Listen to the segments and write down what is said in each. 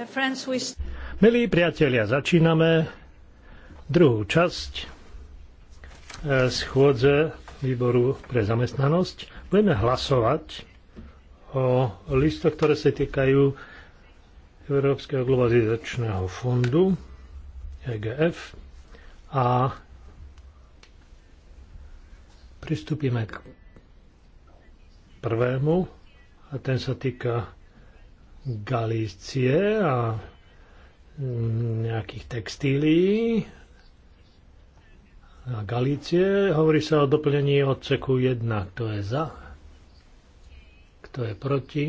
Uh, Milí priatelia, začíname druhú časť uh, schôdze výboru pre zamestnanosť. Budeme hlasovať o listoch, ktoré sa týkajú Európskeho globalizačného fondu EGF a pristúpime k prvému a ten sa týka Galície a mm, nejakých textílií a Galície. Hovorí sa o doplnení odseku 1, kto je za, kto je proti.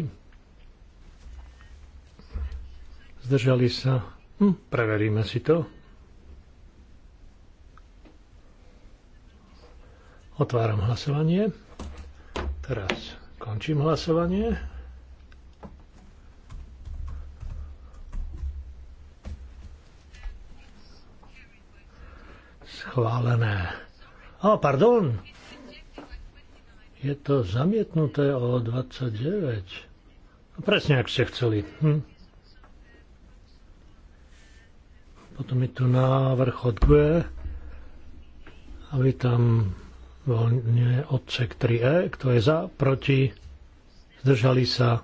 Zdržali sa. Hm, preveríme si to. Otváram hlasovanie. Teraz končím hlasovanie. schválené. A pardon, je to zamietnuté o 29. No, presne, ak ste chceli. Hm. Potom je tu návrh od A aby tam voľne odsek 3E, kto je za, proti, zdržali sa,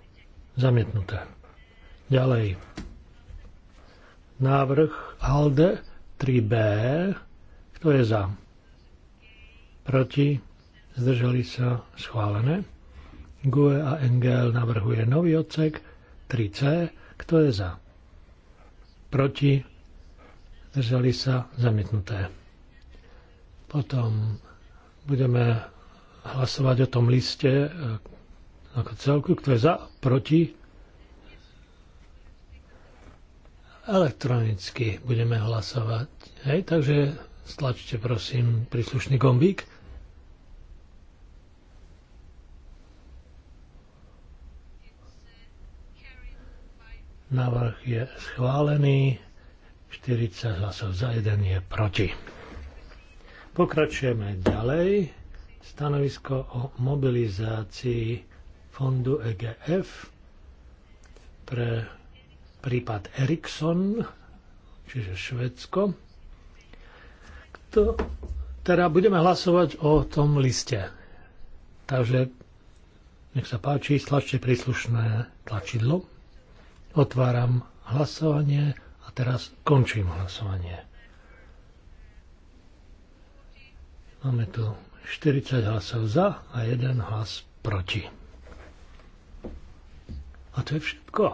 zamietnuté. Ďalej. Návrh ALDE 3B, kto je za? Proti? Zdržali sa? Schválené. GUE a NGL navrhuje nový odsek 3C. Kto je za? Proti? Zdržali sa? Zamietnuté. Potom budeme hlasovať o tom liste e, ako celku. Kto je za? Proti? Elektronicky budeme hlasovať. Hej, takže stlačte prosím príslušný gombík. Návrh je schválený. 40 hlasov za, 1 je proti. Pokračujeme ďalej. Stanovisko o mobilizácii fondu EGF pre prípad Ericsson, čiže Švedsko to teda budeme hlasovať o tom liste. Takže nech sa páči, stlačte príslušné tlačidlo. Otváram hlasovanie a teraz končím hlasovanie. Máme tu 40 hlasov za a 1 hlas proti. A to je všetko.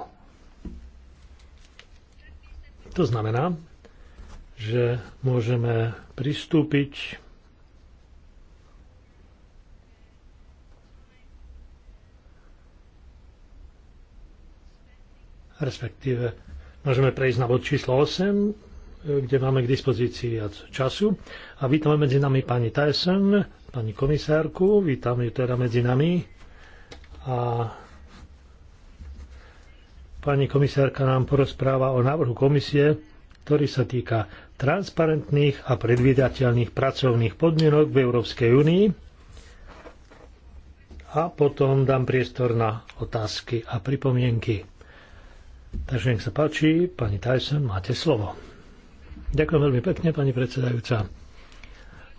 To znamená, že môžeme pristúpiť respektíve môžeme prejsť na bod číslo 8, kde máme k dispozícii viac času. A vítame medzi nami pani Tyson, pani komisárku, vítam ju teda medzi nami. A pani komisárka nám porozpráva o návrhu komisie, ktorý sa týka transparentných a predvydateľných pracovných podmienok v Európskej únii a potom dám priestor na otázky a pripomienky. Takže nech sa páči, pani Tyson, máte slovo. Ďakujem veľmi pekne, pani predsedajúca.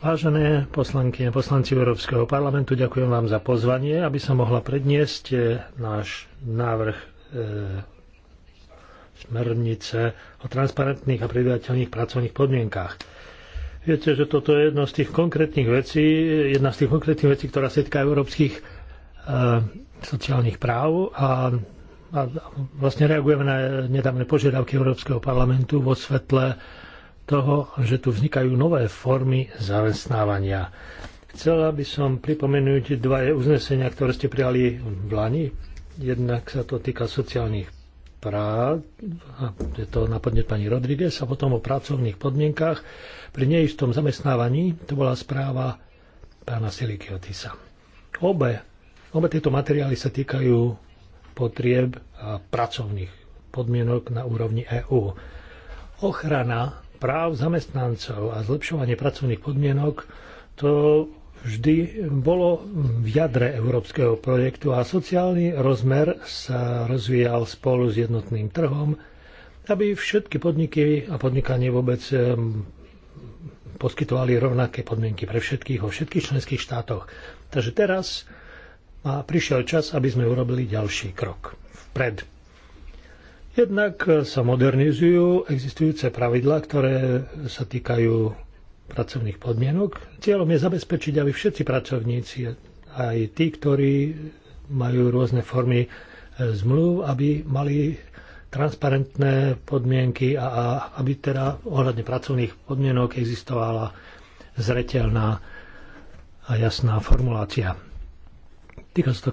Vážené poslanky a poslanci Európskeho parlamentu, ďakujem vám za pozvanie, aby sa mohla predniesť eh, náš návrh eh, smernice o transparentných a predvídateľných pracovných podmienkách. Viete, že toto je jedna z tých konkrétnych vecí, jedna z tých konkrétnych vecí, ktorá sa týka európskych e, sociálnych práv a, a vlastne reagujeme na nedávne požiadavky Európskeho parlamentu vo svetle toho, že tu vznikajú nové formy zamestnávania. Chcela by som pripomenúť dva uznesenia, ktoré ste prijali v Lani. Jednak sa to týka sociálnych práv, je to na podnet pani Rodriguez, a potom o pracovných podmienkách pri neistom zamestnávaní, to bola správa pána Silikiotisa. Obe, obe tieto materiály sa týkajú potrieb a pracovných podmienok na úrovni EÚ. Ochrana práv zamestnancov a zlepšovanie pracovných podmienok to vždy bolo v jadre európskeho projektu a sociálny rozmer sa rozvíjal spolu s jednotným trhom, aby všetky podniky a podnikanie vôbec poskytovali rovnaké podmienky pre všetkých vo všetkých členských štátoch. Takže teraz a prišiel čas, aby sme urobili ďalší krok vpred. Jednak sa modernizujú existujúce pravidlá, ktoré sa týkajú pracovných podmienok. Cieľom je zabezpečiť, aby všetci pracovníci, aj tí, ktorí majú rôzne formy e, zmluv, aby mali transparentné podmienky a, a aby teda ohľadne pracovných podmienok existovala zretelná a jasná formulácia. Týka sa to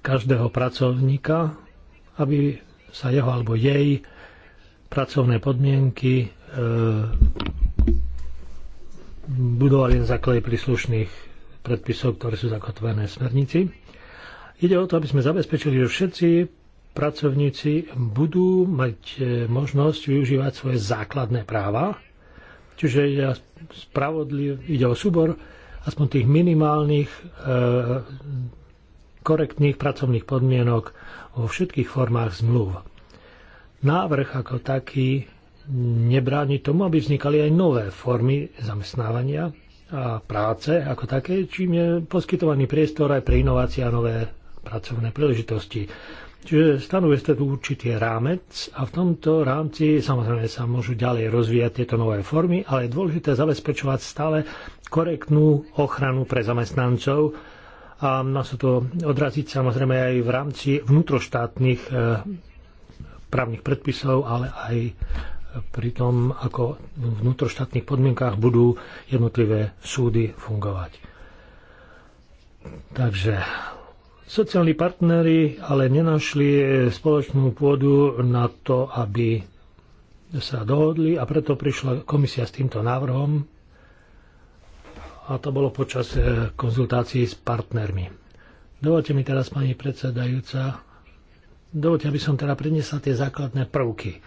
každého pracovníka, aby sa jeho alebo jej pracovné podmienky e, budovali na základe príslušných predpisov, ktoré sú zakotvené v smernici. Ide o to, aby sme zabezpečili, že všetci pracovníci budú mať e, možnosť využívať svoje základné práva, čiže ide, spravodliv, ide o súbor aspoň tých minimálnych e, korektných pracovných podmienok vo všetkých formách zmluv. Návrh ako taký nebráni tomu, aby vznikali aj nové formy zamestnávania a práce ako také, čím je poskytovaný priestor aj pre inovácie a nové pracovné príležitosti. Čiže stanovuje sa tu určitý rámec a v tomto rámci samozrejme sa môžu ďalej rozvíjať tieto nové formy, ale je dôležité zabezpečovať stále korektnú ochranu pre zamestnancov a má sa to odraziť samozrejme aj v rámci vnútroštátnych eh, právnych predpisov, ale aj pri tom, ako v vnútroštátnych podmienkách budú jednotlivé súdy fungovať. Takže sociálni partnery ale nenašli spoločnú pôdu na to, aby sa dohodli a preto prišla komisia s týmto návrhom a to bolo počas e, konzultácií s partnermi. Dovolte mi teraz, pani predsedajúca, dovolte, aby som teda prednesla tie základné prvky.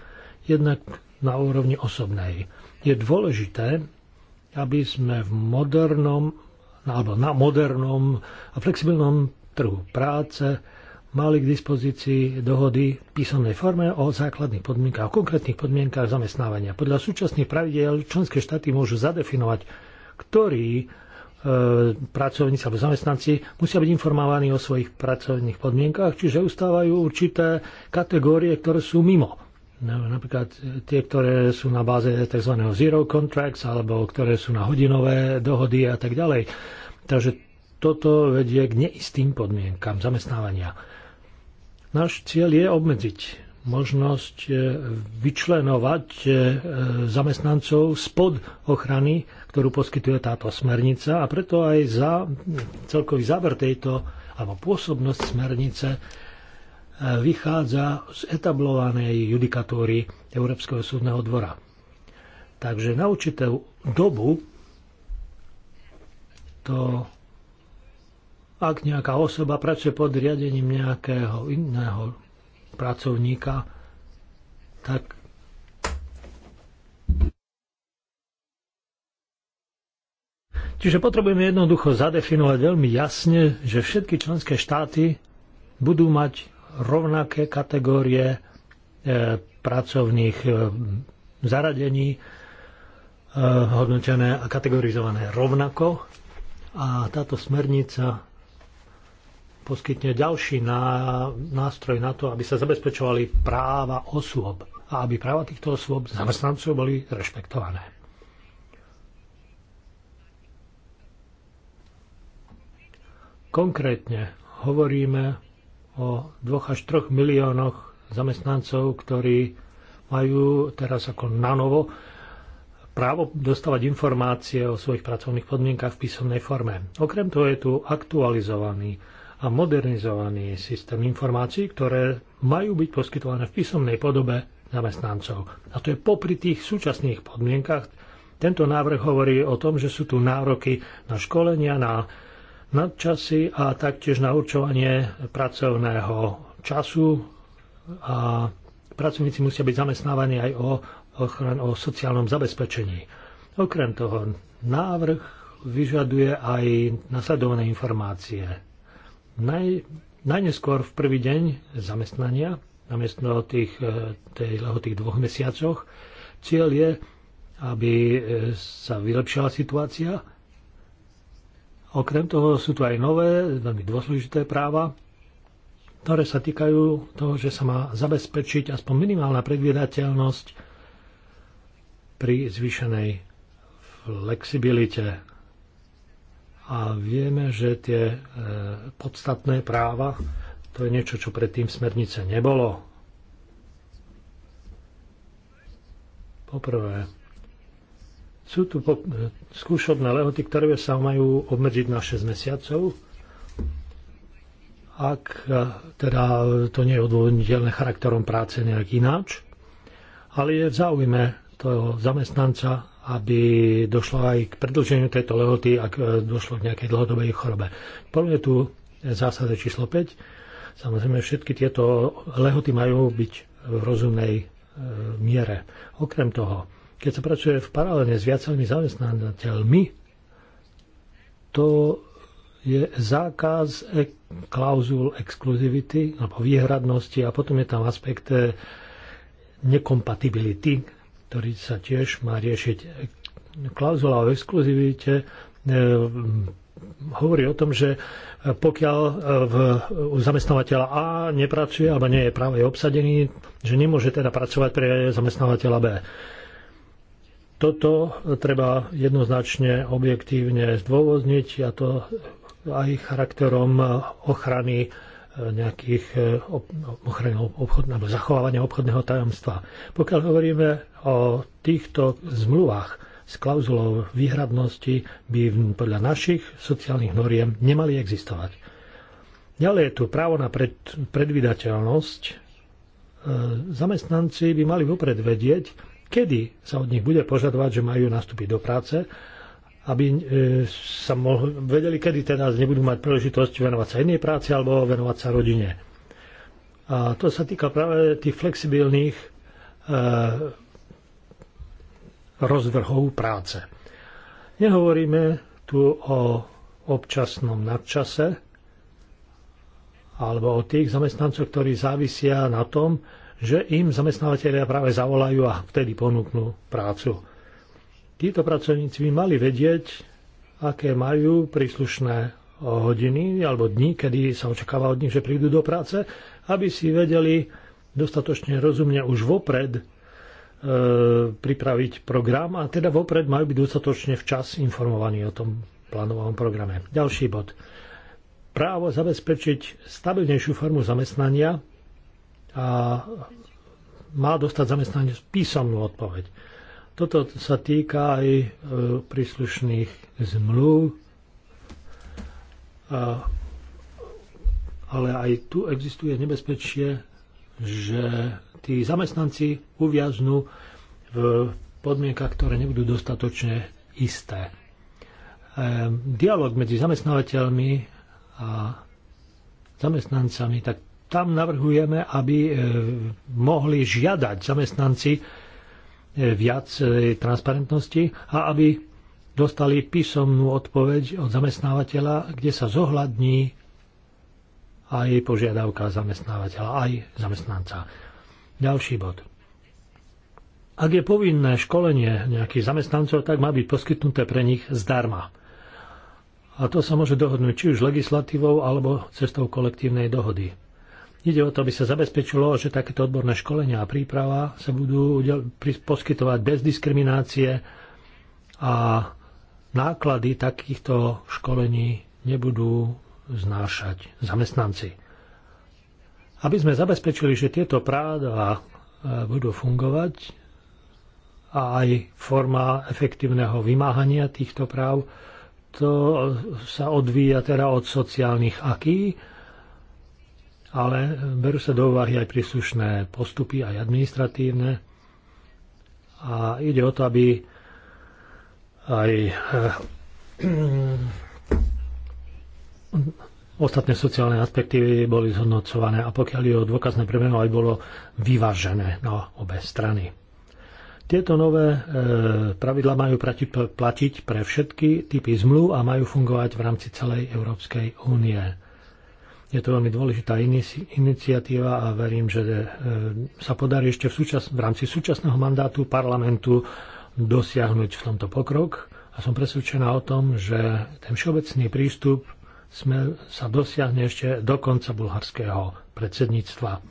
Jednak na úrovni osobnej. Je dôležité, aby sme v modernom alebo na modernom a flexibilnom trhu práce mali k dispozícii dohody v písomnej forme o základných podmienkach, o konkrétnych podmienkach zamestnávania. Podľa súčasných pravidel členské štáty môžu zadefinovať, ktorí e, pracovníci alebo zamestnanci musia byť informovaní o svojich pracovných podmienkach, čiže ustávajú určité kategórie, ktoré sú mimo napríklad e, tie, ktoré sú na báze tzv. zero contracts alebo ktoré sú na hodinové dohody a tak ďalej. Takže toto vedie k neistým podmienkam zamestnávania. Náš cieľ je obmedziť možnosť e, vyčlenovať e, zamestnancov spod ochrany, ktorú poskytuje táto smernica a preto aj za celkový záver tejto alebo pôsobnosť smernice vychádza z etablovanej judikatúry Európskeho súdneho dvora. Takže na určitú dobu to, ak nejaká osoba pracuje pod riadením nejakého iného pracovníka, tak Čiže potrebujeme jednoducho zadefinovať veľmi jasne, že všetky členské štáty budú mať rovnaké kategórie e, pracovných e, zaradení e, hodnotené a kategorizované rovnako. A táto smernica poskytne ďalší nástroj na to, aby sa zabezpečovali práva osôb a aby práva týchto osôb zamestnancov boli rešpektované. Konkrétne hovoríme o 2 až 3 miliónoch zamestnancov, ktorí majú teraz ako nanovo právo dostávať informácie o svojich pracovných podmienkach v písomnej forme. Okrem toho je tu aktualizovaný a modernizovaný systém informácií, ktoré majú byť poskytované v písomnej podobe zamestnancov. A to je popri tých súčasných podmienkach. Tento návrh hovorí o tom, že sú tu nároky na školenia, na nadčasy a taktiež na určovanie pracovného času a pracovníci musia byť zamestnávaní aj o, ochran- o sociálnom zabezpečení. Okrem toho, návrh vyžaduje aj nasledované informácie. Naj, najneskôr v prvý deň zamestnania, namiesto tých, e, tej, tých dvoch mesiacoch, cieľ je, aby e, sa vylepšila situácia Okrem toho sú tu aj nové, veľmi dôležité práva, ktoré sa týkajú toho, že sa má zabezpečiť aspoň minimálna predvydateľnosť pri zvýšenej flexibilite. A vieme, že tie e, podstatné práva, to je niečo, čo predtým v smernice nebolo. Poprvé, sú tu skúšobné lehoty, ktoré sa majú obmedziť na 6 mesiacov. Ak e, teda to nie je odvodniteľné charakterom práce nejak ináč, ale je v záujme toho zamestnanca, aby došlo aj k predlženiu tejto lehoty, ak e, došlo k nejakej dlhodobej chorobe. Podľa je tu zásada číslo 5. Samozrejme, všetky tieto lehoty majú byť v rozumnej e, miere. Okrem toho, keď sa pracuje v paralelne s viacerými zamestnávateľmi, to je zákaz e- klauzul exkluzivity alebo výhradnosti a potom je tam aspekt e, nekompatibility, ktorý sa tiež má riešiť. Klauzula o exkluzivite e, hovorí o tom, že pokiaľ e, v, u zamestnávateľa A nepracuje alebo nie je práve obsadený, že nemôže teda pracovať pre zamestnávateľa B. Toto treba jednoznačne objektívne zdôvodniť a to aj charakterom ochrany e, nejakých e, ochrany obchodného, zachovávania obchodného tajomstva. Pokiaľ hovoríme o týchto zmluvách s klauzulou výhradnosti, by podľa našich sociálnych noriem nemali existovať. Ďalej je tu právo na pred, predvydateľnosť. E, zamestnanci by mali vopred vedieť, kedy sa od nich bude požadovať, že majú nastúpiť do práce, aby e, sa mohli, vedeli, kedy teda nebudú mať príležitosť venovať sa inej práci alebo venovať sa rodine. A to sa týka práve tých flexibilných e, rozvrhov práce. Nehovoríme tu o občasnom nadčase alebo o tých zamestnancoch, ktorí závisia na tom, že im zamestnávateľia práve zavolajú a vtedy ponúknú prácu. Títo pracovníci by mali vedieť, aké majú príslušné hodiny alebo dni, kedy sa očakáva od nich, že prídu do práce, aby si vedeli dostatočne rozumne už vopred e, pripraviť program a teda vopred majú byť dostatočne včas informovaní o tom plánovom programe. Ďalší bod. Právo zabezpečiť stabilnejšiu formu zamestnania a má dostať zamestnanie písomnú odpoveď. Toto sa týka aj e, príslušných zmluv, ale aj tu existuje nebezpečie, že tí zamestnanci uviaznú v podmienkach, ktoré nebudú dostatočne isté. E, Dialóg medzi zamestnávateľmi a zamestnancami tak tam navrhujeme, aby e, mohli žiadať zamestnanci e, viac e, transparentnosti a aby dostali písomnú odpoveď od zamestnávateľa, kde sa zohľadní aj požiadavka zamestnávateľa, aj zamestnanca. Ďalší bod. Ak je povinné školenie nejakých zamestnancov, tak má byť poskytnuté pre nich zdarma. A to sa môže dohodnúť či už legislatívou alebo cestou kolektívnej dohody. Ide o to, aby sa zabezpečilo, že takéto odborné školenia a príprava sa budú poskytovať bez diskriminácie a náklady takýchto školení nebudú znášať zamestnanci. Aby sme zabezpečili, že tieto práva e, budú fungovať a aj forma efektívneho vymáhania týchto práv, to sa odvíja teda od sociálnych akých ale berú sa do úvahy aj príslušné postupy, aj administratívne. A ide o to, aby aj eh, ostatné sociálne aspekty boli zhodnocované a pokiaľ je o dôkazné premeno aj bolo vyvážené na obe strany. Tieto nové e, eh, pravidla majú prati, platiť pre všetky typy zmluv a majú fungovať v rámci celej Európskej únie. Je to veľmi dôležitá iniciatíva a verím, že e, sa podarí ešte v, súčas- v rámci súčasného mandátu parlamentu dosiahnuť v tomto pokrok. A som presvedčená o tom, že ten všeobecný prístup sme, sa dosiahne ešte do konca bulharského predsedníctva. E,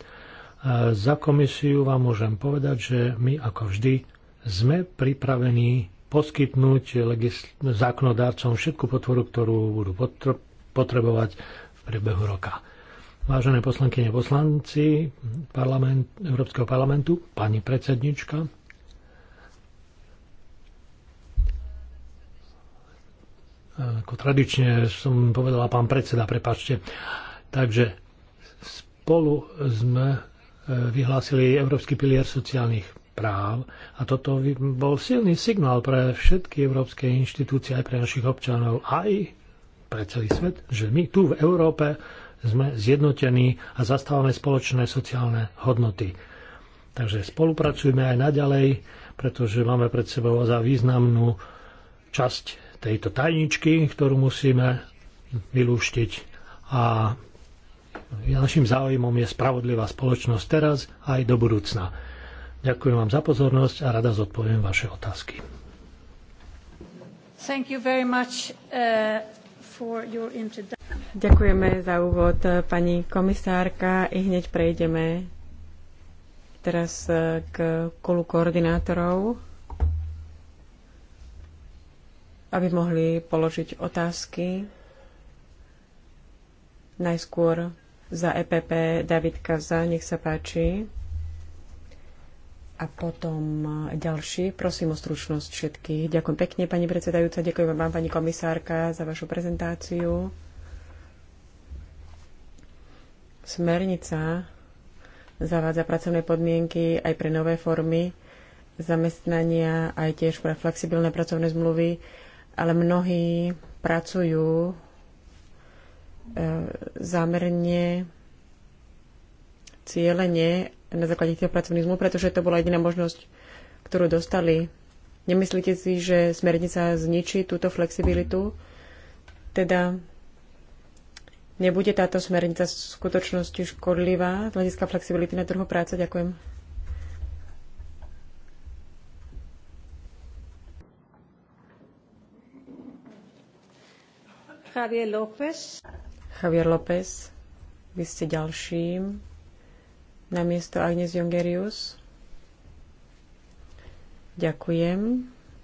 za komisiu vám môžem povedať, že my ako vždy sme pripravení poskytnúť legisl- zákonodárcom všetku potvoru, ktorú budú potrebovať priebehu roka. Vážené poslankyne poslanci parlament, Európskeho parlamentu, pani predsednička, ako tradične som povedala pán predseda, prepačte. Takže spolu sme e, vyhlásili Európsky pilier sociálnych práv a toto bol silný signál pre všetky európske inštitúcie, aj pre našich občanov, aj pre celý svet, že my tu v Európe sme zjednotení a zastávame spoločné sociálne hodnoty. Takže spolupracujme aj naďalej, pretože máme pred sebou za významnú časť tejto tajničky, ktorú musíme vylúštiť. A našim záujmom je spravodlivá spoločnosť teraz aj do budúcna. Ďakujem vám za pozornosť a rada zodpoviem vaše otázky. Thank you very much, uh, Ďakujeme za úvod, pani komisárka. I hneď prejdeme teraz eh, k kolu koordinátorov, aby mohli položiť otázky. Najskôr za EPP David Kaza, nech sa páči. A potom e, ďalší, prosím o stručnosť všetkých. Ďakujem pekne, pani predsedajúca, ďakujem vám, pani komisárka, za vašu prezentáciu. Smernica zavádza pracovné podmienky aj pre nové formy zamestnania, aj tiež pre flexibilné pracovné zmluvy, ale mnohí pracujú e, zámerne, cieľene na základe tých pracovných zmluv, pretože to bola jediná možnosť, ktorú dostali. Nemyslíte si, že smernica zničí túto flexibilitu? Teda nebude táto smernica v skutočnosti škodlivá z hľadiska flexibility na trhu práce? Ďakujem. Javier López. Javier López, vy ste ďalším na miesto Agnes Jongerius. Ďakujem,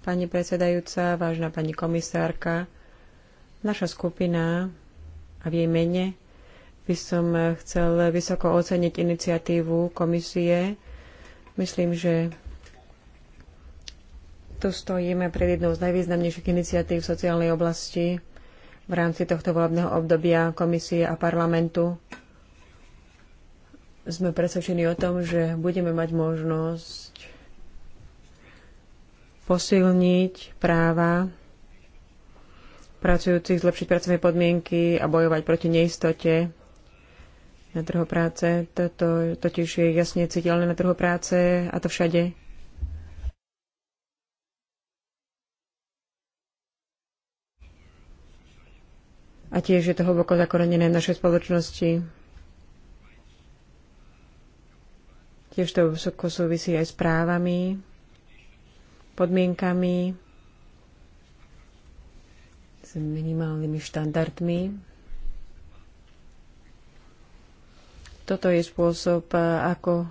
pani predsedajúca, vážna pani komisárka. Naša skupina a v jej mene by som chcel vysoko oceniť iniciatívu komisie. Myslím, že tu stojíme pred jednou z najvýznamnejších iniciatív v sociálnej oblasti v rámci tohto volebného obdobia komisie a parlamentu sme presvedčení o tom, že budeme mať možnosť posilniť práva pracujúcich, zlepšiť pracovné podmienky a bojovať proti neistote na trhu práce. Toto totiž je jasne citeľné na trhu práce a to všade. A tiež je to hlboko zakorenené v našej spoločnosti. Tiež to vysoko súvisí aj s právami, podmienkami, s minimálnymi štandardmi. Toto je spôsob, ako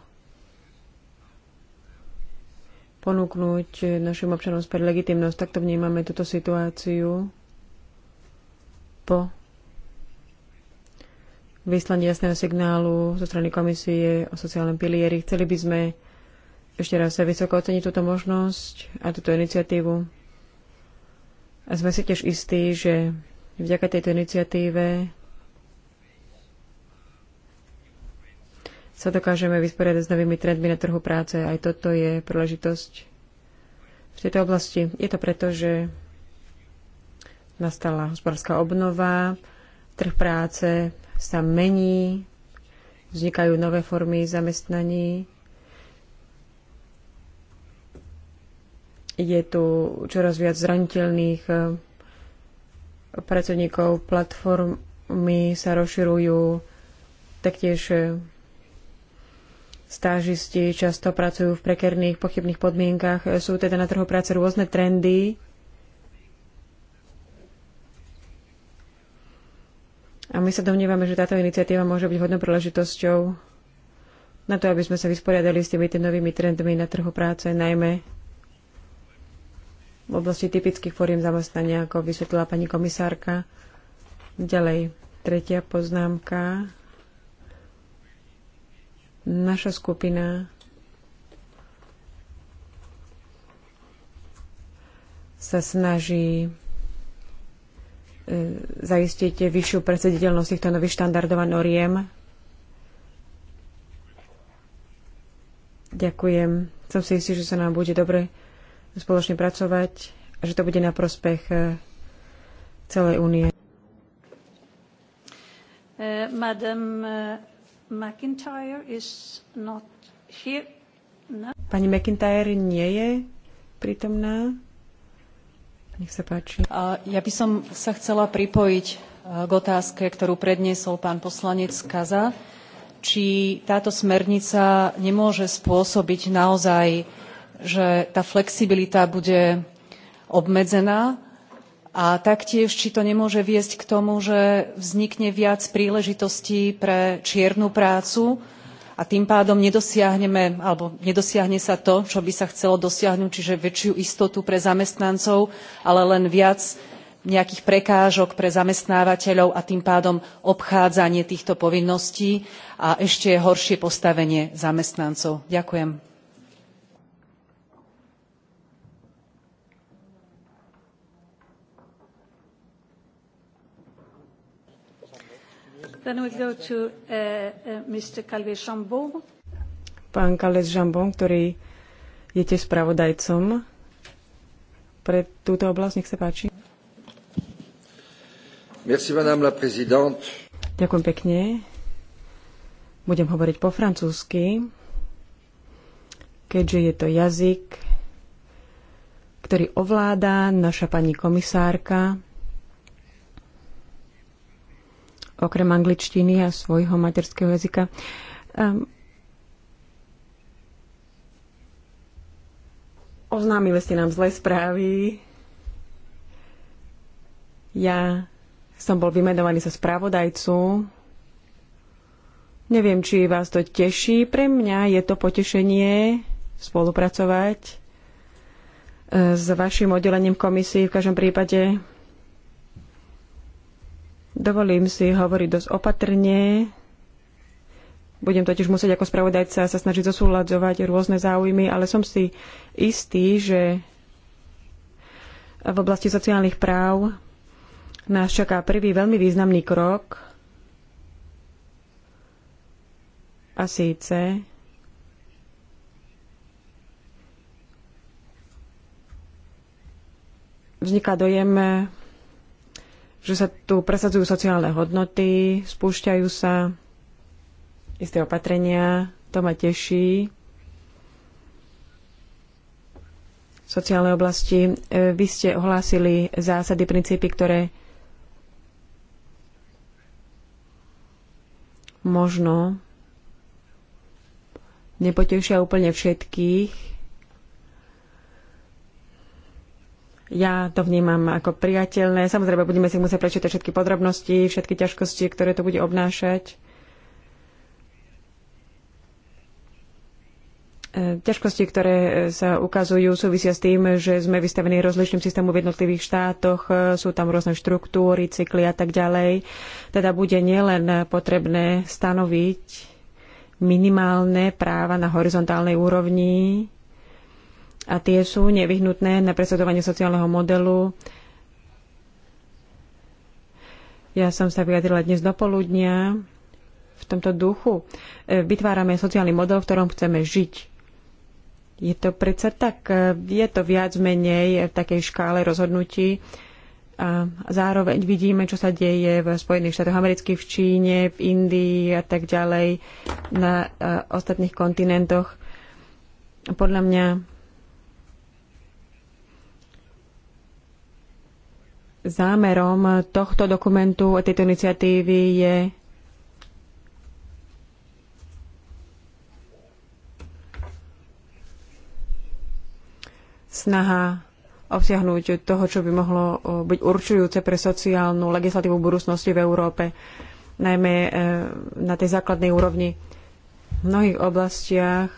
ponúknuť našim občanom späť legitimnosť. Takto vnímame túto situáciu po vyslanie jasného signálu zo strany komisie o sociálnom pilieri. Chceli by sme ešte raz sa vysoko oceniť túto možnosť a túto iniciatívu. A sme si tiež istí, že vďaka tejto iniciatíve sa dokážeme vysporiadať s novými trendmi na trhu práce. Aj toto je príležitosť v tejto oblasti. Je to preto, že nastala hospodárska obnova, trh práce sa mení, vznikajú nové formy zamestnaní. Je tu čoraz viac zraniteľných eh, pracovníkov, platformy sa rozširujú, taktiež eh, stážisti často pracujú v prekerných, pochybných podmienkach. Eh, sú teda na trhu práce rôzne trendy, A my sa domnievame, že táto iniciatíva môže byť hodnou príležitosťou na to, aby sme sa vysporiadali s tými novými trendmi na trhu práce, najmä v oblasti typických fóriem zamestnania, ako vysvetlila pani komisárka. Ďalej, tretia poznámka. Naša skupina sa snaží E, zaistíte vyššiu predsediteľnosť týchto nových štandardov a noriem. Ďakujem. Som si istý, že sa nám bude dobre spoločne pracovať a že to bude na prospech e, celej únie. Uh, Madam McIntyre is not here. No. Pani McIntyre nie je prítomná. Nech sa páči. Ja by som sa chcela pripojiť e, k otázke, ktorú predniesol pán poslanec Kaza, či táto smernica nemôže spôsobiť naozaj, že tá flexibilita bude obmedzená a taktiež, či to nemôže viesť k tomu, že vznikne viac príležitostí pre čiernu prácu, a tým pádom nedosiahneme alebo nedosiahne sa to čo by sa chcelo dosiahnuť čiže väčšiu istotu pre zamestnancov ale len viac nejakých prekážok pre zamestnávateľov a tým pádom obchádzanie týchto povinností a ešte horšie postavenie zamestnancov. ďakujem. Then we go to uh, uh, Mr. Calvet-Chambon. Pán Calvet-Chambon, ktorý je tiež spravodajcom pre túto oblasť. Nech sa páči. Merci, madame la présidente. Ďakujem pekne. Budem hovoriť po francúzsky, keďže je to jazyk, ktorý ovláda naša pani komisárka okrem angličtiny a svojho materského jazyka. Um, oznámili ste nám zlé správy. Ja som bol vymenovaný za správodajcu. Neviem, či vás to teší. Pre mňa je to potešenie spolupracovať eh, s vašim oddelením komisii. V každom prípade Dovolím si hovoriť dosť opatrne. Budem totiž musieť ako spravodajca sa snažiť zosúľadzovať rôzne záujmy, ale som si istý, že v oblasti sociálnych práv nás čaká prvý veľmi významný krok a síce vzniká dojem že sa tu presadzujú sociálne hodnoty, spúšťajú sa isté opatrenia, to ma teší. V sociálnej oblasti e, vy ste ohlásili zásady, princípy, ktoré možno nepotešia úplne všetkých, Ja to vnímam ako priateľné. Samozrejme, budeme si musieť prečítať všetky podrobnosti, všetky ťažkosti, ktoré to bude obnášať. E, ťažkosti, ktoré e, sa ukazujú, súvisia s tým, že sme vystavení rozličným systému v jednotlivých štátoch, e, sú tam rôzne štruktúry, cykly a tak ďalej. Teda bude nielen potrebné stanoviť minimálne práva na horizontálnej úrovni, a tie sú nevyhnutné na presadovanie sociálneho modelu. Ja som sa vyjadrila dnes do poludnia v tomto duchu. E, vytvárame sociálny model, v ktorom chceme žiť. Je to predsa tak, e, je to viac menej v takej škále rozhodnutí. A zároveň vidíme, čo sa deje v Spojených štátoch amerických, v Číne, v Indii a tak ďalej, na e, ostatných kontinentoch. Podľa mňa zámerom tohto dokumentu a tejto iniciatívy je snaha obsiahnuť toho, čo by mohlo eh, byť určujúce pre sociálnu legislatívu budúcnosti v Európe, najmä eh, na tej základnej úrovni. V mnohých oblastiach,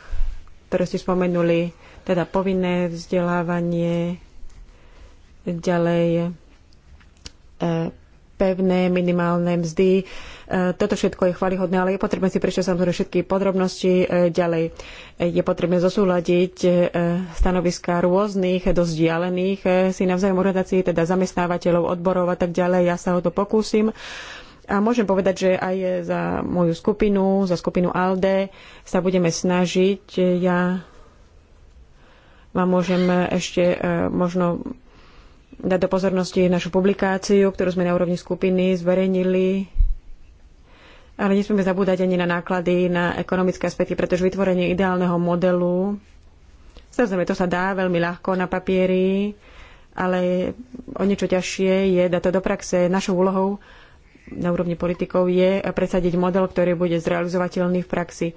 ktoré ste spomenuli, teda povinné vzdelávanie, ďalej E, pevné minimálne mzdy. E, toto všetko je chvalihodné, ale je potrebné si prečo samozrejme všetky podrobnosti e, ďalej. Je potrebné zosúľadiť stanoviska rôznych, dosť dialených si navzájom orientácií, teda zamestnávateľov, odborov a tak ďalej. Ja sa o to pokúsim. A môžem povedať, že aj za moju skupinu, za skupinu ALDE sa budeme snažiť. Ja vám môžem ešte možno dať do pozornosti našu publikáciu, ktorú sme na úrovni skupiny zverejnili. Ale nesmieme zabúdať ani na náklady, na ekonomické aspekty, pretože vytvorenie ideálneho modelu, samozrejme to sa dá veľmi ľahko na papieri, ale o niečo ťažšie je dať to do praxe. Našou úlohou na úrovni politikov je presadiť model, ktorý bude zrealizovateľný v praxi.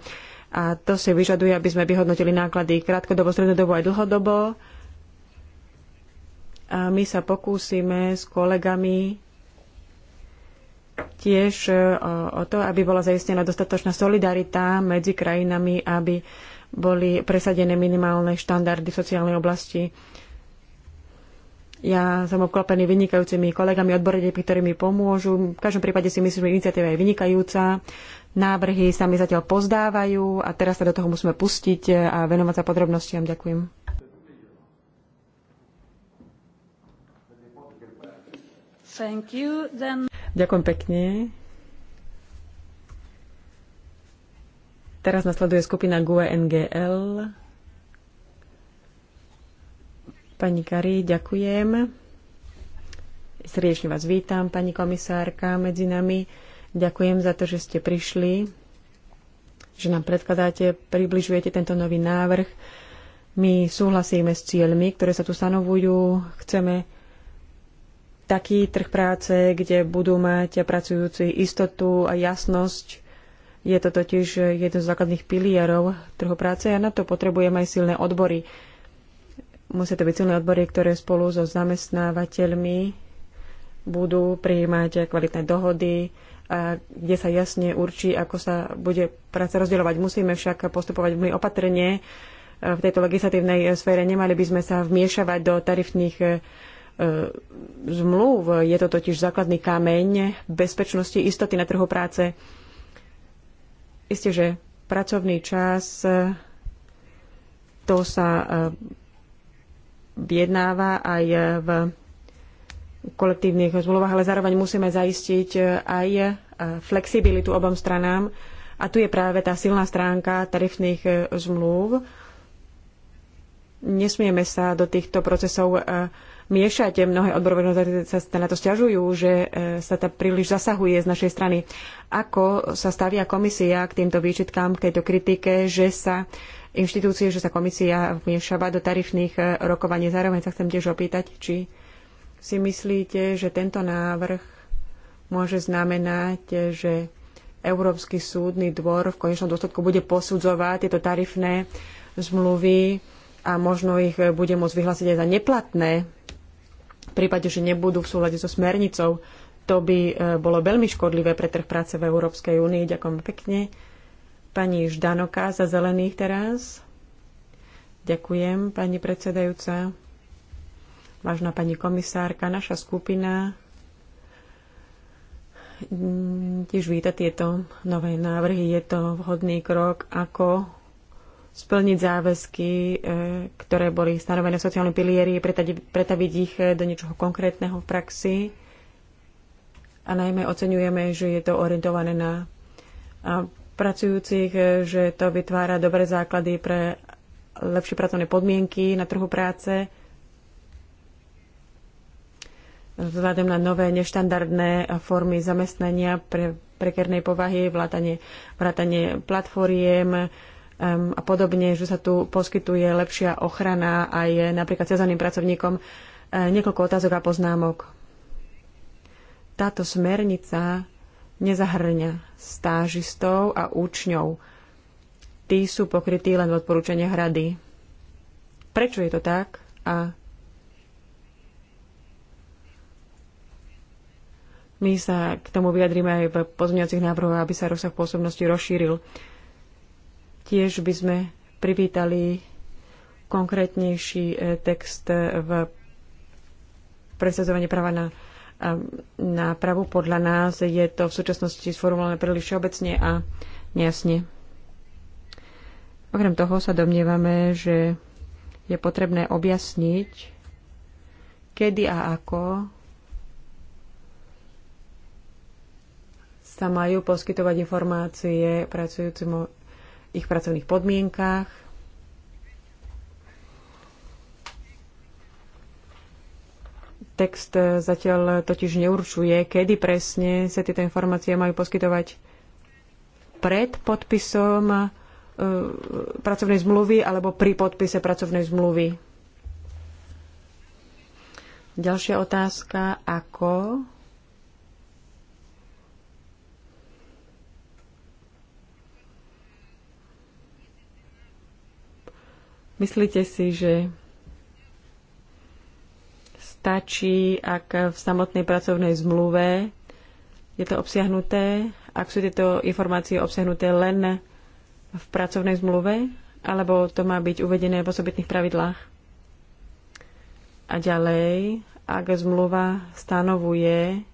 A to si vyžaduje, aby sme vyhodnotili náklady krátkodobo, strednodobo aj dlhodobo a my sa pokúsime s kolegami tiež e, o, o to, aby bola zaistená dostatočná solidarita medzi krajinami, aby boli presadené minimálne štandardy v sociálnej oblasti. Ja som obklopený vynikajúcimi kolegami, odborníkmi, ktorí mi pomôžu. V každom prípade si myslím, že iniciatíva je vynikajúca. Návrhy sa mi zatiaľ pozdávajú a teraz sa do toho musíme pustiť a venovať sa podrobnostiam. Ďakujem. Then... Ďakujem pekne. Teraz nasleduje skupina GUE NGL. Pani Kari, ďakujem. Srdečne vás vítam, pani komisárka, medzi nami. Ďakujem za to, že ste prišli, že nám predkladáte, približujete tento nový návrh. My súhlasíme s cieľmi, ktoré sa tu stanovujú. Chceme taký trh práce, kde budú mať pracujúci istotu a jasnosť. Je to totiž jeden z základných pilierov trhu práce a na to potrebujeme aj silné odbory. Musia to byť silné odbory, ktoré spolu so zamestnávateľmi budú prijímať kvalitné dohody, a kde sa jasne určí, ako sa bude práca rozdeľovať. Musíme však postupovať veľmi opatrne v tejto legislatívnej sfére. Nemali by sme sa vmiešavať do tarifných E, zmluv. Je to totiž základný kameň bezpečnosti istoty na trhu práce. Isté, že pracovný čas e, to sa e, vyjednáva aj v kolektívnych zmluvách, ale zároveň musíme zaistiť aj flexibilitu obom stranám. A tu je práve tá silná stránka tarifných zmluv. Nesmieme sa do týchto procesov miešate. Mnohé odborové organizácie sa na to stiažujú, že e, sa tá príliš zasahuje z našej strany. Ako sa stavia komisia k týmto výčitkám, k tejto kritike, že sa inštitúcie, že sa komisia miešava do tarifných e, rokovaní. Zároveň sa chcem tiež opýtať, či si myslíte, že tento návrh môže znamenať, že Európsky súdny dvor v konečnom dôsledku bude posudzovať tieto tarifné zmluvy a možno ich bude môcť vyhlásiť aj za neplatné prípade, že nebudú v súlade so smernicou. To by e, bolo veľmi škodlivé pre trh práce v Európskej únii. Ďakujem pekne. Pani Ždanoka za zelených teraz. Ďakujem, pani predsedajúca. Vážna pani komisárka, naša skupina hm, tiež víta tieto nové návrhy. Je to vhodný krok, ako splniť záväzky, e, ktoré boli stanovené v sociálnom pilieri, pretaviť ich e, do niečoho konkrétneho v praxi. A najmä oceňujeme, že je to orientované na pracujúcich, e, že to vytvára dobré základy pre lepšie pracovné podmienky na trhu práce vzhľadom na nové neštandardné formy zamestnania pre prekernej povahy, vrátanie, platforiem. platformiem, a podobne, že sa tu poskytuje lepšia ochrana aj napríklad cezaným pracovníkom. Eh, niekoľko otázok a poznámok. Táto smernica nezahrňa stážistov a účňov. Tí sú pokrytí len v odporúčaniach rady. Prečo je to tak? A my sa k tomu vyjadríme aj v pozmeňovacích návrhoch, aby sa rozsah pôsobnosti rozšíril. Tiež by sme privítali konkrétnejší e, text e, v presadzovaní práva na e, nápravu. Podľa nás je to v súčasnosti sformulované príliš všeobecne a nejasne. Okrem toho sa domnievame, že je potrebné objasniť, kedy a ako sa majú poskytovať informácie pracujúcim ich pracovných podmienkách. Text e, zatiaľ totiž neurčuje, kedy presne sa tieto informácie majú poskytovať pred podpisom e, pracovnej zmluvy alebo pri podpise pracovnej zmluvy. Ďalšia otázka, ako Myslíte si, že stačí, ak v samotnej pracovnej zmluve je to obsiahnuté, ak sú tieto informácie obsiahnuté len v pracovnej zmluve, alebo to má byť uvedené v osobitných pravidlách? A ďalej, ak zmluva stanovuje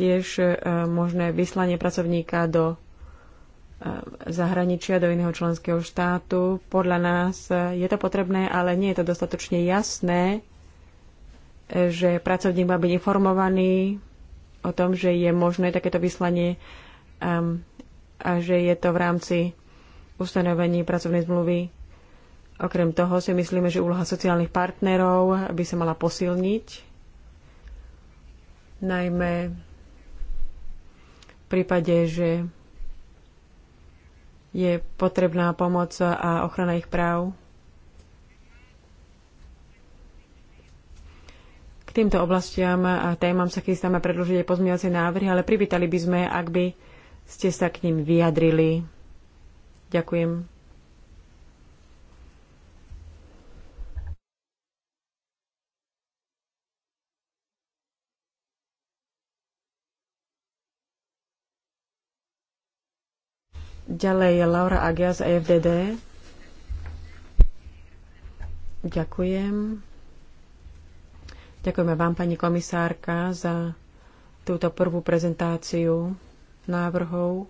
tiež e, možné vyslanie pracovníka do zahraničia do iného členského štátu. Podľa nás je to potrebné, ale nie je to dostatočne jasné, že pracovník má byť informovaný o tom, že je možné takéto vyslanie um, a že je to v rámci ustanovení pracovnej zmluvy. Okrem toho si myslíme, že úloha sociálnych partnerov by sa mala posilniť, najmä v prípade, že je potrebná pomoc a ochrana ich práv. K týmto oblastiam a témam sa chystáme predložiť aj pozmeňovacie návrhy, ale privítali by sme, ak by ste sa k ním vyjadrili. Ďakujem. Ďalej je Laura Agia z EFDD. Ďakujem. Ďakujeme vám, pani komisárka, za túto prvú prezentáciu návrhov.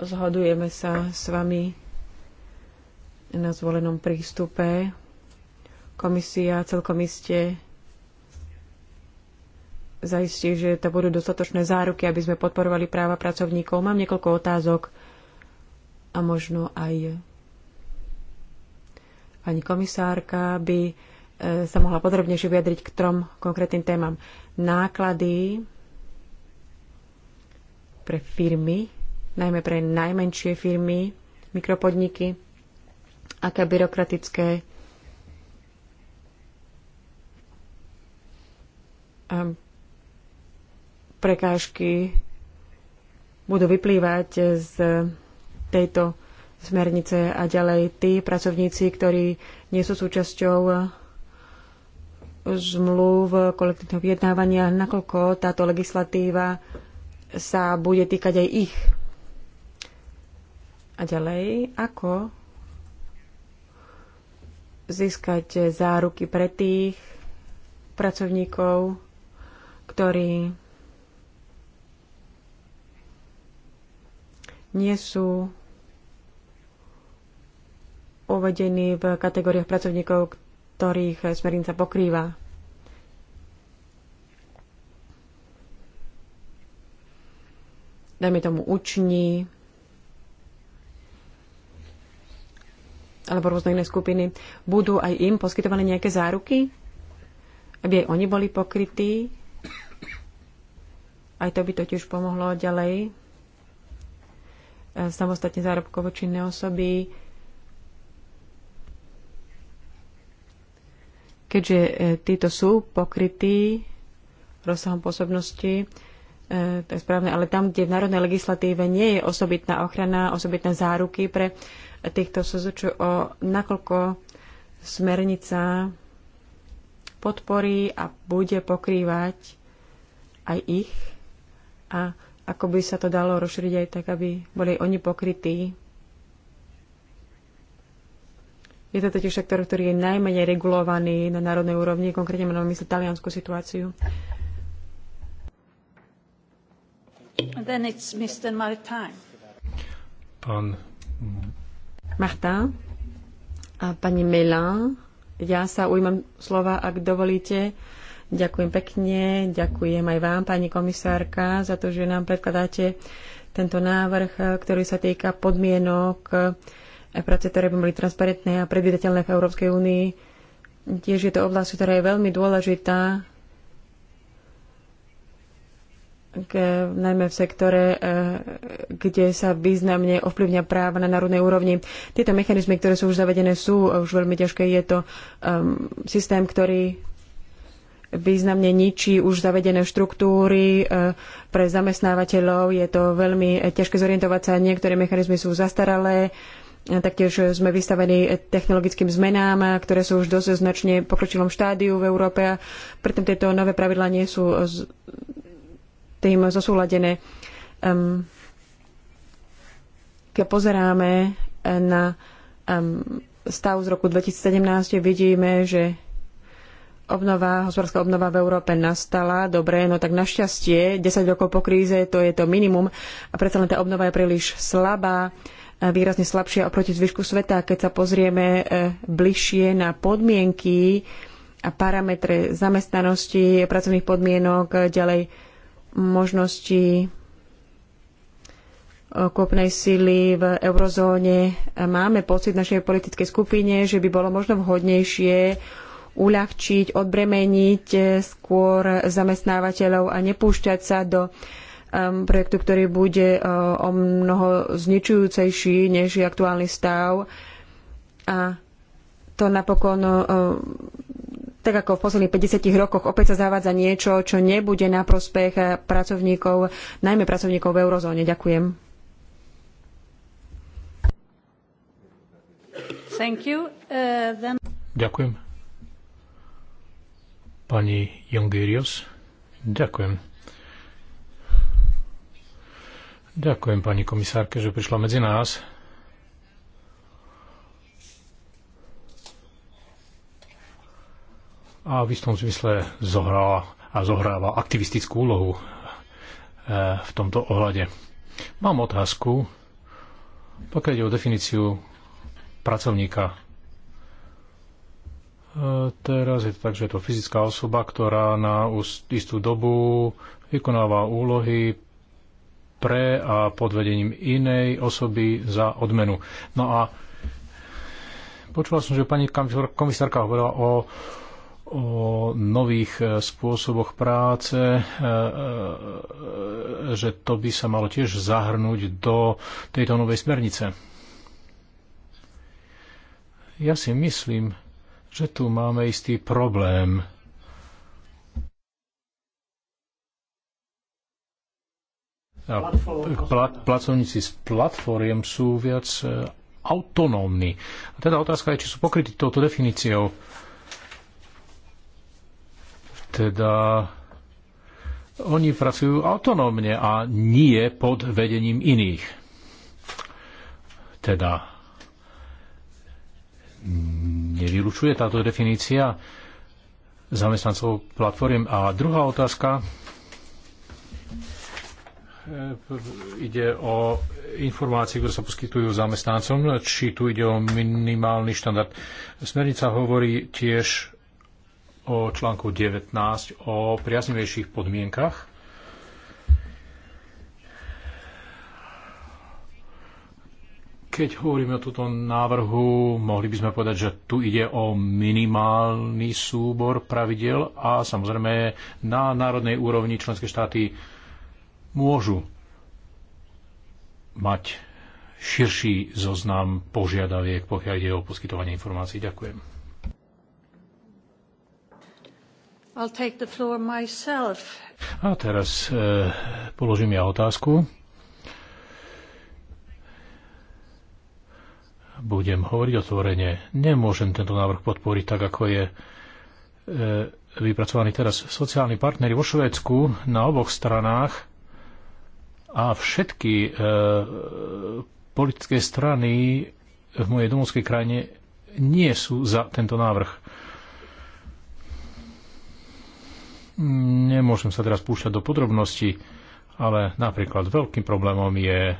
Zhodujeme sa s vami na zvolenom prístupe. Komisia celkom iste zaistí, že to budú dostatočné záruky, aby sme podporovali práva pracovníkov. Mám niekoľko otázok a možno aj pani komisárka by e, sa mohla podrobnejšie vyjadriť k trom konkrétnym témam. Náklady pre firmy, najmä pre najmenšie firmy, mikropodniky, aké byrokratické prekážky budú vyplývať z tejto smernice a ďalej tí pracovníci, ktorí nie sú súčasťou zmluv kolektívneho vyjednávania, nakoľko táto legislatíva sa bude týkať aj ich. A ďalej, ako získať záruky pre tých pracovníkov, ktorí nie sú uvedení v kategóriách pracovníkov, ktorých smernica pokrýva. Dajme tomu uční alebo rôzne iné skupiny. Budú aj im poskytované nejaké záruky, aby aj oni boli pokrytí? Aj to by totiž pomohlo ďalej samostatne zárobkovo činné osoby. Keďže e, títo sú pokrytí rozsahom pôsobnosti, e, to je správne, ale tam, kde v národnej legislatíve nie je osobitná ochrana, osobitné záruky pre týchto SZČO, nakoľko smernica podporí a bude pokrývať aj ich a ako by sa to dalo rozšíriť aj tak, aby boli oni pokrytí. Je to totiž sektor, ktorý je najmenej regulovaný na národnej úrovni, konkrétne mám na mysli taliansku situáciu. Then it's Mr. Maritain. Pán Martin a pani Melan. Ja sa ujmem slova, ak dovolíte. Ďakujem pekne, ďakujem aj vám, pani komisárka, za to, že nám predkladáte tento návrh, ktorý sa týka podmienok práce, ktoré by boli transparentné a predvidateľné v Európskej únii. Tiež je to oblasť, ktorá je veľmi dôležitá, ke, najmä v sektore, eh, kde sa významne ovplyvňa práva na národnej úrovni. Tieto mechanizmy, ktoré sú už zavedené, sú už veľmi ťažké. Je to um, systém, ktorý významne ničí už zavedené štruktúry. E, pre zamestnávateľov je to veľmi e, ťažké zorientovať sa. Niektoré mechanizmy sú zastaralé. Taktiež sme vystavení technologickým zmenám, ktoré sú už dosť značne pokročilom štádiu v Európe a preto tieto nové pravidlá nie sú tým zosúladené. keď pozeráme na stav z roku 2017, vidíme, že obnova, hospodárska obnova v Európe nastala, dobre, no tak našťastie 10 rokov po kríze to je to minimum a predsa len tá obnova je príliš slabá, eh, výrazne slabšia oproti zvyšku sveta. Keď sa pozrieme eh, bližšie na podmienky a parametre zamestnanosti, pracovných podmienok, eh, ďalej možnosti kúpnej sily v eurozóne. Máme pocit v našej politickej skupine, že by bolo možno vhodnejšie uľahčiť, odbremeniť eh, skôr zamestnávateľov a nepúšťať sa do projektu, ktorý bude eh, o mnoho zničujúcejší než je aktuálny stav. A to napokon, eh, tak ako v posledných 50 rokoch, opäť sa zavádza niečo, čo nebude na prospech pracovníkov, najmä pracovníkov v eurozóne. Ďakujem. Uh, then... Ďakujem. Pani Jongirios. Ďakujem. Ďakujem pani komisárke, že prišla medzi nás. A v istom zmysle zohrala a zohráva aktivistickú úlohu eh, v tomto ohľade. Mám otázku, pokiaľ ide o definíciu pracovníka E, teraz je to tak, že je to fyzická osoba, ktorá na istú dobu vykonáva úlohy pre a pod vedením inej osoby za odmenu. No a počula som, že pani komisárka hovorila o, o nových e, spôsoboch práce, e, že to by sa malo tiež zahrnúť do tejto novej smernice. Ja si myslím, že tu máme istý problém. A pracovníci z platformiem sú viac e, autonómni. A teda otázka je, či sú pokrytí touto definíciou. Teda oni pracujú autonómne a nie pod vedením iných. Teda nevylučuje táto definícia zamestnancov platform? A druhá otázka eh, ide o informácie, ktoré sa poskytujú zamestnancom, či tu ide o minimálny štandard. Smernica hovorí tiež o článku 19 o priaznivejších podmienkach Keď hovoríme o túto návrhu, mohli by sme povedať, že tu ide o minimálny súbor pravidel a samozrejme na národnej úrovni členské štáty môžu mať širší zoznam požiadaviek, pokiaľ ide o poskytovanie informácií. Ďakujem. I'll take the floor myself. A teraz e, položím ja otázku. budem hovoriť otvorene, nemôžem tento návrh podporiť tak, ako je e, vypracovaný teraz. Sociálni partnery vo Švédsku na oboch stranách a všetky e, politické strany v mojej domovskej krajine nie sú za tento návrh. Nemôžem sa teraz púšťať do podrobností, ale napríklad veľkým problémom je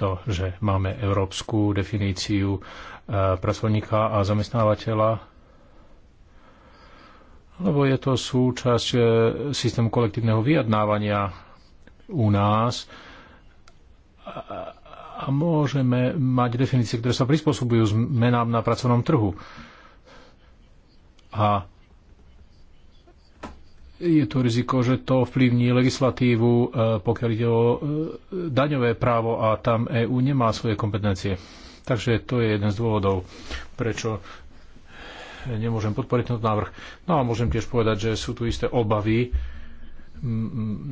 to, že máme európsku definíciu e, pracovníka a zamestnávateľa, lebo je to súčasť e, systému kolektívneho vyjadnávania u nás a môžeme mať definície, ktoré sa prispôsobujú zmenám na pracovnom trhu. A je tu riziko, že to vplyvní legislatívu, e, pokiaľ ide o e, daňové právo a tam EÚ nemá svoje kompetencie. Takže to je jeden z dôvodov, prečo nemôžem podporiť tento návrh. No a môžem tiež povedať, že sú tu isté obavy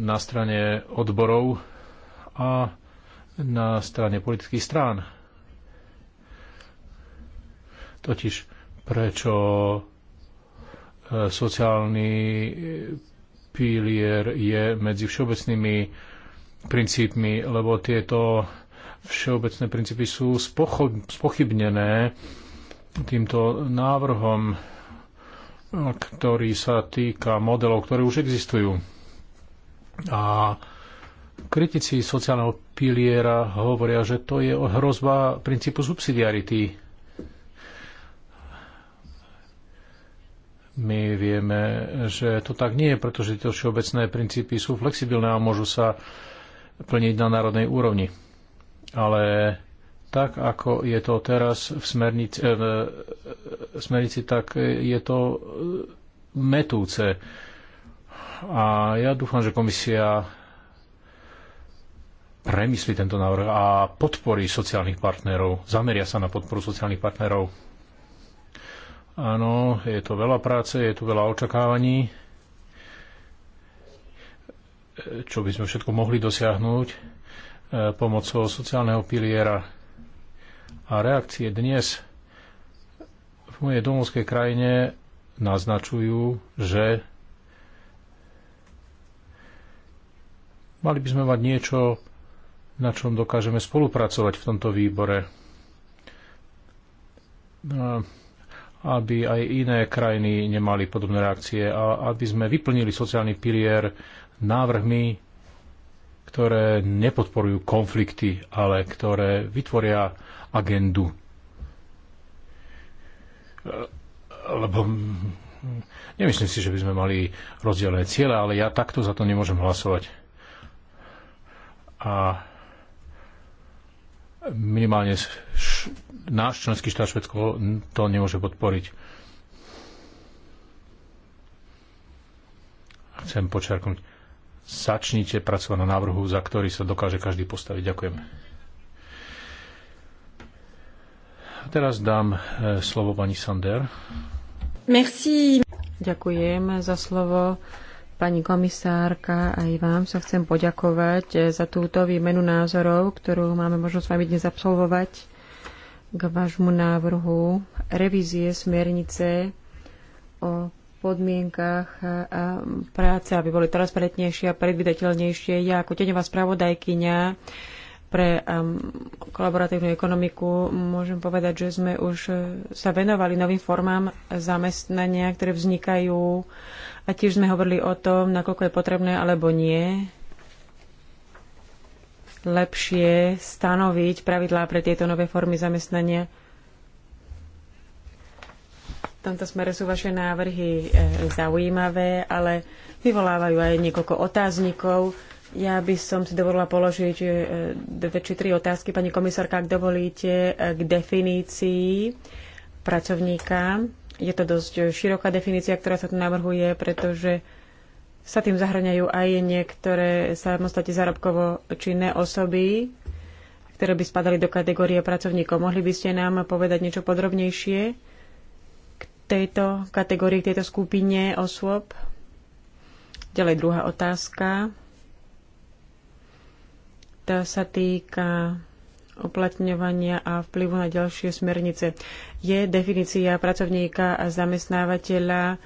na strane odborov a na strane politických strán. Totiž prečo sociálny pilier je medzi všeobecnými princípmi, lebo tieto všeobecné princípy sú spochybnené týmto návrhom, ktorý sa týka modelov, ktoré už existujú. A kritici sociálneho piliera hovoria, že to je hrozba princípu subsidiarity My vieme, že to tak nie je, pretože tieto všeobecné princípy sú flexibilné a môžu sa plniť na národnej úrovni. Ale tak, ako je to teraz v smernici, eh, v eh, smernici tak je to eh, metúce. A ja dúfam, že komisia premyslí tento návrh a podporí sociálnych partnerov, zameria sa na podporu sociálnych partnerov Áno, je to veľa práce, je tu veľa očakávaní, čo by sme všetko mohli dosiahnuť eh, pomocou sociálneho piliera. A reakcie dnes v mojej domovskej krajine naznačujú, že mali by sme mať niečo, na čom dokážeme spolupracovať v tomto výbore. No aby aj iné krajiny nemali podobné reakcie a aby sme vyplnili sociálny pilier návrhmi, ktoré nepodporujú konflikty, ale ktoré vytvoria agendu. Lebo nemyslím si, že by sme mali rozdielne ciele, ale ja takto za to nemôžem hlasovať. A minimálne náš členský štát Švedsko to nemôže podporiť. Chcem počiarknúť. Začnite pracovať na návrhu, za ktorý sa dokáže každý postaviť. Ďakujem. A teraz dám e, slovo pani Sander. Merci. Ďakujem za slovo. Pani komisárka, aj vám sa chcem poďakovať eh, za túto výmenu názorov, ktorú máme možnosť s vami dnes absolvovať k vášmu návrhu revízie smernice o podmienkach eh, a práce, aby boli transparentnejšie a predvydateľnejšie. Ja ako teňová spravodajkyňa pre um, kolaboratívnu ekonomiku môžem povedať, že sme už e, sa venovali novým formám zamestnania, ktoré vznikajú a tiež sme hovorili o tom, nakoľko je potrebné alebo nie lepšie stanoviť pravidlá pre tieto nové formy zamestnania. V tomto smere sú vaše návrhy e, zaujímavé, ale vyvolávajú aj niekoľko otáznikov ja by som si dovolila položiť e, dve či tri otázky, pani komisárka, ak dovolíte, e, k definícii pracovníka. Je to dosť široká definícia, ktorá sa tu navrhuje, pretože sa tým zahrňajú aj niektoré samostatne zárobkovo činné osoby, ktoré by spadali do kategórie pracovníkov. Mohli by ste nám povedať niečo podrobnejšie k tejto kategórii, k tejto skupine osôb? Ďalej druhá otázka tá sa týka uplatňovania a vplyvu na ďalšie smernice. Je definícia pracovníka a zamestnávateľa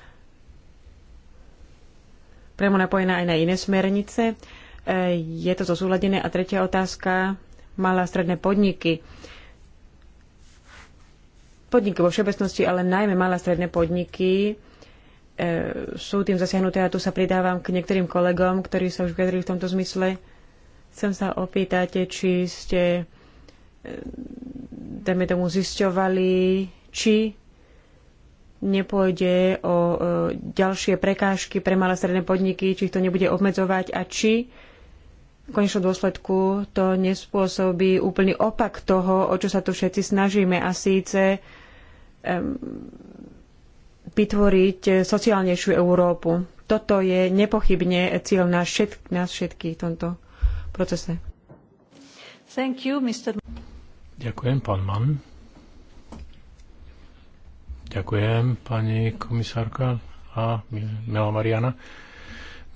priamo napojená aj na iné smernice. E, je to zosúladené. A tretia otázka, malá a stredné podniky. Podniky vo všeobecnosti, ale najmä malá stredné podniky e, sú tým zasiahnuté a tu sa pridávam k niektorým kolegom, ktorí sa už vyjadrili v tomto zmysle. Chcem sa opýtať, či ste, eh, dajme tomu, zisťovali, či nepôjde o eh, ďalšie prekážky pre malé stredné podniky, či ich to nebude obmedzovať a či v konečnom dôsledku to nespôsobí úplný opak toho, o čo sa tu všetci snažíme a síce vytvoriť sociálnejšiu Európu. Toto je nepochybne cieľ nás, všetk- nás všetkých v tomto procese. Thank you, Mr. Ďakujem, pán Mann. Ďakujem, pani komisárka a milá Mariana.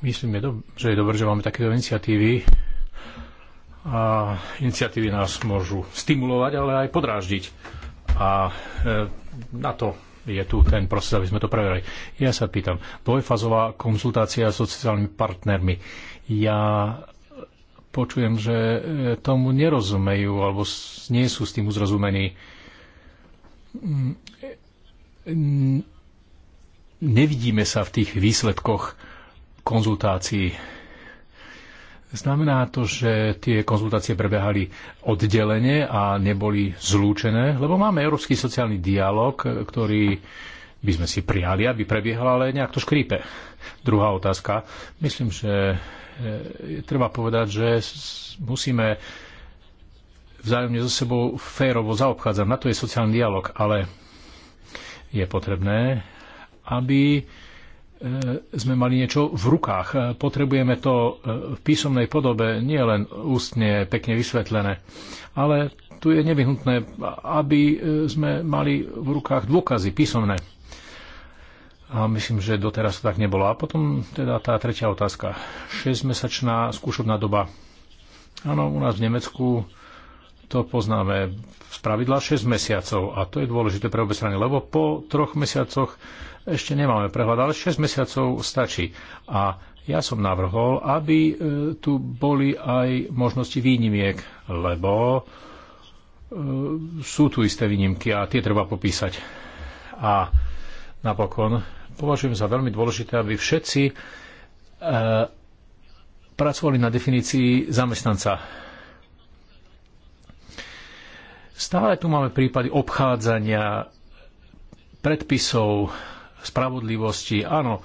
Myslím, že je dobré, že máme takéto iniciatívy a iniciatívy nás môžu stimulovať, ale aj podráždiť. A e, na to je tu ten proces, aby sme to preverili. Ja sa pýtam, dvojfazová konzultácia s sociálnymi partnermi. Ja počujem, že e, tomu nerozumejú alebo nie sú s tým uzrozumení. Mm, e, nevidíme sa v tých výsledkoch konzultácií. Znamená to, že tie konzultácie prebehali oddelene a neboli zlúčené, lebo máme Európsky sociálny dialog, e, ktorý by sme si prijali, aby prebiehal, ale nejak to škrípe. Druhá otázka. Myslím, že E, treba povedať, že musíme vzájomne so sebou férovo zaobchádzať. Na to je sociálny dialog, ale je potrebné, aby e, sme mali niečo v rukách. E, potrebujeme to v písomnej podobe, nie len ústne pekne vysvetlené, ale tu je nevyhnutné, aby sme mali v rukách dôkazy písomné. A myslím, že doteraz to tak nebolo. A potom teda tá tretia otázka. 6-mesačná skúšobná doba. Áno, u nás v Nemecku to poznáme z pravidla 6 mesiacov a to je dôležité pre obe strany, lebo po troch mesiacoch ešte nemáme prehľad, ale 6 mesiacov stačí. A ja som navrhol, aby e, tu boli aj možnosti výnimiek, lebo e, sú tu isté výnimky a tie treba popísať. A napokon považujem za veľmi dôležité, aby všetci e, pracovali na definícii zamestnanca. Stále tu máme prípady obchádzania predpisov, spravodlivosti. Áno,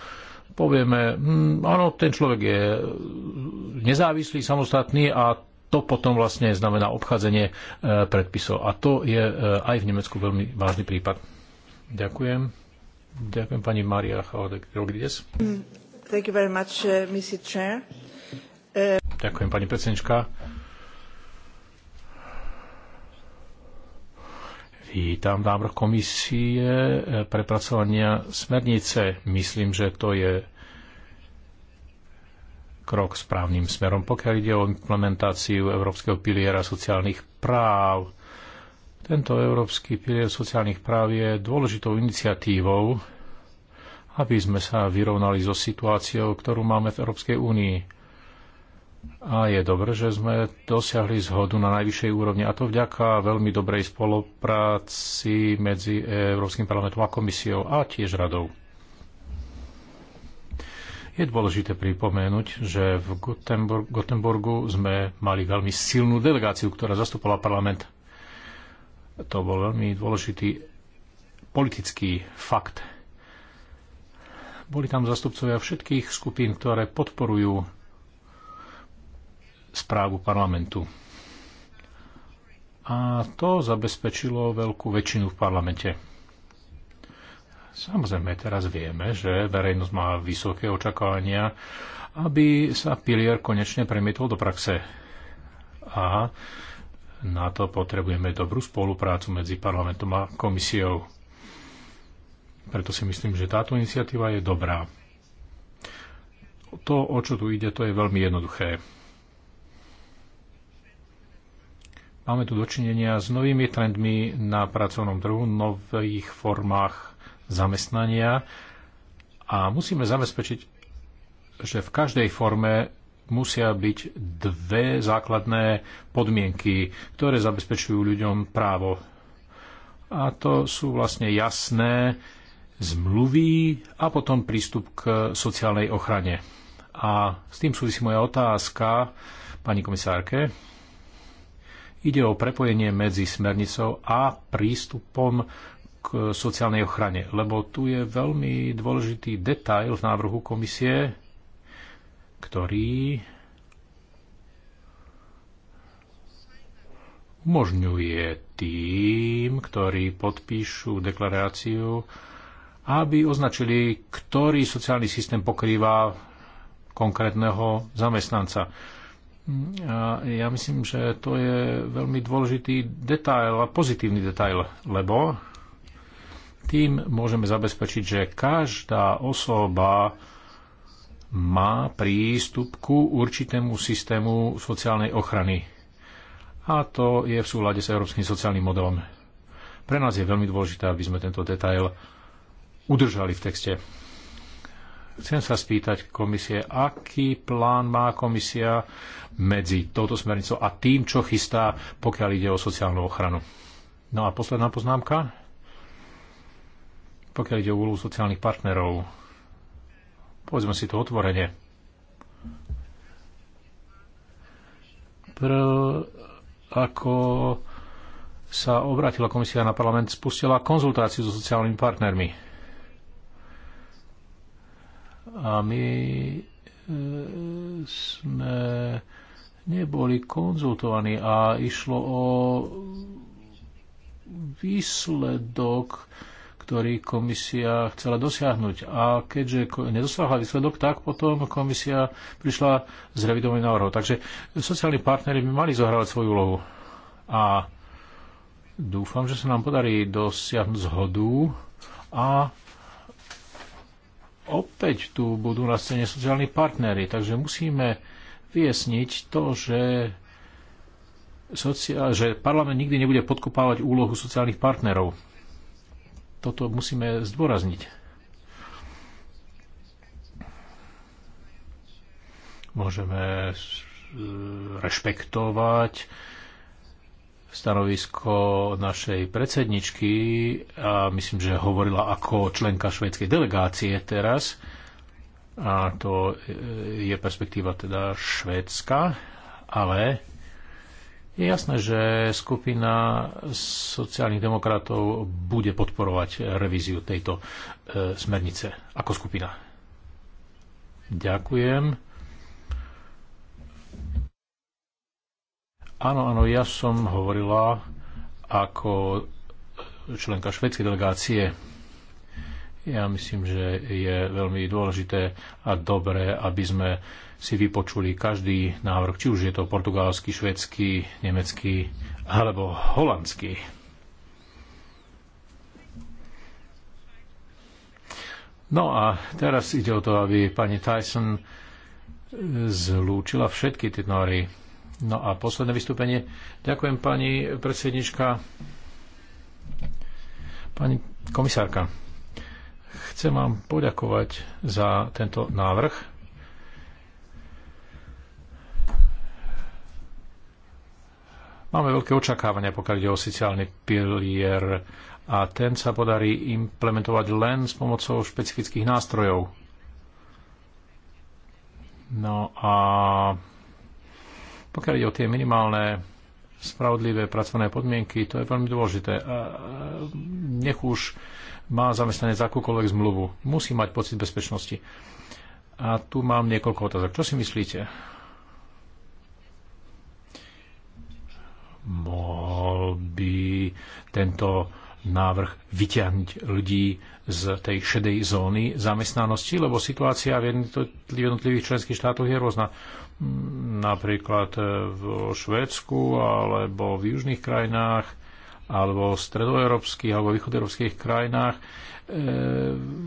povieme, hm, áno, ten človek je nezávislý, samostatný a to potom vlastne znamená obchádzanie e, predpisov. A to je e, aj v Nemecku veľmi vážny prípad. Ďakujem. Ďakujem pani Maria Chaudek-Rogdes. Thank you very much, uh, Mrs. Chair. Uh... Ďakujem pani predsednička. Vítam návrh komisie eh, prepracovania smernice. Myslím, že to je krok správnym smerom, pokiaľ ide o implementáciu Európskeho piliera sociálnych práv tento Európsky pilier sociálnych práv je dôležitou iniciatívou, aby sme sa vyrovnali so situáciou, ktorú máme v Európskej únii. A je dobré, že sme dosiahli zhodu na najvyššej úrovni, a to vďaka veľmi dobrej spolupráci medzi Európskym parlamentom a komisiou a tiež radou. Je dôležité pripomenúť, že v Gotemburgu sme mali veľmi silnú delegáciu, ktorá zastupovala parlament to bol veľmi dôležitý politický fakt. Boli tam zastupcovia všetkých skupín, ktoré podporujú správu parlamentu. A to zabezpečilo veľkú väčšinu v parlamente. Samozrejme, teraz vieme, že verejnosť má vysoké očakávania, aby sa pilier konečne premietol do praxe. A na to potrebujeme dobrú spoluprácu medzi parlamentom a komisiou. Preto si myslím, že táto iniciatíva je dobrá. To, o čo tu ide, to je veľmi jednoduché. Máme tu dočinenia s novými trendmi na pracovnom trhu, nových formách zamestnania a musíme zabezpečiť, že v každej forme musia byť dve základné podmienky, ktoré zabezpečujú ľuďom právo. A to sú vlastne jasné zmluvy a potom prístup k sociálnej ochrane. A s tým súvisí moja otázka pani komisárke. Ide o prepojenie medzi smernicou a prístupom k sociálnej ochrane, lebo tu je veľmi dôležitý detail v návrhu komisie, ktorý umožňuje tým, ktorí podpíšu deklaráciu, aby označili, ktorý sociálny systém pokrýva konkrétneho zamestnanca. A ja myslím, že to je veľmi dôležitý detail a pozitívny detail, lebo tým môžeme zabezpečiť, že každá osoba má prístup ku určitému systému sociálnej ochrany. A to je v súlade s európskym sociálnym modelom. Pre nás je veľmi dôležité, aby sme tento detail udržali v texte. Chcem sa spýtať komisie, aký plán má komisia medzi touto smernicou a tým, čo chystá, pokiaľ ide o sociálnu ochranu. No a posledná poznámka. Pokiaľ ide o úlohu sociálnych partnerov, Povedzme si to otvorene. Pr, ako sa obratila komisia na parlament, spustila konzultáciu so sociálnymi partnermi. A my e, sme neboli konzultovaní a išlo o výsledok ktorý komisia chcela dosiahnuť. A keďže nedosáhla výsledok, tak potom komisia prišla s revidovaným návrhom. Takže sociálni partnery by mali zohrávať svoju úlohu. A dúfam, že sa nám podarí dosiahnuť zhodu a opäť tu budú na scéne sociálni partnery. Takže musíme vyjasniť to, že že parlament nikdy nebude podkopávať úlohu sociálnych partnerov. Toto musíme zdôrazniť. Môžeme e, rešpektovať stanovisko našej predsedničky a myslím, že hovorila ako členka švedskej delegácie teraz a to e, je perspektíva teda švédska, ale je jasné, že skupina sociálnych demokratov bude podporovať revíziu tejto e, smernice ako skupina. Ďakujem. Áno, áno, ja som hovorila ako členka švedskej delegácie ja myslím, že je veľmi dôležité a dobré, aby sme si vypočuli každý návrh, či už je to portugalský, švedský, nemecký alebo holandský. No a teraz ide o to, aby pani Tyson zlúčila všetky tie nory. No a posledné vystúpenie. Ďakujem pani predsednička. Pani komisárka. Chcem vám poďakovať za tento návrh. Máme veľké očakávania, pokiaľ ide o sociálny pilier a ten sa podarí implementovať len s pomocou špecifických nástrojov. No a pokiaľ ide o tie minimálne spravodlivé pracovné podmienky, to je veľmi dôležité. Nech už má zamestnanec akúkoľvek zmluvu, musí mať pocit bezpečnosti. A tu mám niekoľko otázok. Čo si myslíte? Mohol by tento návrh vyťahnuť ľudí z tej šedej zóny zamestnanosti, lebo situácia v jednotlivých členských štátoch je rôzna. Napríklad v Švédsku alebo v južných krajinách alebo v stredoeurópskych alebo východoeurópskych krajinách. E,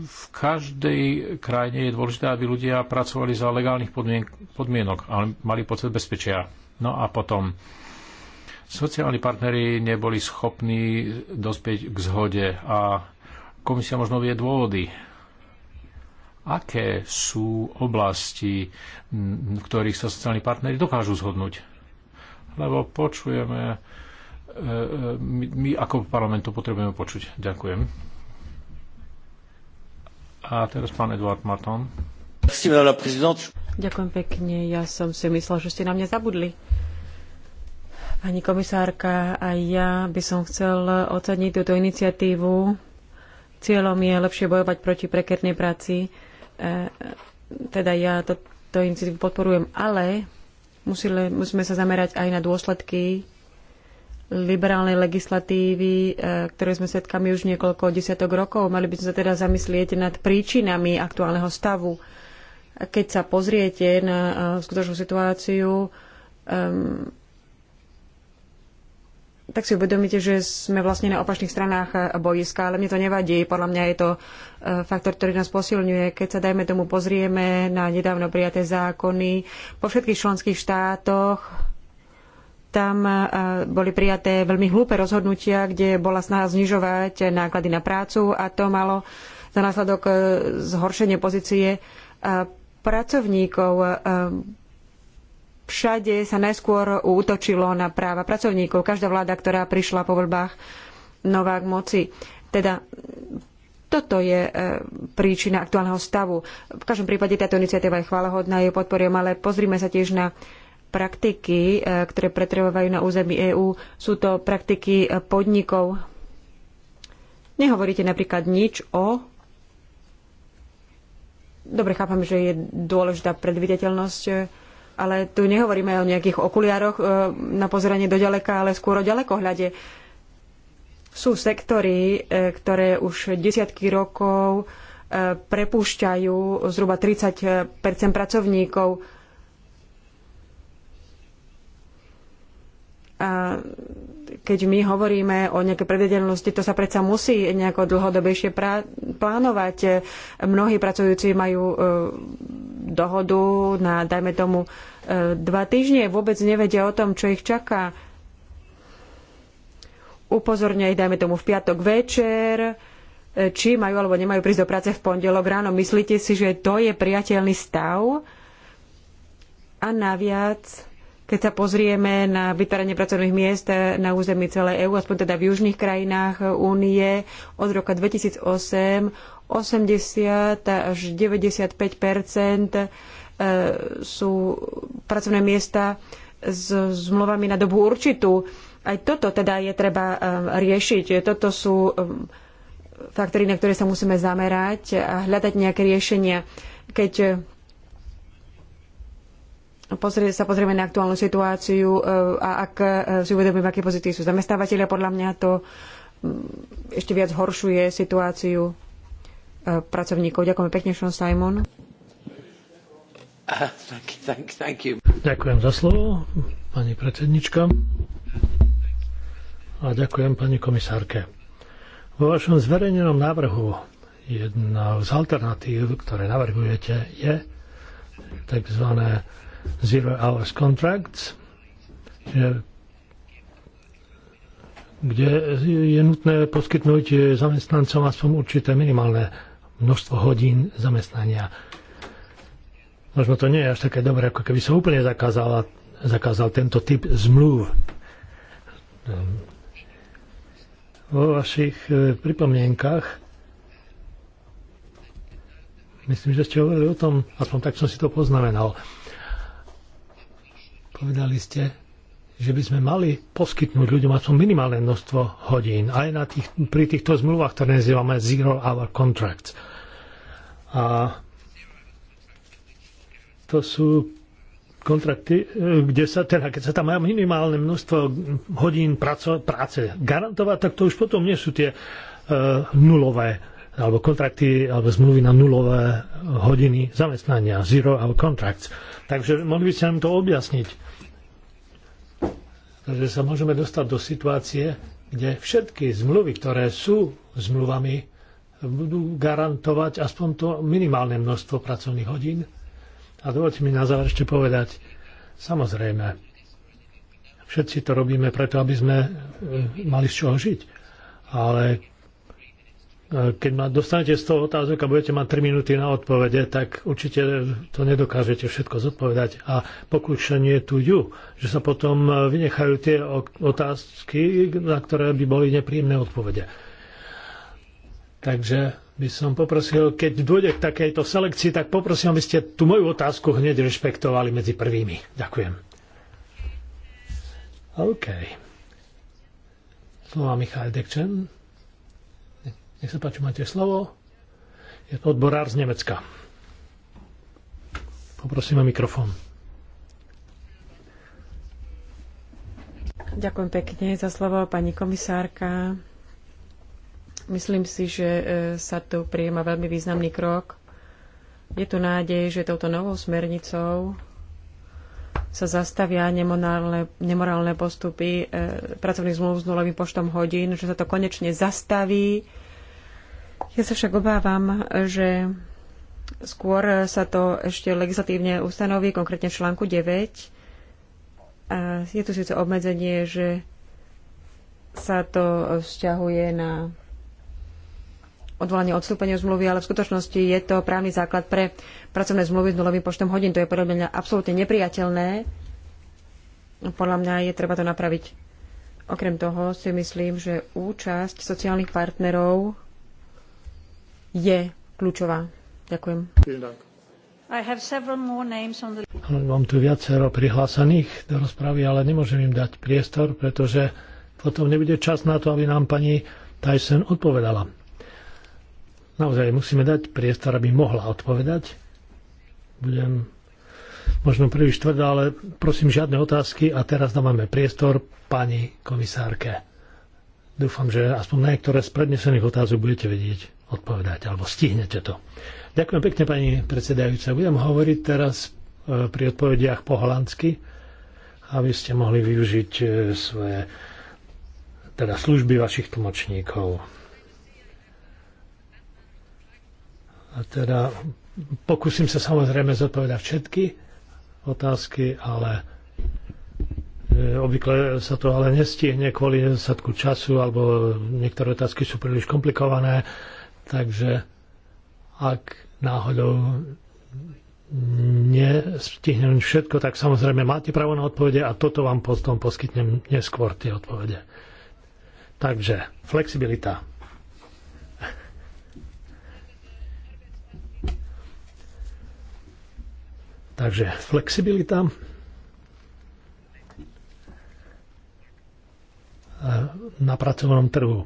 v každej krajine je dôležité, aby ľudia pracovali za legálnych podmienok, ale mali pocit bezpečia. No a potom sociálni partnery neboli schopní dospieť k zhode a komisia možno vie dôvody. Aké sú oblasti, v ktorých sa sociálni partnery dokážu zhodnúť? Lebo počujeme E, e, my, my ako parlamentu potrebujeme počuť. Ďakujem. A teraz pán Eduard Marton. Ďakujem pekne. Ja som si myslel, že ste na mňa zabudli. Pani komisárka, aj ja by som chcel oceniť túto iniciatívu. Cieľom je lepšie bojovať proti prekernej práci. E, teda ja to, to iniciatívu podporujem, ale musíme sa zamerať aj na dôsledky liberálnej legislatívy, e, ktoré sme svedkami už niekoľko desiatok rokov. Mali by sme sa teda zamyslieť nad príčinami aktuálneho stavu. Keď sa pozriete na e, skutočnú situáciu, um, tak si uvedomíte, že sme vlastne na opačných stranách bojiska, ale mne to nevadí. Podľa mňa je to e, faktor, ktorý nás posilňuje. Keď sa, dajme tomu, pozrieme na nedávno prijaté zákony po všetkých členských štátoch, tam e, boli prijaté veľmi hlúpe rozhodnutia, kde bola snaha znižovať náklady na prácu a to malo za následok e, zhoršenie pozície e, pracovníkov. Všade sa najskôr útočilo na práva pracovníkov. Každá vláda, ktorá prišla po voľbách nová k moci. Teda toto je príčina aktuálneho stavu. V každom prípade táto iniciatíva je chválahodná, ju podporujem, ale pozrime sa tiež na praktiky, e, ktoré pretrvávajú na území EÚ, sú to praktiky e, podnikov. Nehovoríte napríklad nič o. Dobre, chápam, že je dôležitá predvidateľnosť, e, ale tu nehovoríme o nejakých okuliároch na pozeranie do ďaleka, ale skôr o ďalekohľade. Sú sektory, ktoré už desiatky rokov prepúšťajú zhruba 30 pracovníkov A keď my hovoríme o nejakej predvedenosti, to sa predsa musí nejako dlhodobejšie plánovať. Mnohí pracujúci majú e, dohodu na, dajme tomu, e, dva týždne, vôbec nevedia o tom, čo ich čaká. Upozorňujú ich, dajme tomu, v piatok večer, e, či majú alebo nemajú prísť do práce v pondelok ráno. Myslíte si, že to je priateľný stav? A naviac, keď sa pozrieme na vytváranie pracovných miest na území celej EÚ, aspoň teda v južných krajinách únie, od roka 2008 80 až 95 e, sú pracovné miesta s zmluvami na dobu určitú. Aj toto teda je treba e, riešiť. Toto sú e, faktory, na ktoré sa musíme zamerať a hľadať nejaké riešenia. Keď pozrie, sa pozrieme na aktuálnu situáciu e, a ak e, si uvedomíme, aké pozície sú zamestnávateľia, podľa mňa to ešte viac horšuje situáciu e, pracovníkov. Ďakujem pekne, Sean Simon. Ah, thank, thank, ďakujem za slovo, pani predsednička. A ďakujem pani komisárke. Vo vašom zverejnenom návrhu jedna z alternatív, ktoré navrhujete, je tzv. Zero Hours Contracts, kde je nutné poskytnúť zamestnancom aspoň určité minimálne množstvo hodín zamestnania. Možno to nie je až také dobré, ako keby sa úplne zakázal, zakázal tento typ zmluv. Vo vašich e, pripomienkach myslím, že ste hovorili o tom, aspoň tak som si to poznamenal, Povedali ste, že by sme mali poskytnúť ľuďom aspoň minimálne množstvo hodín, aj na tých, pri týchto zmluvách, ktoré nazývame Zero Hour Contracts. A to sú kontrakty, e, kde sa, teda, keď sa tam majú minimálne množstvo hodín praco, práce garantovať, tak to už potom nie sú tie uh, nulové alebo kontrakty, alebo zmluvy na nulové hodiny zamestnania, zero hour contracts. Takže mohli by ste nám to objasniť. Takže sa môžeme dostať do situácie, kde všetky zmluvy, ktoré sú zmluvami, budú garantovať aspoň to minimálne množstvo pracovných hodín. A dovolte mi na záver ešte povedať, samozrejme, všetci to robíme preto, aby sme eh, mali z čoho žiť. Ale keď ma dostanete z toho otázok a budete mať 3 minúty na odpovede, tak určite to nedokážete všetko zodpovedať. A pokúšanie tu ju, že sa potom vynechajú tie otázky, na ktoré by boli nepríjemné odpovede. Takže by som poprosil, keď dôjde k takejto selekcii, tak poprosím, aby ste tú moju otázku hneď rešpektovali medzi prvými. Ďakujem. OK. Slova Michal Dekčen. Nech sa páči, máte slovo. Je to odborár z Nemecka. Poprosím o mikrofón. Ďakujem pekne za slovo, pani komisárka. Myslím si, že e, sa tu prijema veľmi významný krok. Je tu nádej, že touto novou smernicou sa zastavia nemorálne, nemorálne postupy e, pracovných zmluv s nulovým počtom hodín, že sa to konečne zastaví ja sa však obávam, že skôr sa to ešte legislatívne ustanoví, konkrétne v článku 9. A je tu síce obmedzenie, že sa to vzťahuje na odvolanie odstúpenia zmluvy, ale v skutočnosti je to právny základ pre pracovné zmluvy s nulovým počtom hodín. To je podľa mňa absolútne nepriateľné. Podľa mňa je treba to napraviť. Okrem toho si myslím, že účasť sociálnych partnerov je kľúčová. Ďakujem. Mám tu viacero prihlásených do rozpravy, ale nemôžem im dať priestor, pretože potom nebude čas na to, aby nám pani Tyson odpovedala. Naozaj musíme dať priestor, aby mohla odpovedať. Budem možno príliš tvrdá, ale prosím žiadne otázky a teraz dávame priestor pani komisárke. Dúfam, že aspoň na niektoré z prednesených otázok budete vedieť odpovedať, alebo stihnete to. Ďakujem pekne, pani predsedajúca. Budem hovoriť teraz e, pri odpovediach po holandsky, aby ste mohli využiť e, svoje teda služby vašich tlmočníkov. A teda pokúsim sa samozrejme zodpovedať všetky otázky, ale e, obvykle sa to ale nestihne kvôli nedostatku času alebo niektoré otázky sú príliš komplikované Takže ak náhodou nestihnem všetko, tak samozrejme máte právo na odpovede a toto vám potom poskytnem neskôr tie odpovede. Takže flexibilita. Takže flexibilita. na pracovnom trhu.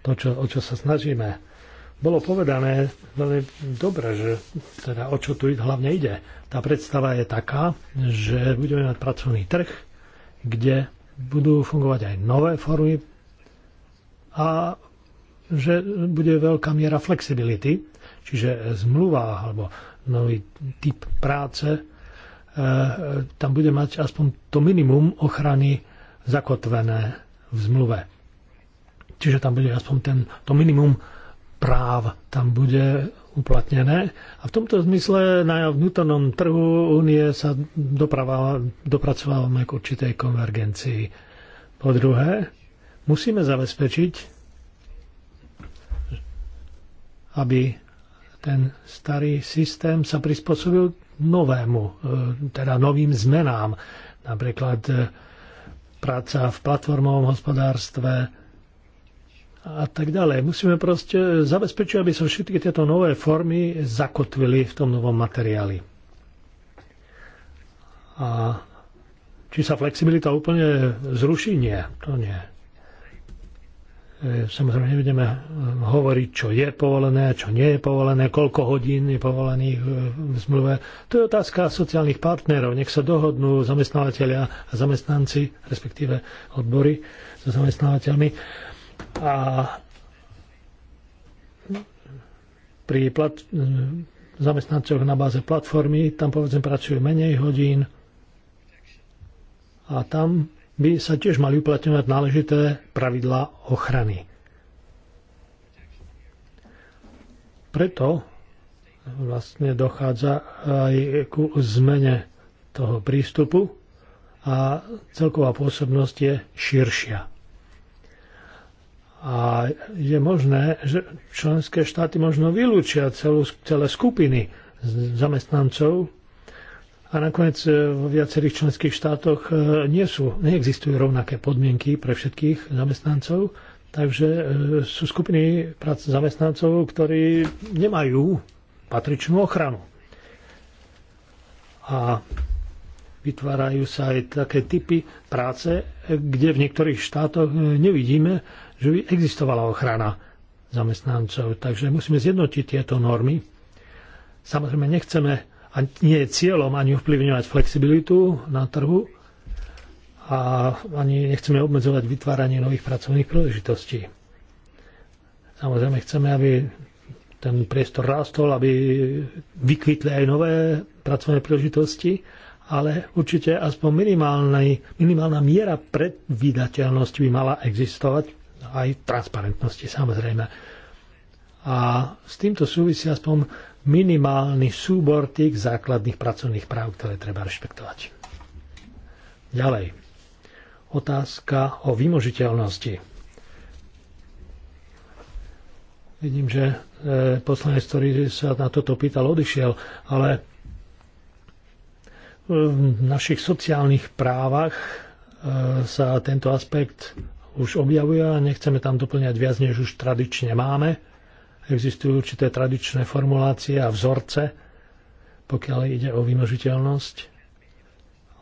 To, čo, o čo sa snažíme bolo povedané veľmi dobre, že teda o čo tu hlavne ide. Tá predstava je taká, že budeme mať pracovný trh, kde budú fungovať aj nové formy a že bude veľká miera flexibility, čiže zmluva alebo nový typ práce, e, tam bude mať aspoň to minimum ochrany zakotvené v zmluve. Čiže tam bude aspoň ten, to minimum práv tam bude uplatnené. A v tomto zmysle na vnútornom trhu únie sa dopracovávame k určitej konvergencii. Po druhé, musíme zabezpečiť, aby ten starý systém sa prispôsobil novému, e, teda novým zmenám. Napríklad e, práca v platformovom hospodárstve, a tak ďalej. Musíme proste zabezpečiť, aby sa všetky tieto nové formy zakotvili v tom novom materiáli. A či sa flexibilita úplne zruší? Nie, to nie. E, samozrejme nebudeme e, hovoriť, čo je povolené, čo nie je povolené, koľko hodín je povolených e, v zmluve. To je otázka sociálnych partnerov. Nech sa dohodnú zamestnávateľia a zamestnanci, respektíve odbory so zamestnávateľmi a pri plat, zamestnancoch na báze platformy, tam povedzme pracuje menej hodín a tam by sa tiež mali uplatňovať náležité pravidlá ochrany. Preto vlastne dochádza aj ku zmene toho prístupu a celková pôsobnosť je širšia. A je možné, že členské štáty možno vylúčia celú, celé skupiny zamestnancov a nakoniec e, vo viacerých členských štátoch e, nie sú, neexistujú rovnaké podmienky pre všetkých zamestnancov, takže e, sú skupiny prác zamestnancov, ktorí nemajú patričnú ochranu. A vytvárajú sa aj také typy práce, kde v niektorých štátoch nevidíme že by existovala ochrana zamestnancov. Takže musíme zjednotiť tieto normy. Samozrejme, nechceme, a nie je cieľom ani ovplyvňovať flexibilitu na trhu a ani nechceme obmedzovať vytváranie nových pracovných príležitostí. Samozrejme, chceme, aby ten priestor rástol, aby vykvitli aj nové pracovné príležitosti, ale určite aspoň minimálna miera predvídateľnosti by mala existovať aj transparentnosti samozrejme. A s týmto súvisí aspoň minimálny súbor tých základných pracovných práv, ktoré treba rešpektovať. Ďalej. Otázka o vymožiteľnosti. Vidím, že e, poslanec, ktorý sa na toto pýtal, odišiel, ale v našich sociálnych právach e, sa tento aspekt už objavuje a nechceme tam doplňať viac, než už tradične máme. Existujú určité tradičné formulácie a vzorce, pokiaľ ide o vymožiteľnosť.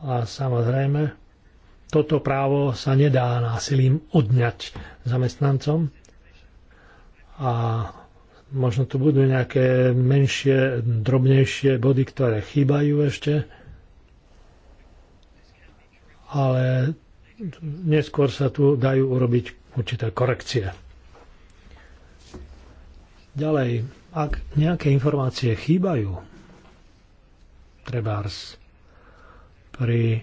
A samozrejme, toto právo sa nedá násilím odňať zamestnancom. A možno tu budú nejaké menšie, drobnejšie body, ktoré chýbajú ešte. Ale neskôr sa tu dajú urobiť určité korekcie. Ďalej, ak nejaké informácie chýbajú, trebárs pri e,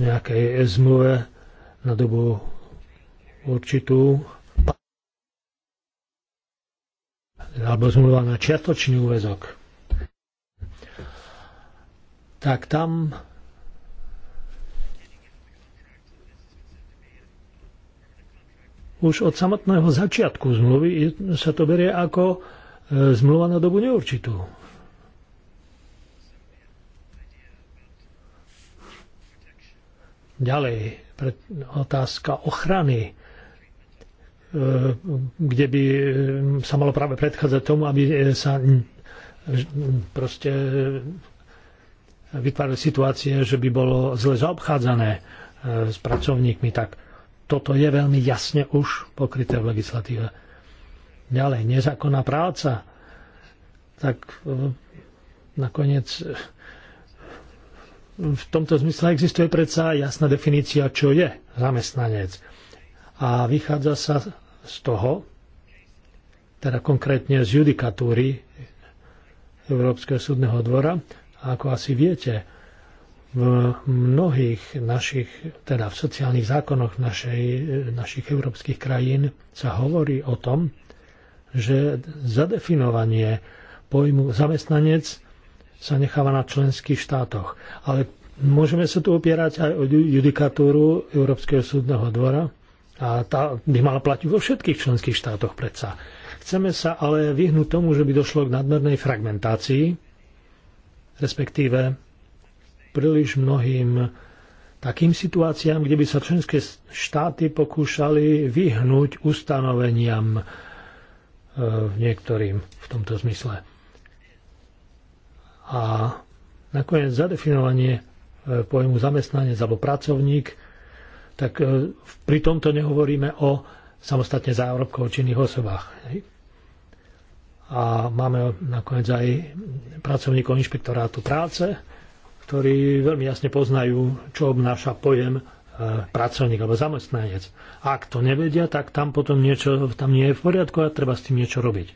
nejakej zmluve na dobu určitú alebo zmluva na čiatočný úvezok tak tam už od samotného začiatku zmluvy sa to berie ako e, zmluva na dobu neurčitú. Ďalej, otázka ochrany, e, kde by e, sa malo práve predchádzať tomu, aby sa proste vytvárať situácie, že by bolo zle zaobchádzané e, s pracovníkmi, tak toto je veľmi jasne už pokryté v legislatíve. Ďalej, nezákonná práca, tak e, nakoniec e, v tomto zmysle existuje predsa jasná definícia, čo je zamestnanec. A vychádza sa z toho, teda konkrétne z judikatúry Európskeho súdneho dvora, ako asi viete, v mnohých našich, teda v sociálnych zákonoch našej, našich európskych krajín sa hovorí o tom, že zadefinovanie pojmu zamestnanec sa necháva na členských štátoch. Ale môžeme sa tu opierať aj o judikatúru Európskeho súdneho dvora a tá by mala platiť vo všetkých členských štátoch predsa. Chceme sa ale vyhnúť tomu, že by došlo k nadmernej fragmentácii respektíve príliš mnohým takým situáciám, kde by sa členské štáty pokúšali vyhnúť ustanoveniam v e, niektorým v tomto zmysle. A nakoniec zadefinovanie e, pojmu zamestnanec alebo pracovník, tak e, pri tomto nehovoríme o samostatne zárobkov činných osobách a máme nakoniec aj pracovníkov inšpektorátu práce, ktorí veľmi jasne poznajú, čo obnáša pojem e, pracovník alebo zamestnanec. Ak to nevedia, tak tam potom niečo tam nie je v poriadku a treba s tým niečo robiť.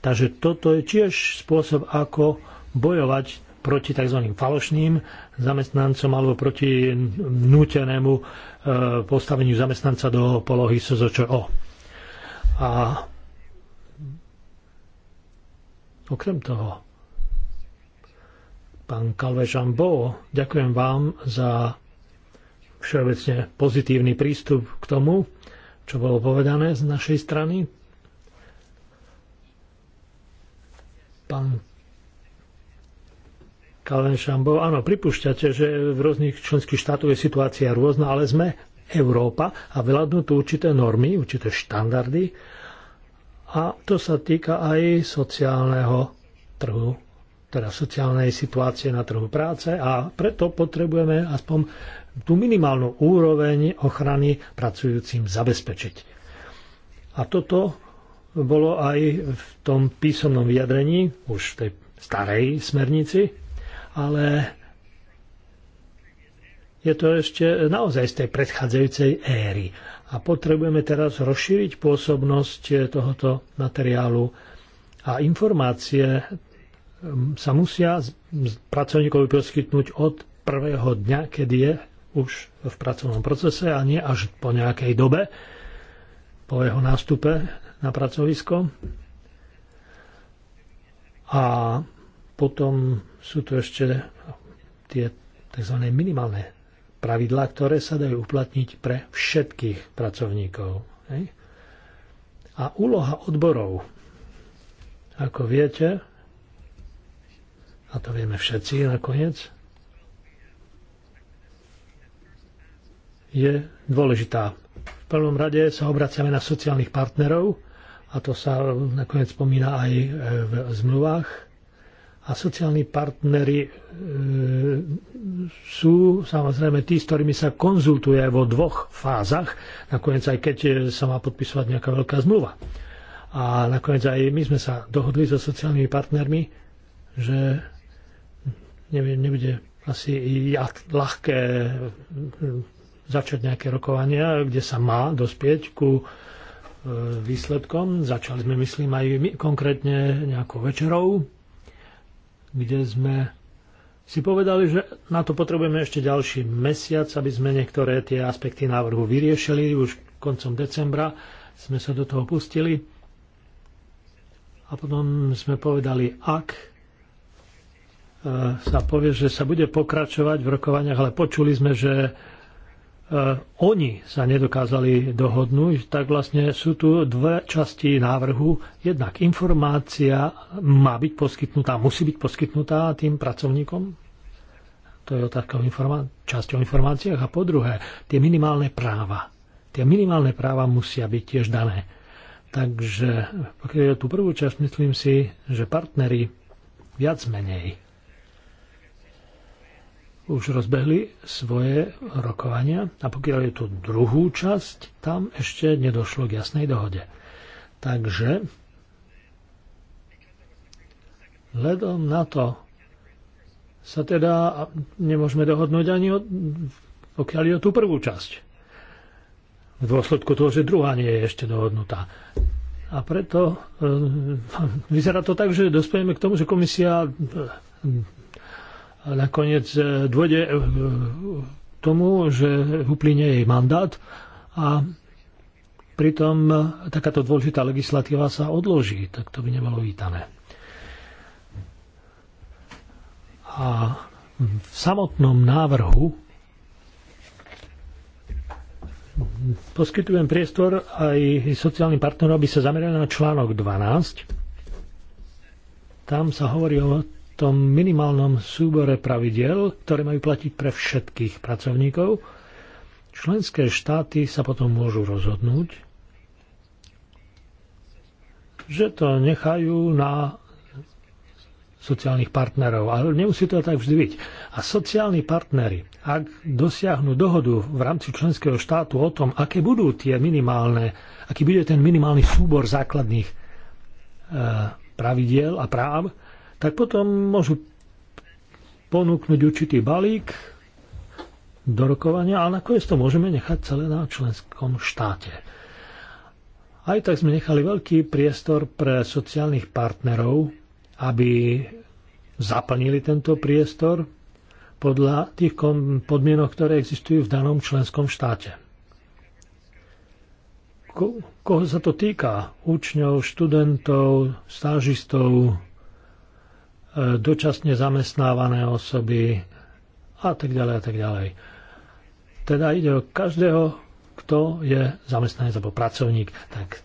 Takže toto je tiež spôsob, ako bojovať proti tzv. falošným zamestnancom alebo proti nútenému e, postaveniu zamestnanca do polohy SZČO. A Okrem toho, pán Kalve Žambo, ďakujem vám za všeobecne pozitívny prístup k tomu, čo bolo povedané z našej strany. Pán Kalven Šambo, áno, pripúšťate, že v rôznych členských štátoch je situácia rôzna, ale sme Európa a vyľadnú tu určité normy, určité štandardy, a to sa týka aj sociálneho trhu, teda sociálnej situácie na trhu práce a preto potrebujeme aspoň tú minimálnu úroveň ochrany pracujúcim zabezpečiť. A toto bolo aj v tom písomnom vyjadrení, už v tej starej smernici, ale je to ešte naozaj z tej predchádzajúcej éry a potrebujeme teraz rozšíriť pôsobnosť eh, tohoto materiálu a informácie mm, sa musia pracovníkovi poskytnúť od prvého dňa, kedy je už v pracovnom procese a nie až po nejakej dobe, po jeho nástupe na pracovisko. A potom sú tu ešte tie tzv. minimálne pravidlá, ktoré sa dajú uplatniť pre všetkých pracovníkov. Hej? A úloha odborov, ako viete, a to vieme všetci nakoniec, je dôležitá. V prvom rade sa obraciame na sociálnych partnerov, a to sa nakoniec spomína aj e, v zmluvách. A sociálni partnery E, sú samozrejme tí, s ktorými sa konzultuje vo dvoch fázach, nakoniec aj keď e, sa má podpisovať nejaká veľká zmluva. A nakoniec aj my sme sa dohodli so sociálnymi partnermi, že nebude asi ľahké e, začať nejaké rokovania, kde sa má dospieť ku výsledkom. Začali sme, myslím, aj my, konkrétne nejakou večerou, kde sme si povedali, že na to potrebujeme ešte ďalší mesiac, aby sme niektoré tie aspekty návrhu vyriešili. Už koncom decembra sme sa do toho pustili. A potom sme povedali, ak e, sa povie, že sa bude pokračovať v rokovaniach, ale počuli sme, že E, oni sa nedokázali dohodnúť, tak vlastne sú tu dve časti návrhu. Jednak informácia má byť poskytnutá, musí byť poskytnutá tým pracovníkom. To je otázka o informá- časti o informáciách. A po druhé, tie minimálne práva. Tie minimálne práva musia byť tiež dané. Takže pokiaľ tú prvú časť, myslím si, že partnery viac menej už rozbehli svoje rokovania a pokiaľ je tu druhú časť, tam ešte nedošlo k jasnej dohode. Takže, ledom na to sa teda nemôžeme dohodnúť ani o, pokiaľ je o tú prvú časť. V dôsledku toho, že druhá nie je ešte dohodnutá. A preto e, vyzerá to tak, že dospejeme k tomu, že komisia e, nakoniec e, dôjde e, tomu, že uplynie jej mandát a pritom e, takáto dôležitá legislatíva sa odloží, tak to by nebolo vítané. A v samotnom návrhu poskytujem priestor aj sociálnym partnerom, aby sa zamerali na článok 12. Tam sa hovorí o tom minimálnom súbore pravidiel, ktoré majú platiť pre všetkých pracovníkov. Členské štáty sa potom môžu rozhodnúť, že to nechajú na sociálnych partnerov, ale nemusí to tak vždy byť. A sociálni partnery, ak dosiahnu dohodu v rámci členského štátu o tom, aké budú tie minimálne, aký bude ten minimálny súbor základných eh, pravidiel a práv, tak potom môžu ponúknuť určitý balík do rokovania, ale nakoniec to môžeme nechať celé na členskom štáte. Aj tak sme nechali veľký priestor pre sociálnych partnerov, aby zaplnili tento priestor podľa tých podmienok, ktoré existujú v danom členskom štáte. Ko- koho sa to týka? Učňov, študentov, stážistov, dočasne zamestnávané osoby a tak ďalej a tak ďalej. Teda ide o každého, kto je zamestnanec alebo pracovník, tak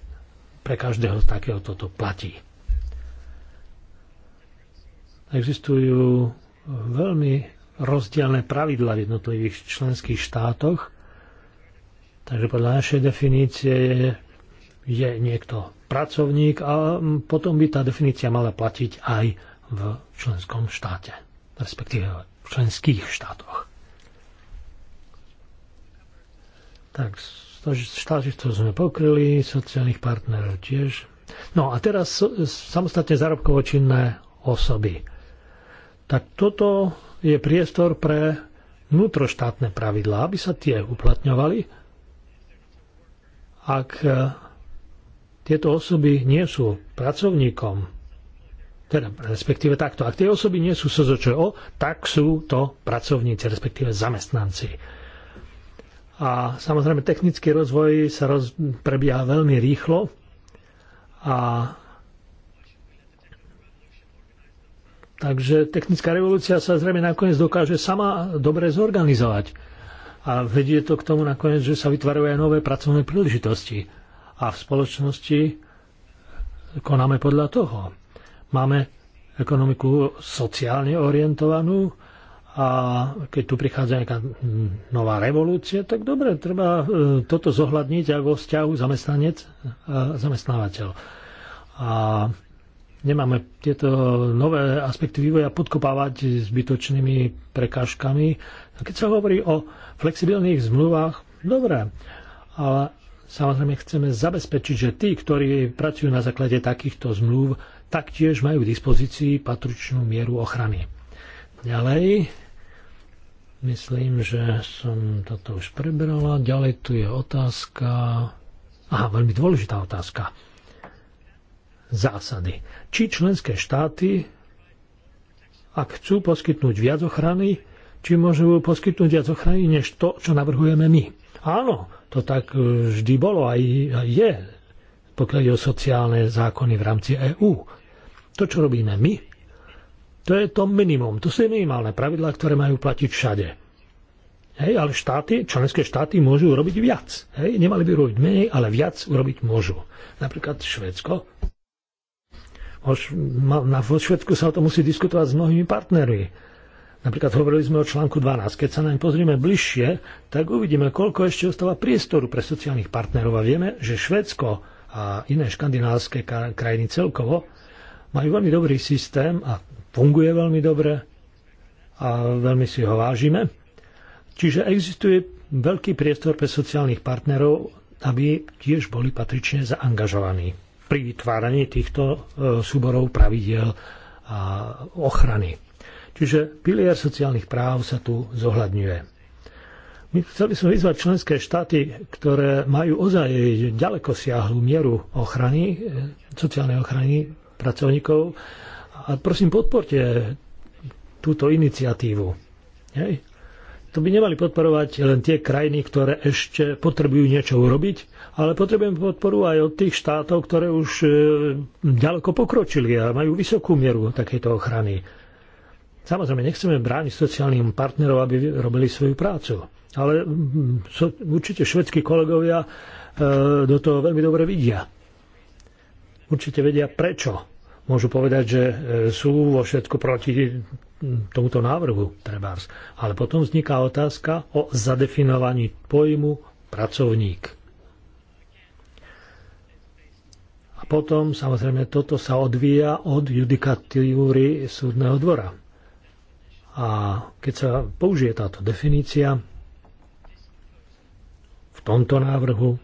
pre každého z takého toto platí. Existujú veľmi rozdielne pravidla v jednotlivých členských štátoch, takže podľa našej definície je, je niekto pracovník a potom by tá definícia mala platiť aj v členskom štáte, respektíve v členských štátoch. Tak, štáty to sme pokryli, sociálnych partnerov tiež. No a teraz samostatne zárobkovo činné osoby. Tak toto je priestor pre vnútroštátne pravidlá, aby sa tie uplatňovali, ak eh, tieto osoby nie sú pracovníkom teda respektíve takto. Ak tie osoby nie sú SZČO, tak sú to pracovníci, respektíve zamestnanci. A samozrejme technický rozvoj sa roz, prebieha veľmi rýchlo a Takže technická revolúcia sa zrejme nakoniec dokáže sama dobre zorganizovať. A vedie to k tomu nakoniec, že sa vytvárajú aj nové pracovné príležitosti. A v spoločnosti konáme podľa toho. Máme ekonomiku sociálne orientovanú a keď tu prichádza nejaká nová revolúcia, tak dobre, treba e, toto zohľadniť aj vo vzťahu zamestnanec a zamestnávateľ. A nemáme tieto nové aspekty vývoja podkopávať zbytočnými prekážkami. A keď sa hovorí o flexibilných zmluvách, dobre, ale samozrejme chceme zabezpečiť, že tí, ktorí pracujú na základe takýchto zmluv, taktiež majú k dispozícii patričnú mieru ochrany. Ďalej, myslím, že som toto už prebrala. Ďalej tu je otázka, aha, veľmi dôležitá otázka, zásady. Či členské štáty, ak chcú poskytnúť viac ochrany, či môžu poskytnúť viac ochrany, než to, čo navrhujeme my. Áno, to tak e, vždy bolo aj je, pokiaľ je o sociálne zákony v rámci EÚ. To, čo robíme my, to je to minimum. To sú minimálne pravidlá, ktoré majú platiť všade. Hej, ale štáty, členské štáty môžu urobiť viac. Hej, nemali by robiť menej, ale viac urobiť môžu. Napríklad Švedsko. Na Švedsku sa o tom musí diskutovať s mnohými partnermi. Napríklad hovorili sme o článku 12. Keď sa naň pozrieme bližšie, tak uvidíme, koľko ešte ostáva priestoru pre sociálnych partnerov. A vieme, že Švedsko a iné škandinávské krajiny celkovo majú veľmi dobrý systém a funguje veľmi dobre a veľmi si ho vážime. Čiže existuje veľký priestor pre sociálnych partnerov, aby tiež boli patrične zaangažovaní pri vytváraní týchto e, súborov pravidel a ochrany. Čiže pilier sociálnych práv sa tu zohľadňuje. My chceli sme vyzvať členské štáty, ktoré majú ozaj ďaleko siahlu mieru ochrany, e, sociálnej ochrany pracovníkov. A prosím, podporte túto iniciatívu. Hej. To by nemali podporovať len tie krajiny, ktoré ešte potrebujú niečo urobiť, ale potrebujeme podporu aj od tých štátov, ktoré už e, ďaleko pokročili a majú vysokú mieru takejto ochrany. Samozrejme, nechceme brániť sociálnym partnerov, aby robili svoju prácu. Ale mm, so, určite švedskí kolegovia e, do toho veľmi dobre vidia. Určite vedia prečo môžu povedať, že e, sú vo všetko proti tomuto návrhu trebárs. Ale potom vzniká otázka o zadefinovaní pojmu pracovník. A potom samozrejme toto sa odvíja od judikatúry súdneho dvora. A keď sa použije táto definícia v tomto návrhu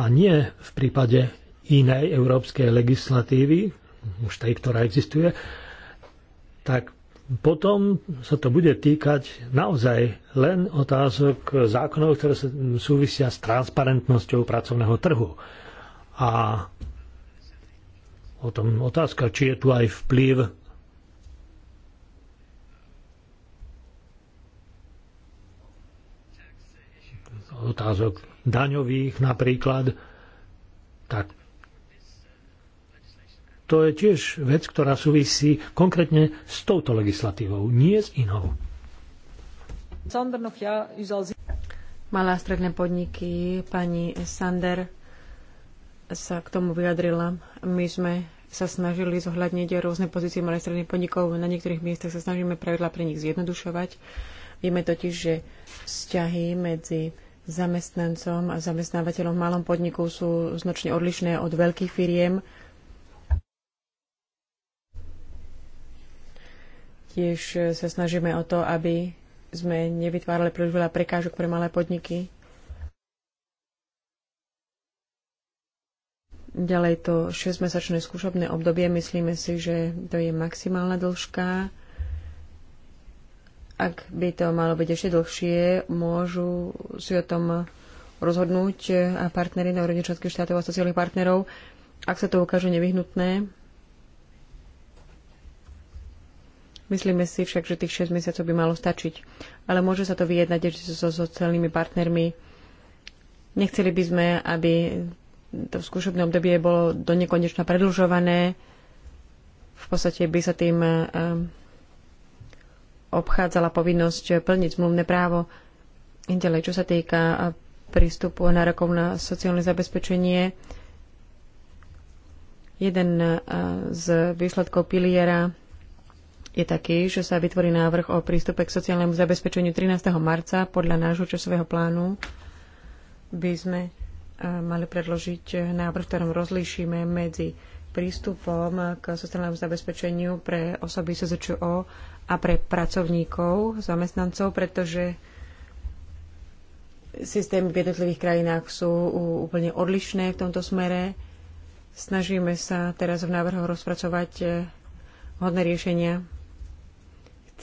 a nie v prípade inej európskej legislatívy, už tej, ktorá existuje, tak potom sa to bude týkať naozaj len otázok zákonov, ktoré súvisia s transparentnosťou pracovného trhu. A o tom otázka, či je tu aj vplyv otázok daňových napríklad, tak to je tiež vec, ktorá súvisí konkrétne s touto legislatívou, nie s inou. No Malé a stredné podniky, pani Sander sa k tomu vyjadrila. My sme sa snažili zohľadniť rôzne pozície malých stredných podnikov. Na niektorých miestach sa snažíme pravidla pre nich zjednodušovať. Vieme totiž, že vzťahy medzi zamestnancom a zamestnávateľom v malom podniku sú značne odlišné od veľkých firiem. Tiež e, sa snažíme o to, aby sme nevytvárali príliš veľa prekážok pre malé podniky. Ďalej to 6-mesačné skúšobné obdobie, myslíme si, že to je maximálna dĺžka. Ak by to malo byť ešte dlhšie, môžu si o tom rozhodnúť e, a partnery na úrovni členských štátov a sociálnych partnerov, ak sa to ukáže nevyhnutné. Myslíme si však, že tých 6 mesiacov by malo stačiť. Ale môže sa to vyjednať že so sociálnymi partnermi. Nechceli by sme, aby to v obdobie bolo do nekonečna predlžované. V podstate by sa tým eh, obchádzala povinnosť plniť zmluvné právo. Ďalej, čo sa týka eh, prístupu a nárokov na sociálne zabezpečenie, jeden eh, z výsledkov piliera je taký, že sa vytvorí návrh o prístupe k sociálnemu zabezpečeniu 13. marca. Podľa nášho časového plánu by sme e, mali predložiť návrh, v ktorom rozlíšime medzi prístupom k sociálnemu zabezpečeniu pre osoby SZČO a pre pracovníkov, zamestnancov, pretože systémy v jednotlivých krajinách sú úplne odlišné v tomto smere. Snažíme sa teraz v návrhu rozpracovať e, hodné riešenia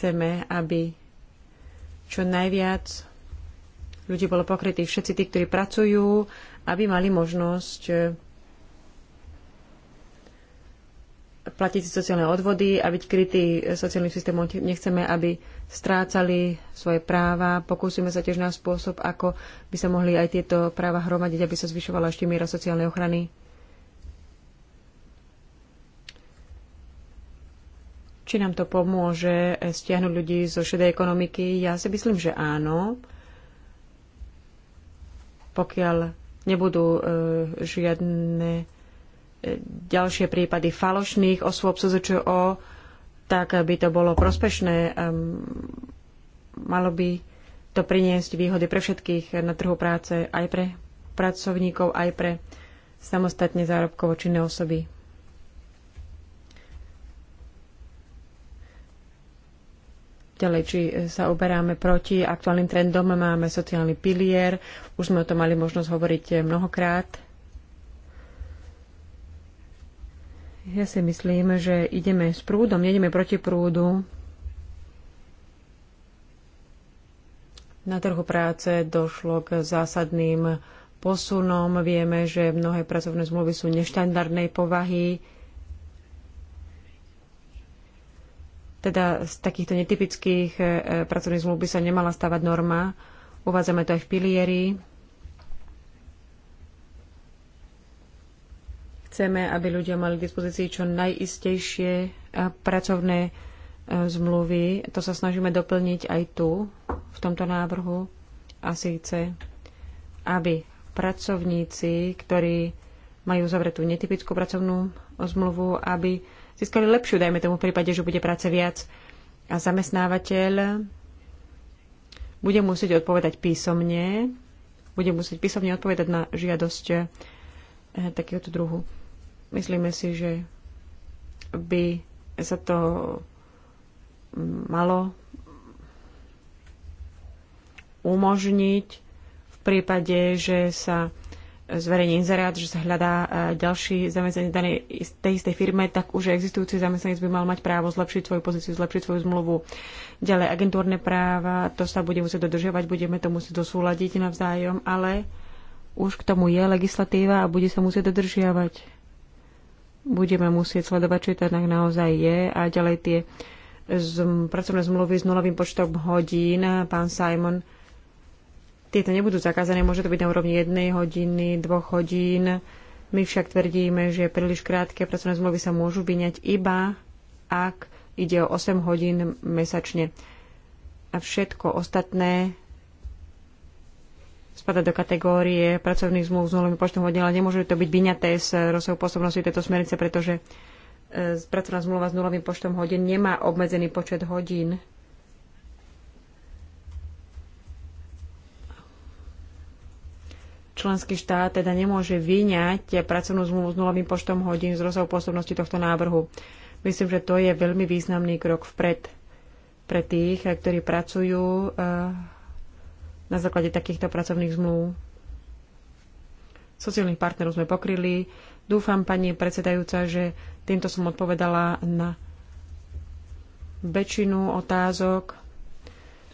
Chceme, aby čo najviac ľudí bolo pokrytých, všetci tí, ktorí pracujú, aby mali možnosť e, platiť sociálne odvody a byť krytý e, sociálnym systémom. Nechceme, aby strácali svoje práva. Pokúsime sa tiež na spôsob, ako by sa mohli aj tieto práva hromadiť, aby sa zvyšovala ešte miera sociálnej ochrany. či nám to pomôže eh, stiahnuť ľudí zo šedej ekonomiky. Ja si myslím, že áno. Pokiaľ nebudú e, žiadne e, ďalšie prípady falošných osôb SZČO, tak by to bolo prospešné. E, malo by to priniesť výhody pre všetkých na trhu práce, aj pre pracovníkov, aj pre samostatne zárobkovo činné osoby. ďalej, či sa oberáme proti aktuálnym trendom, máme sociálny pilier, už sme o tom mali možnosť hovoriť eh, mnohokrát. Ja si myslím, že ideme s prúdom, nejdeme proti prúdu. Na trhu práce došlo k zásadným posunom. Vieme, že mnohé pracovné zmluvy sú neštandardnej povahy Teda z takýchto netypických e, pracovných zmluv by sa nemala stávať norma. Uvádzame to aj v pilieri. Chceme, aby ľudia mali k dispozícii čo najistejšie e, pracovné e, zmluvy. To sa snažíme doplniť aj tu, v tomto návrhu. A síce, aby pracovníci, ktorí majú zavretú netypickú pracovnú zmluvu, aby získali lepšiu, dajme tomu v prípade, že bude práce viac. A zamestnávateľ bude musieť odpovedať písomne, bude musieť písomne odpovedať na žiadosť eh, takéhoto druhu. Myslíme si, že by sa to malo umožniť v prípade, že sa zverejní inzerát, že sa hľadá e, ďalší zamestnanec danej tej istej firme, tak už existujúci zamestnanec by mal mať právo zlepšiť svoju pozíciu, zlepšiť svoju zmluvu. Ďalej agentúrne práva, to sa bude musieť dodržiavať, budeme to musieť dosúľadiť navzájom, ale už k tomu je legislatíva a bude sa musieť dodržiavať. Budeme musieť sledovať, či to tak naozaj je a ďalej tie z, pracovné zmluvy s nulovým počtom hodín. Pán Simon tieto nebudú zakázané, môže to byť na úrovni 1 hodiny, 2 hodín. My však tvrdíme, že príliš krátke pracovné zmluvy sa môžu vyňať iba, ak ide o 8 hodín mesačne. A všetko ostatné spada do kategórie pracovných zmluv s nulovým počtom hodín, ale nemôže to byť vyňaté z rozsahu pôsobnosti tejto smernice, pretože e, pracovná zmluva s nulovým počtom hodín nemá obmedzený počet hodín Členský štát teda nemôže vyňať pracovnú zmluvu s nulovým počtom hodín z rozsahu pôsobnosti tohto návrhu. Myslím, že to je veľmi významný krok vpred pre tých, ktorí pracujú eh, na základe takýchto pracovných zmluv. Sociálnych partnerov sme pokryli. Dúfam, pani predsedajúca, že týmto som odpovedala na väčšinu otázok.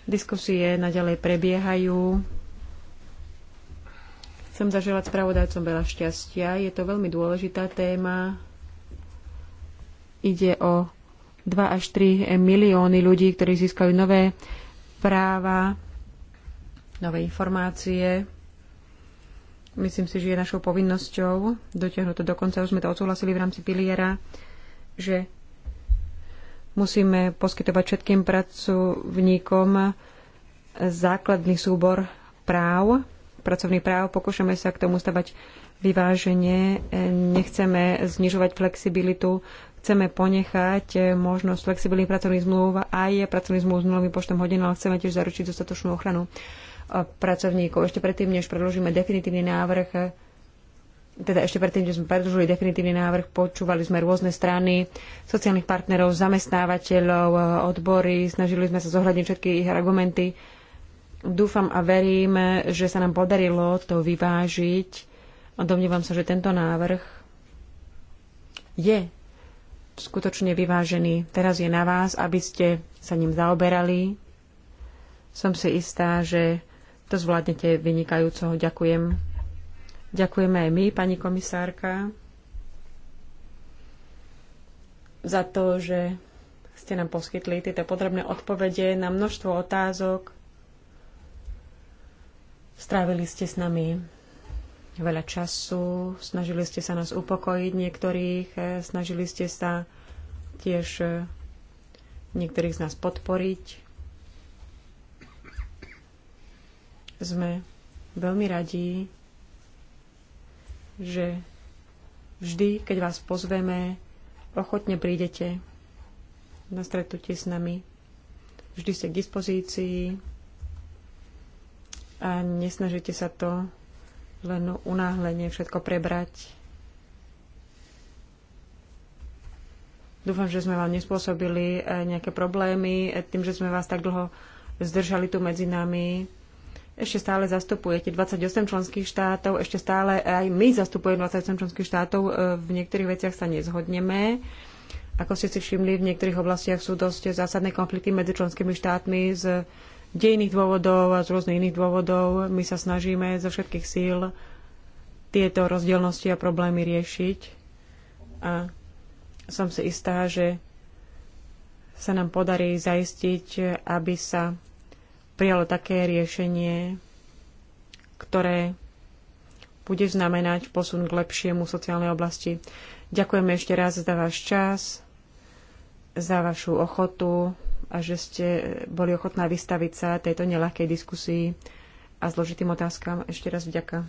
Diskusie naďalej prebiehajú. Chcem zaželať spravodajcom veľa šťastia. Je to veľmi dôležitá téma. Ide o 2 až 3 milióny ľudí, ktorí získajú nové práva, nové informácie. Myslím si, že je našou povinnosťou dotiahnuť to dokonca. Už sme to odsúhlasili v rámci piliera, že musíme poskytovať všetkým pracovníkom základný súbor práv pracovných práv. Pokúšame sa k tomu stavať vyváženie. E, nechceme znižovať flexibilitu. Chceme ponechať e, možnosť flexibilných pracovných zmluv aj pracovných zmluv s nulovým počtom hodín, ale chceme tiež zaručiť dostatočnú ochranu e, pracovníkov. Ešte predtým, než predložíme definitívny návrh, teda ešte predtým, než sme predložili definitívny návrh, počúvali sme rôzne strany, sociálnych partnerov, zamestnávateľov, odbory, snažili sme sa zohľadniť všetky ich argumenty Dúfam a verím, že sa nám podarilo to vyvážiť. Domnívam sa, že tento návrh je skutočne vyvážený. Teraz je na vás, aby ste sa ním zaoberali. Som si istá, že to zvládnete vynikajúco. Ďakujem. Ďakujeme aj my, pani komisárka, za to, že ste nám poskytli tieto podrobné odpovede na množstvo otázok, Strávili ste s nami veľa času, snažili ste sa nás upokojiť niektorých, e, snažili ste sa tiež e, niektorých z nás podporiť. Sme veľmi radi, že vždy, keď vás pozveme, ochotne prídete na stretnutie s nami. Vždy ste k dispozícii a nesnažite sa to len unáhlenie všetko prebrať. Dúfam, že sme vám nespôsobili e, nejaké problémy e, tým, že sme vás tak dlho zdržali tu medzi nami. Ešte stále zastupujete 28 členských štátov, ešte stále aj my zastupujeme 28 členských štátov, e, v niektorých veciach sa nezhodneme. Ako ste si všimli, v niektorých oblastiach sú dosť zásadné konflikty medzi členskými štátmi s dejných dôvodov a z rôznych iných dôvodov. My sa snažíme zo všetkých síl tieto rozdielnosti a problémy riešiť a som si istá, že sa nám podarí zaistiť, aby sa prijalo také riešenie, ktoré bude znamenať posun k lepšiemu sociálnej oblasti. Ďakujeme ešte raz za váš čas, za vašu ochotu a že ste boli ochotná vystaviť sa tejto nelahkej diskusii a zložitým otázkam. Ešte raz vďaka.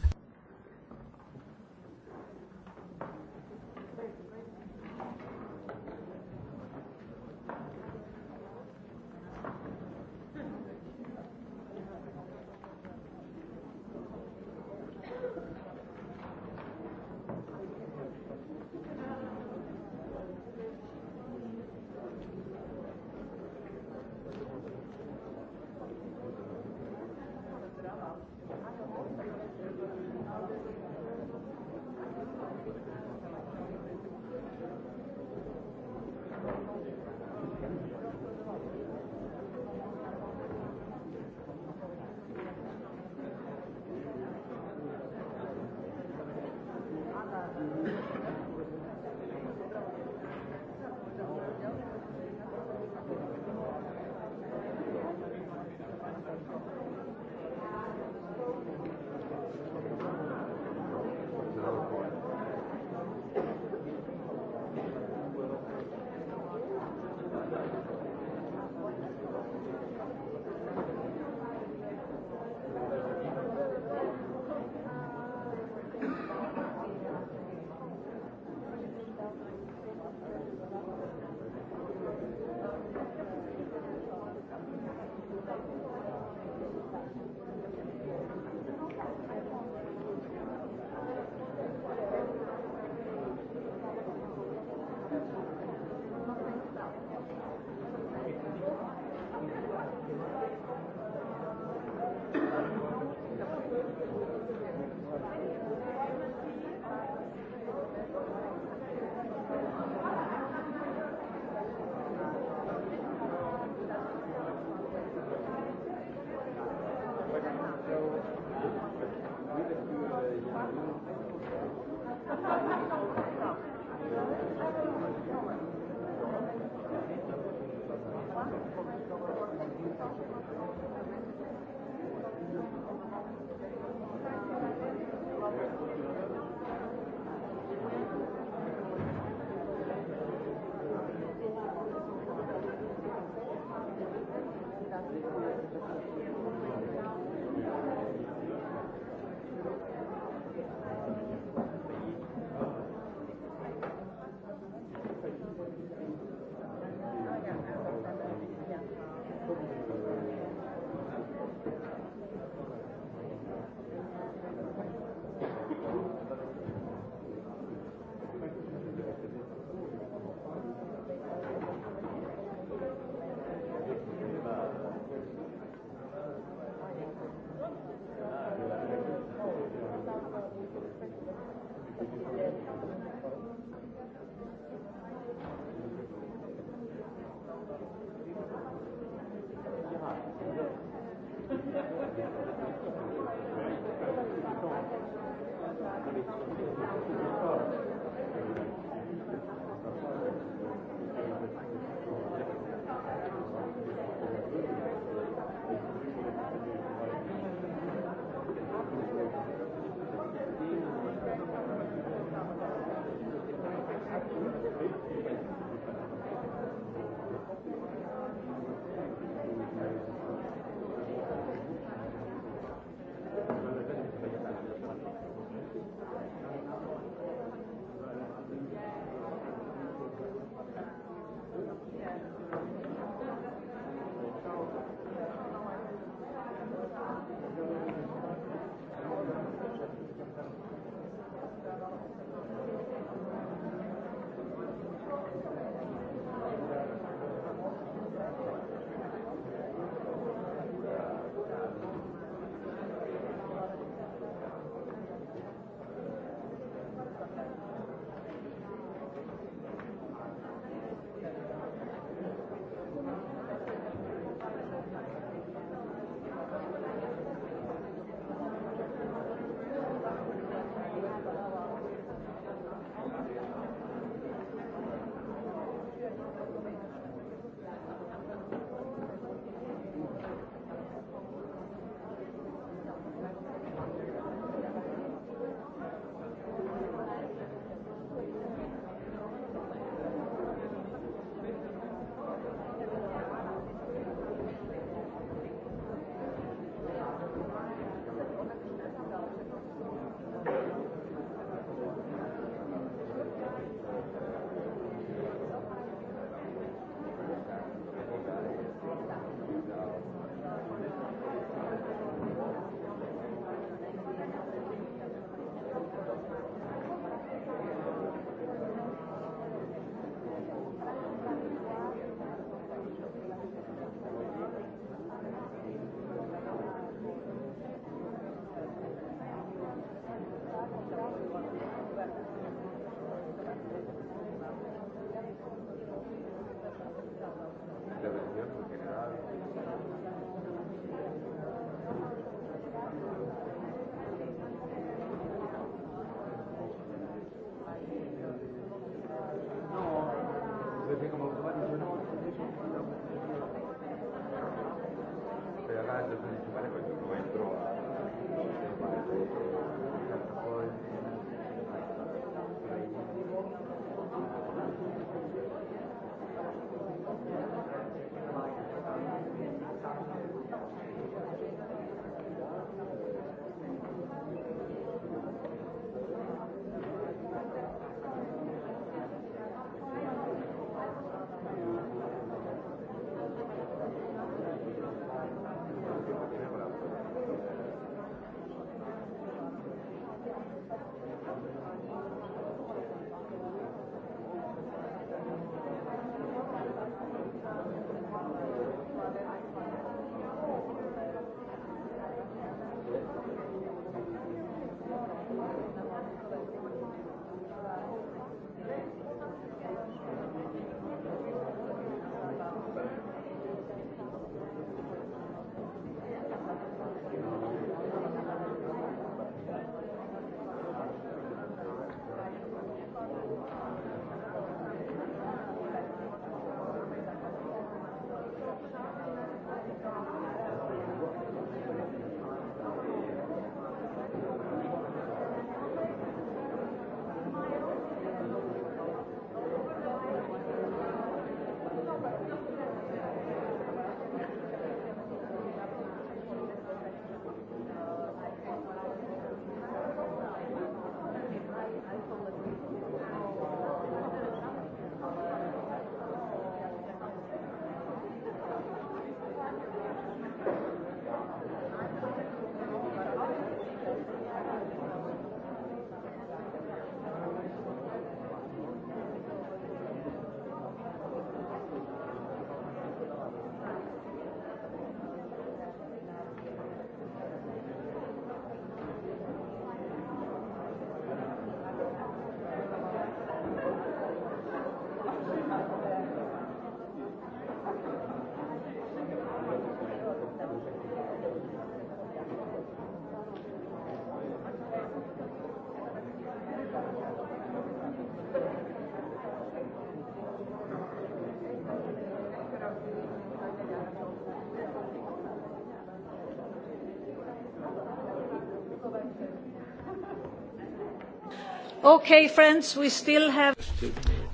Okay, friends, we still have...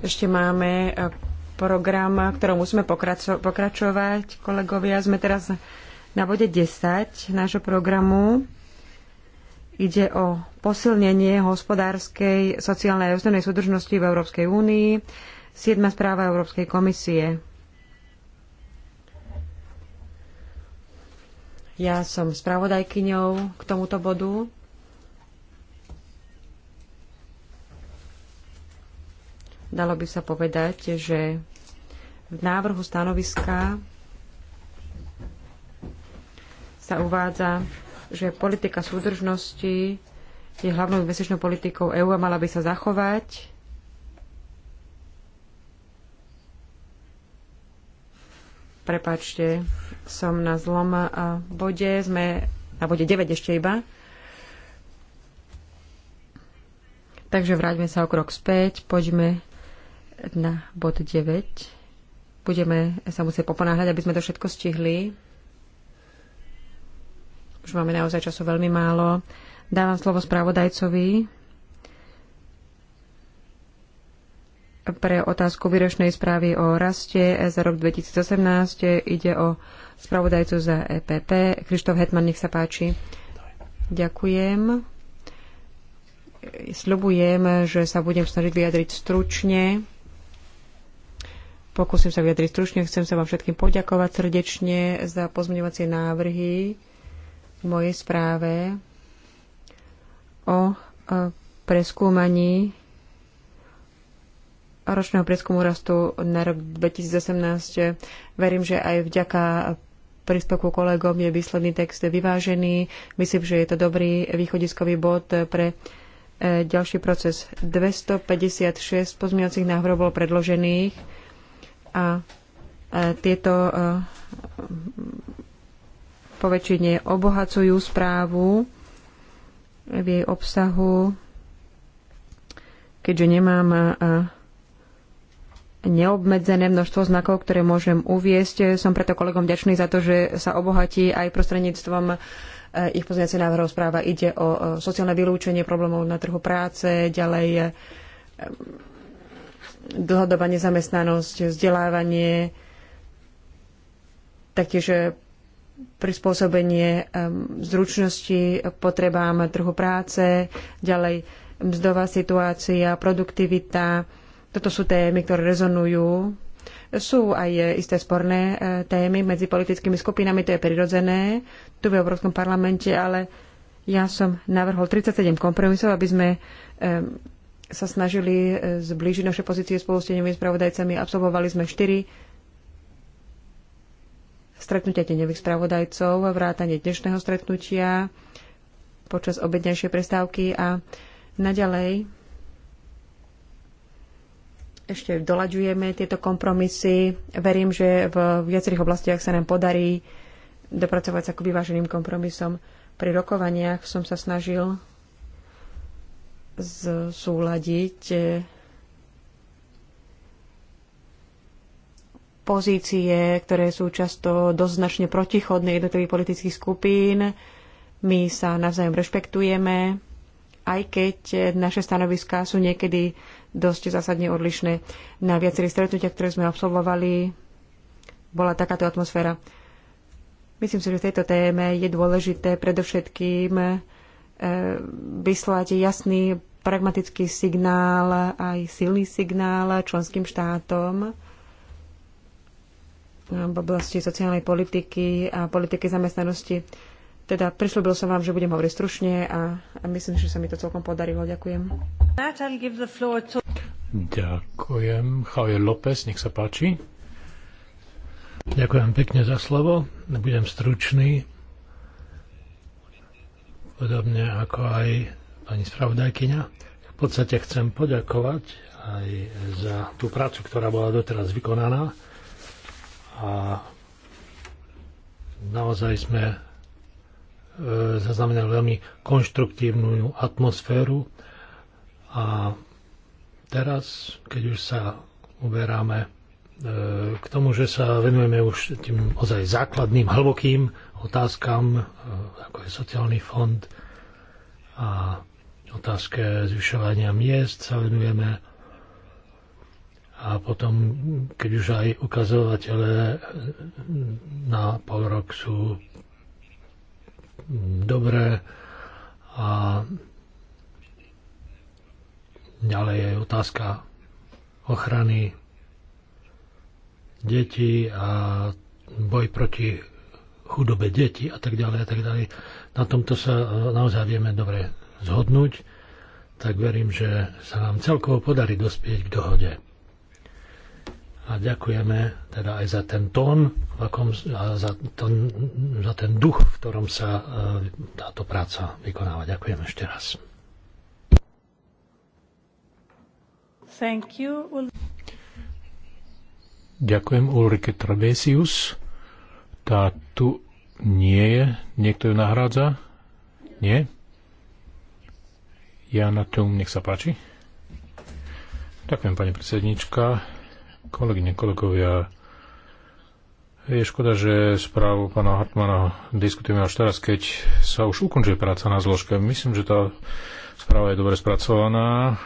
Ešte máme e, program, ktorom musíme pokračo- pokračovať. Kolegovia, sme teraz na bode 10 nášho programu. Ide o posilnenie hospodárskej, sociálnej a ústavnej súdržnosti v Európskej únii. 7. správa Európskej komisie. Ja som spravodajkyňou k tomuto bodu. Dalo by sa povedať, že v návrhu stanoviska sa uvádza, že politika súdržnosti je hlavnou investičnou politikou EÚ a mala by sa zachovať. Prepačte, som na zlom bode, sme na bode 9 ešte iba. Takže vráťme sa o krok späť, poďme na bod 9. Budeme sa musieť poponáhľať, aby sme to všetko stihli. Už máme naozaj času veľmi málo. Dávam slovo správodajcovi pre otázku výročnej správy o raste za rok 2018. Ide o spravodajcu za EPP. Krištof Hetman, nech sa páči. Ďakujem. Sľubujem, že sa budem snažiť vyjadriť stručne Pokúsim sa vyjadriť stručne. Chcem sa vám všetkým poďakovať srdečne za pozmeňovacie návrhy v mojej správe o e, preskúmaní ročného preskumu rastu na rok 2018. Verím, že aj vďaka príspevku kolegom je výsledný text vyvážený. Myslím, že je to dobrý východiskový bod pre e, ďalší proces. 256 pozmeňovacích návrhov bolo predložených a e, tieto e, poväčšine obohacujú správu v jej obsahu, keďže nemám e, neobmedzené množstvo znakov, ktoré môžem uviesť. Som preto kolegom vďačný za to, že sa obohatí aj prostredníctvom ich pozmeňovacích návrhov správa. Ide o sociálne vylúčenie problémov na trhu práce, ďalej dlhodobá nezamestnanosť, vzdelávanie, taktiež eh, prispôsobenie eh, zručnosti eh, potrebám trhu práce, ďalej mzdová situácia, produktivita. Toto sú témy, ktoré rezonujú. Sú aj isté sporné témy medzi politickými skupinami, to je prirodzené tu v Európskom parlamente, ale ja som navrhol 37 kompromisov, aby sme sa snažili e, zblížiť naše pozície spolu s tenými spravodajcami. Absolvovali sme štyri stretnutia tenových spravodajcov, vrátanie dnešného stretnutia počas obednejšej prestávky a naďalej ešte doľaďujeme tieto kompromisy. Verím, že v viacerých oblastiach sa nám podarí dopracovať sa k vyváženým kompromisom. Pri rokovaniach som sa snažil zsúľadiť e, pozície, ktoré sú často dosť značne protichodné jednotlivých politických skupín. My sa navzájom rešpektujeme, aj keď naše stanoviská sú niekedy dosť zásadne odlišné. Na viacerých stretnutiach, ktoré sme absolvovali, bola takáto atmosféra. Myslím si, že v tejto téme je dôležité predovšetkým E, vyslať jasný pragmatický signál, aj silný signál členským štátom v oblasti sociálnej politiky a politiky zamestnanosti. Teda prislúbil som vám, že budem hovoriť stručne a, a myslím, že sa mi to celkom podarilo. Ďakujem. Ďakujem. Javier López, nech sa páči. Ďakujem pekne za slovo. Budem stručný podobne ako aj pani spravodajkyňa. V podstate chcem poďakovať aj za tú prácu, ktorá bola doteraz vykonaná. A naozaj sme e, zaznamenali veľmi konštruktívnu atmosféru a teraz, keď už sa uberáme e, k tomu, že sa venujeme už tým ozaj základným, hlbokým otázkam, eh, ako je sociálny fond a otázke zvyšovania miest sa venujeme. A potom, keď už aj ukazovatele eh, na pol rok sú dobré a ďalej je otázka ochrany detí a boj proti chudobe detí a tak ďalej a tak ďalej. Na tomto sa e, naozaj vieme dobre zhodnúť, tak verím, že sa nám celkovo podarí dospieť k dohode. A ďakujeme teda aj za ten tón, a za, to, za ten duch, v ktorom sa e, táto práca vykonáva. Ďakujem ešte raz. Thank you. Ďakujem Ulrike Trebesius. Tá tu nie je. Niekto ju nahrádza? Nie? Jana Tum, nech sa páči. Ďakujem, pani predsednička. Kolegyne, kolegovia, je škoda, že správu pána Hartmana diskutujeme až teraz, keď sa už ukončuje práca na zložke. Myslím, že tá správa je dobre spracovaná.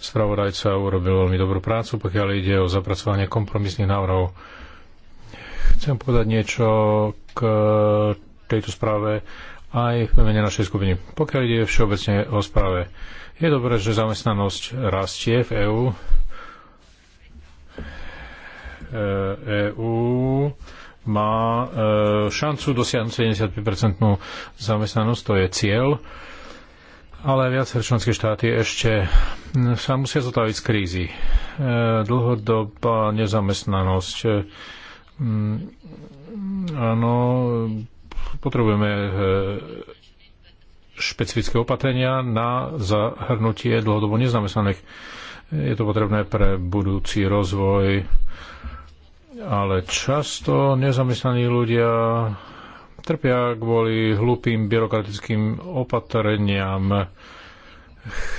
Spravodajca urobil veľmi dobrú prácu, pokiaľ ide o zapracovanie kompromisných návrhov. Chcem povedať niečo k tejto správe aj v mene našej skupiny. Pokiaľ ide všeobecne o správe, je dobré, že zamestnanosť rastie v EÚ. EÚ e má e, šancu dosiahnuť 75 zamestnanosť, to je cieľ, ale viaceré členské štáty ešte sa musia zotaviť z krízy. E, dlhodobá nezamestnanosť Mm, áno, potrebujeme eh, špecifické opatrenia na zahrnutie dlhodobo nezamestnaných. Je to potrebné pre budúci rozvoj, ale často nezamestnaní ľudia trpia kvôli hlúpým byrokratickým opatreniam.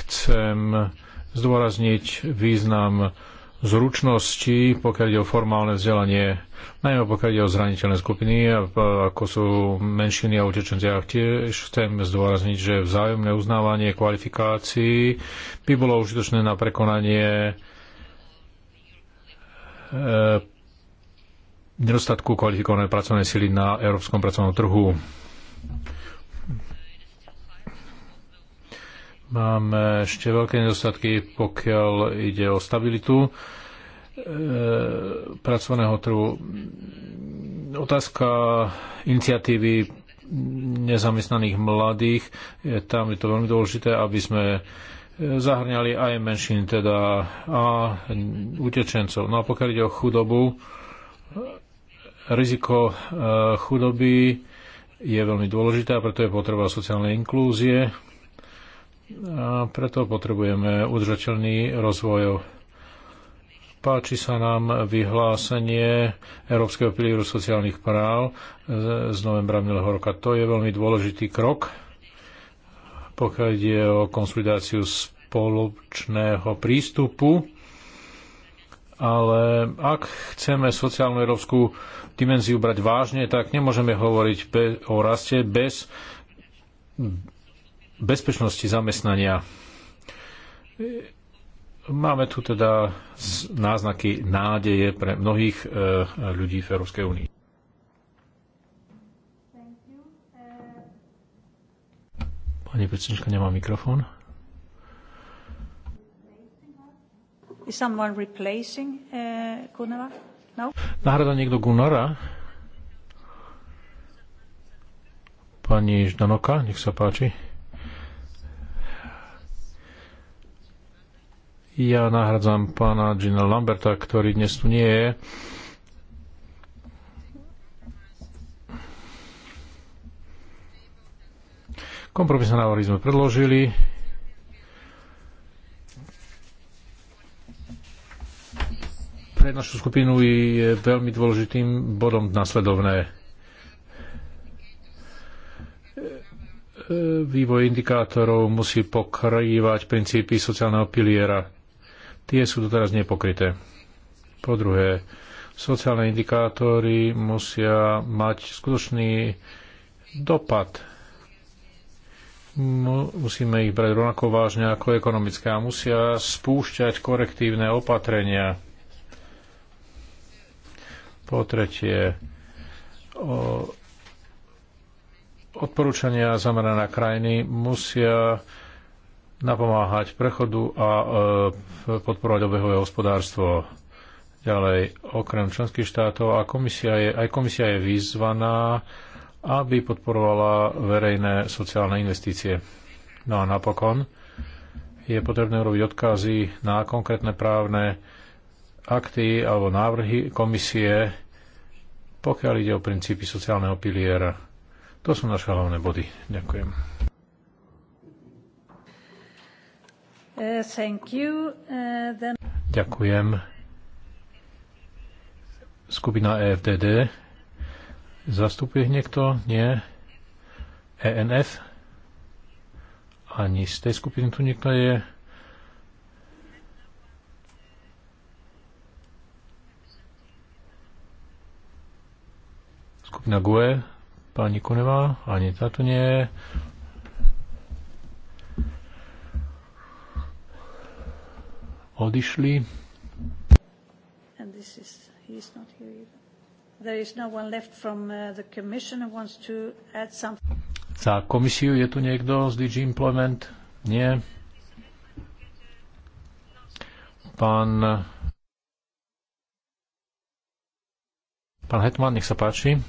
Chcem zdôrazniť význam zručnosti, pokiaľ ide o formálne vzdelanie, najmä pokiaľ ide o zraniteľné skupiny, ako sú menšiny a utečenci. Ja tiež chcem zdôrazniť, že vzájomné uznávanie kvalifikácií by bolo užitočné na prekonanie e, nedostatku kvalifikovanej pracovnej sily na európskom pracovnom trhu. Máme ešte veľké nedostatky, pokiaľ ide o stabilitu e, pracovného trhu. Otázka iniciatívy nezamestnaných mladých, tam je to veľmi dôležité, aby sme zahrňali aj menšiny teda a utečencov. No a pokiaľ ide o chudobu, riziko e, chudoby je veľmi dôležité a preto je potreba sociálnej inklúzie a preto potrebujeme udržateľný rozvoj. Páči sa nám vyhlásenie Európskeho pilieru sociálnych práv z novembra minulého roka. To je veľmi dôležitý krok, pokiaľ ide o konsolidáciu spoločného prístupu ale ak chceme sociálnu európsku dimenziu brať vážne, tak nemôžeme hovoriť o raste bez bezpečnosti zamestnania. Máme tu teda náznaky nádeje pre mnohých e, ľudí v Európskej únii. Pani predsednička nemá mikrofón. Is someone replacing uh, No? Nahrada niekto Gunnara? Pani Ždanoka, nech sa páči. Ja nahradzam pána Gina Lamberta, ktorý dnes tu nie je. Kompromisné návrhy sme predložili. Pre našu skupinu je veľmi dôležitým bodom nasledovné. Vývoj indikátorov musí pokrývať princípy sociálneho piliera tie sú doteraz nepokryté. Po druhé, sociálne indikátory musia mať skutočný dopad. Musíme ich brať rovnako vážne ako ekonomické a musia spúšťať korektívne opatrenia. Po tretie, odporúčania zamerané na krajiny musia napomáhať prechodu a e, podporovať obehové hospodárstvo. Ďalej, okrem členských štátov a komisia je, aj komisia je vyzvaná, aby podporovala verejné sociálne investície. No a napokon je potrebné urobiť odkazy na konkrétne právne akty alebo návrhy komisie, pokiaľ ide o princípy sociálneho piliera. To sú naše hlavné body. Ďakujem. Uh, thank you. Uh, then... Ďakujem. Skupina EFDD. Zastupuje niekto? Nie. ENF? Ani z tej skupiny tu niekto je. Skupina GUE? Pani Kuneva? Ani táto nie je. odišli. No uh, Za komisiu je tu niekto z DG Implement? Nie. Pán Pán Hetman, nech sa páči.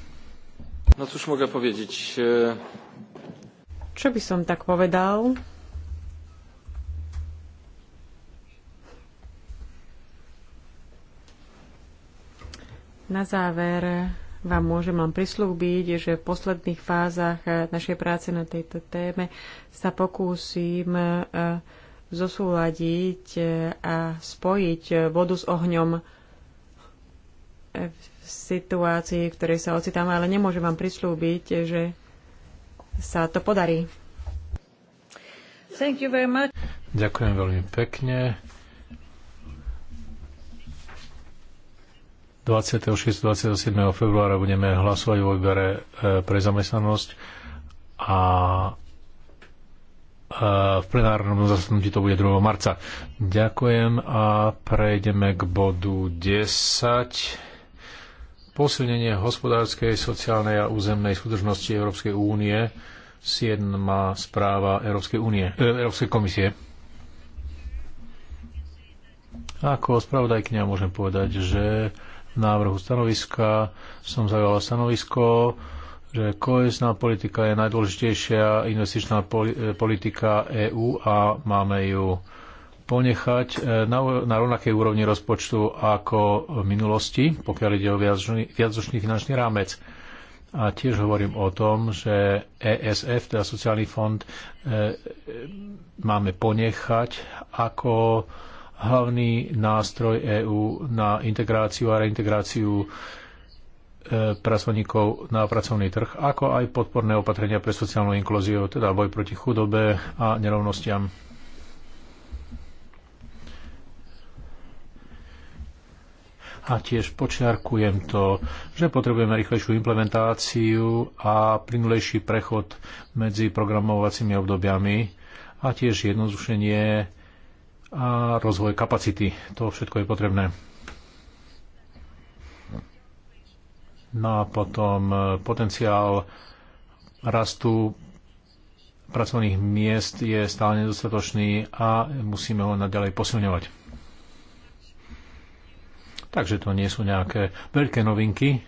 No cóż mogę powiedzieć. E, Čo by som tak povedal? Na záver vám môžem len prislúbiť, že v posledných fázach eh, našej práce na tejto téme sa pokúsim eh, zosúľadiť eh, a spojiť vodu s ohňom v situácii, v ktorej sa ocitáme, ale nemôžem vám prislúbiť, že sa to podarí. Ďakujem veľmi pekne. 26. 27. februára budeme hlasovať vo výbere e, pre zamestnanosť a e, v plenárnom zasadnutí to bude 2. marca. Ďakujem a prejdeme k bodu 10. Posilnenie hospodárskej, sociálnej a územnej súdržnosti Európskej únie. 7. správa Európskej únie, e, Európskej komisie. Ako spravodajkňa môžem povedať, že návrhu stanoviska som zaujala stanovisko, že kohezná politika je najdôležitejšia investičná e, politika EÚ a máme ju ponechať e, na, na rovnakej úrovni rozpočtu ako v minulosti, pokiaľ ide o viacročný finančný rámec. A tiež hovorím o tom, že ESF, teda sociálny fond, e, e máme ponechať ako hlavný nástroj EÚ na integráciu a reintegráciu e, pracovníkov na pracovný trh, ako aj podporné opatrenia pre sociálnu inklúziu, teda boj proti chudobe a nerovnostiam. A tiež počiarkujem to, že potrebujeme rýchlejšiu implementáciu a plynulejší prechod medzi programovacími obdobiami a tiež jednodušenie a rozvoj kapacity. To všetko je potrebné. No a potom e, potenciál rastu pracovných miest je stále nedostatočný a musíme ho naďalej posilňovať. Takže to nie sú nejaké veľké novinky,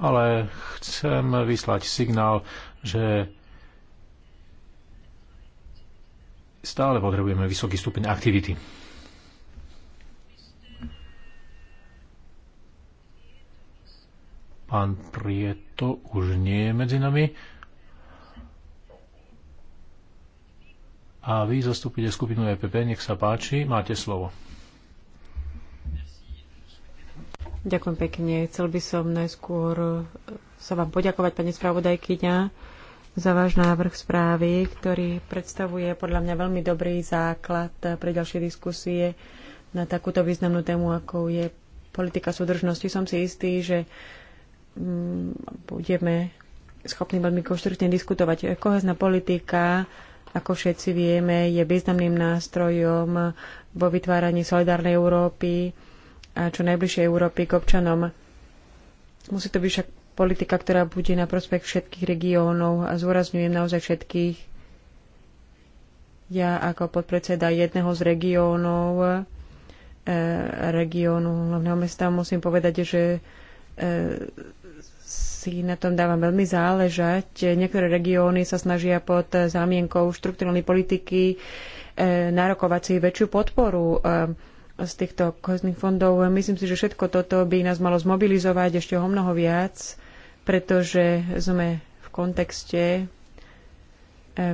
ale chcem vyslať signál, že stále potrebujeme vysoký stupeň aktivity. Pán Prieto už nie je medzi nami. A vy zastupíte skupinu EPP, nech sa páči, máte slovo. Ďakujem pekne. Chcel by som najskôr sa vám poďakovať, pani spravodajkyňa za váš návrh správy, ktorý predstavuje podľa mňa veľmi dobrý základ eh, pre ďalšie diskusie na takúto významnú tému, ako je politika súdržnosti. Som si istý, že mm, budeme schopní veľmi konštruktívne diskutovať. Kohezná politika, ako všetci vieme, je významným nástrojom vo vytváraní solidárnej Európy a čo najbližšej Európy k občanom. Musí to byť však politika, ktorá bude na prospech všetkých regiónov a zúrazňujem naozaj všetkých. Ja ako podpredseda jedného z regiónov, e, regiónu hlavného mesta, musím povedať, že e, si na tom dávam veľmi záležať. Niektoré regióny sa snažia pod zámienkou štruktúrnej politiky e, nárokovať si väčšiu podporu z týchto kozných fondov. Myslím si, že všetko toto by nás malo zmobilizovať ešte o mnoho viac pretože sme v kontexte eh,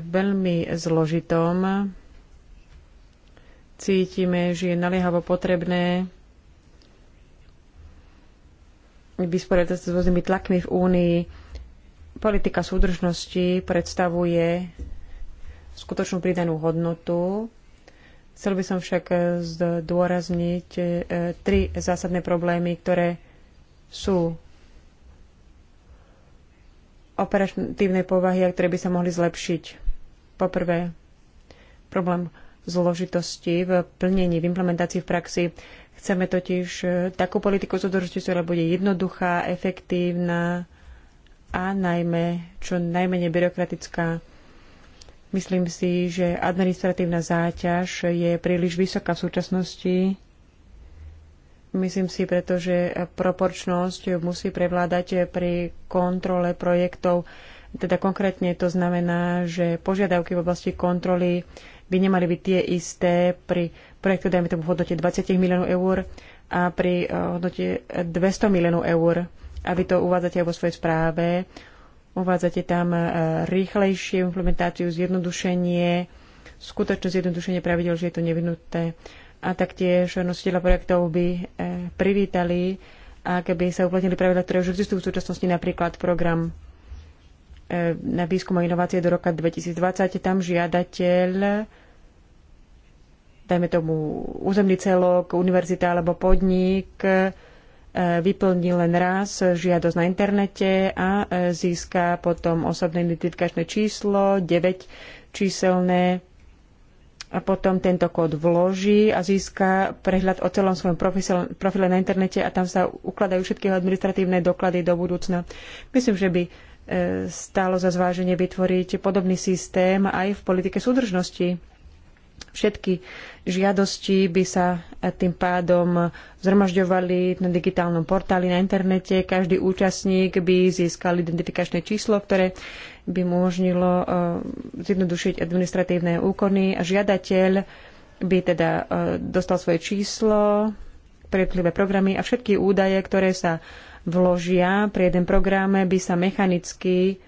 veľmi zložitom. Cítime, že je naliehavo potrebné vysporiadať sa s rôznymi tlakmi v Únii. Politika súdržnosti predstavuje skutočnú pridanú hodnotu. Chcel by som však zdôrazniť eh, tri zásadné problémy, ktoré sú operatívnej povahy a ktoré by sa mohli zlepšiť. Poprvé, problém zložitosti v plnení, v implementácii v praxi. Chceme totiž e, takú politiku súdržnosti, ktorá bude jednoduchá, efektívna a najmä čo najmenej byrokratická. Myslím si, že administratívna záťaž je príliš vysoká v súčasnosti Myslím si, pretože proporčnosť musí prevládať pri kontrole projektov. Teda konkrétne to znamená, že požiadavky v oblasti kontroly by nemali byť tie isté pri projektu, dajme tomu, v hodnote 20 miliónov eur a pri eh, hodnote 200 miliónov eur. A vy to uvádzate aj vo svojej správe. Uvádzate tam eh, rýchlejšiu implementáciu, zjednodušenie, skutočné zjednodušenie pravidel, že je to nevinuté a taktiež nositeľa projektov by e, privítali, a keby sa uplatnili pravidla, ktoré už existujú v súčasnosti, napríklad program e, na výskum a inovácie do roka 2020, tam žiadateľ dajme tomu územný celok, univerzita alebo podnik, e, vyplní len raz žiadosť na internete a získa potom osobné identifikačné číslo, 9 číselné a potom tento kód vloží a získa prehľad o celom svojom profile na internete a tam sa ukladajú všetky administratívne doklady do budúcna. Myslím, že by e, stálo za zváženie vytvoriť podobný systém aj v politike súdržnosti. Všetky žiadosti by sa tým pádom zhromažďovali na digitálnom portáli na internete. Každý účastník by získal identifikačné číslo, ktoré by umožnilo e, zjednodušiť administratívne úkony a žiadateľ by teda e, dostal svoje číslo, jednotlivé programy a všetky údaje, ktoré sa vložia pri jeden programe, by sa mechanicky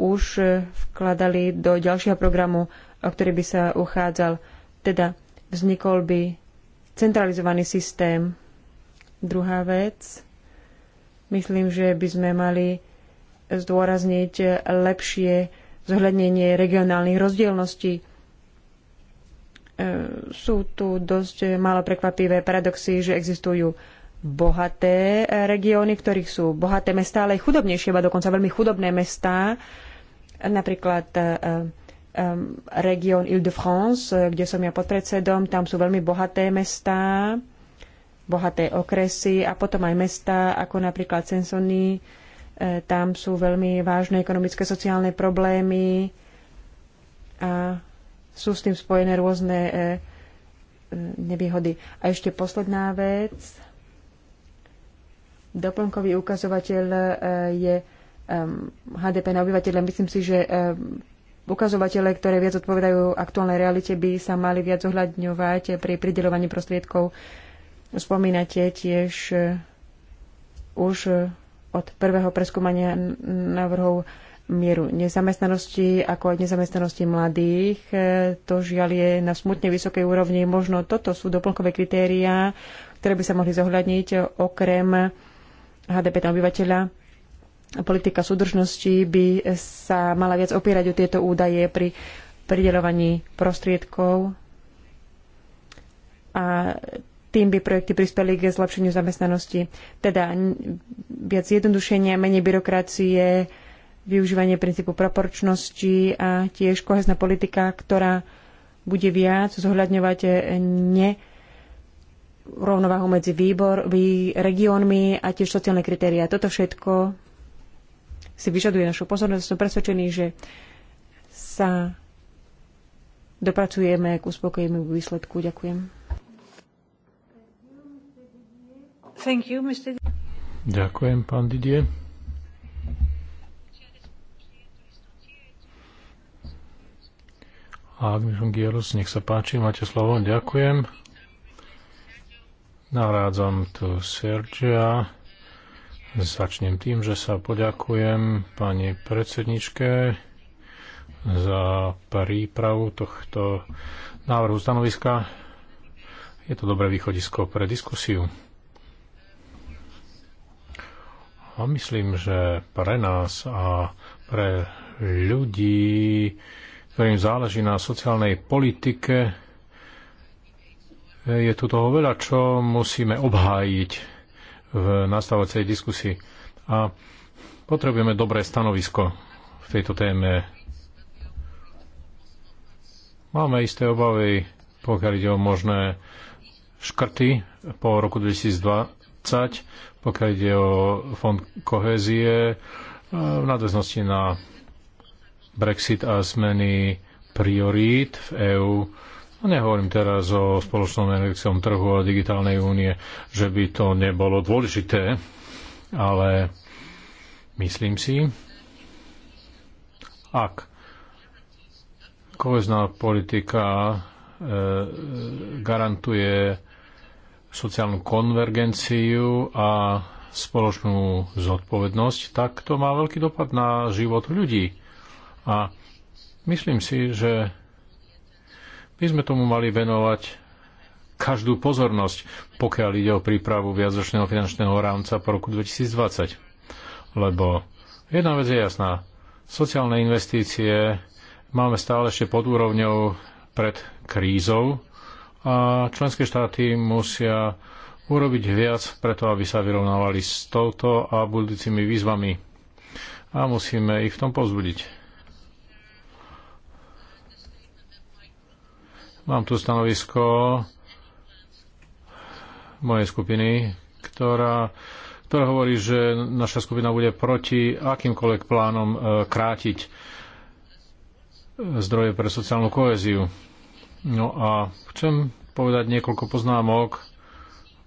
už vkladali do ďalšieho programu, o ktorý by sa uchádzal. Teda vznikol by centralizovaný systém. Druhá vec, myslím, že by sme mali zdôrazniť lepšie zohľadnenie regionálnych rozdielností. E, sú tu dosť malo prekvapivé paradoxy, že existujú bohaté regióny, v ktorých sú bohaté mesta, ale aj chudobnejšie, iba dokonca veľmi chudobné mestá. Napríklad e, um, región Ile-de-France, eh, kde som ja podpredsedom. Tam sú veľmi bohaté mestá, bohaté okresy a potom aj mestá ako napríklad Sensony. E, eh, tam sú veľmi vážne ekonomické, sociálne problémy a sú s tým spojené rôzne e, nevýhody. A ešte posledná vec. Doplnkový ukazovateľ e, je HDP na obyvateľa. Myslím si, že ukazovatele, ktoré viac odpovedajú aktuálnej realite, by sa mali viac ohľadňovať pri prideľovaní prostriedkov. Spomínate tiež eh, už eh, od prvého preskúmania návrhov mieru nezamestnanosti, ako aj nezamestnanosti mladých. Eh, to žiaľ je na smutne vysokej úrovni. Možno toto sú doplnkové kritériá, ktoré by sa mohli zohľadniť okrem HDP na obyvateľa politika súdržnosti by sa mala viac opierať o tieto údaje pri prideľovaní prostriedkov a tým by projekty prispeli k zlepšeniu zamestnanosti. Teda viac zjednodušenia, menej byrokracie, využívanie princípu proporčnosti a tiež kohezná politika, ktorá bude viac zohľadňovať eh, ne rovnováhu medzi výbor, vý, regiónmi a tiež sociálne kritéria. Toto všetko si vyžaduje našu pozornosť. Som presvedčený, že sa dopracujeme k uspokojenému výsledku. Ďakujem. Thank you, Mr. Ďakujem, pán Didier. A Agnišom Gierus, nech sa páči, máte slovo. Ďakujem. Narádzam tu Sergia Začnem tým, že sa poďakujem pani predsedničke za prípravu tohto návrhu stanoviska. Je to dobré východisko pre diskusiu. A myslím, že pre nás a pre ľudí, ktorým záleží na sociálnej politike, je tu toho veľa, čo musíme obhájiť v nastávacej diskusii. A potrebujeme dobré stanovisko v tejto téme. Máme isté obavy, pokiaľ ide o možné škrty po roku 2020, pokiaľ ide o fond kohézie e, v nadväznosti na Brexit a zmeny priorít v EÚ a nehovorím teraz o spoločnom energetickom trhu a digitálnej únie, že by to nebolo dôležité, ale myslím si, ak kohezná politika e, garantuje sociálnu konvergenciu a spoločnú zodpovednosť, tak to má veľký dopad na život ľudí. A myslím si, že by sme tomu mali venovať každú pozornosť, pokiaľ ide o prípravu viacročného finančného rámca po roku 2020. Lebo jedna vec je jasná. Sociálne investície máme stále ešte pod úrovňou pred krízou a členské štáty musia urobiť viac preto, aby sa vyrovnávali s touto a budúcimi výzvami. A musíme ich v tom pozbudiť. Mám tu stanovisko mojej skupiny, ktorá, ktorá hovorí, že naša skupina bude proti akýmkoľvek plánom e, krátiť zdroje pre sociálnu koéziu. No a chcem povedať niekoľko poznámok,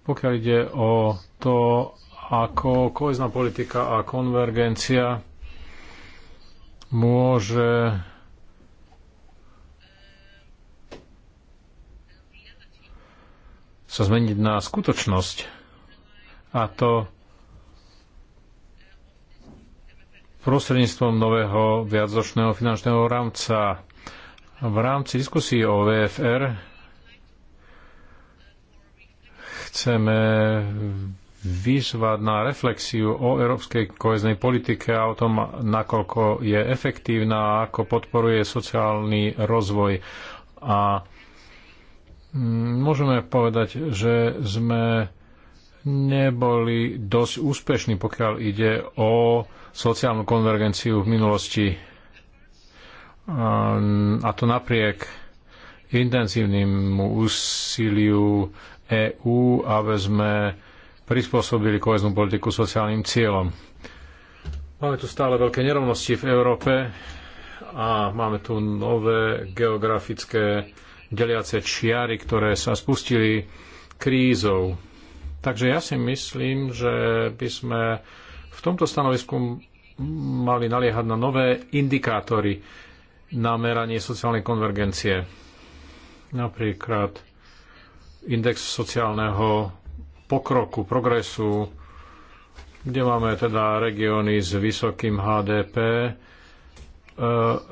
pokiaľ ide o to, ako kohezná politika a konvergencia môže sa zmeniť na skutočnosť. A to prostredníctvom nového viacročného finančného rámca. V rámci diskusí o VFR chceme vyzvať na reflexiu o európskej koheznej politike a o tom, nakoľko je efektívna a ako podporuje sociálny rozvoj. A Mm, môžeme povedať, že sme neboli dosť úspešní, pokiaľ ide o sociálnu konvergenciu v minulosti. Ehm, a to napriek intenzívnemu úsiliu EÚ, aby sme prispôsobili koheznú politiku sociálnym cieľom. Máme tu stále veľké nerovnosti v Európe a máme tu nové geografické deliace čiary, ktoré sa spustili krízou. Takže ja si myslím, že by sme v tomto stanovisku mali naliehať na nové indikátory na meranie sociálnej konvergencie. Napríklad index sociálneho pokroku, progresu, kde máme teda regióny s vysokým HDP, E,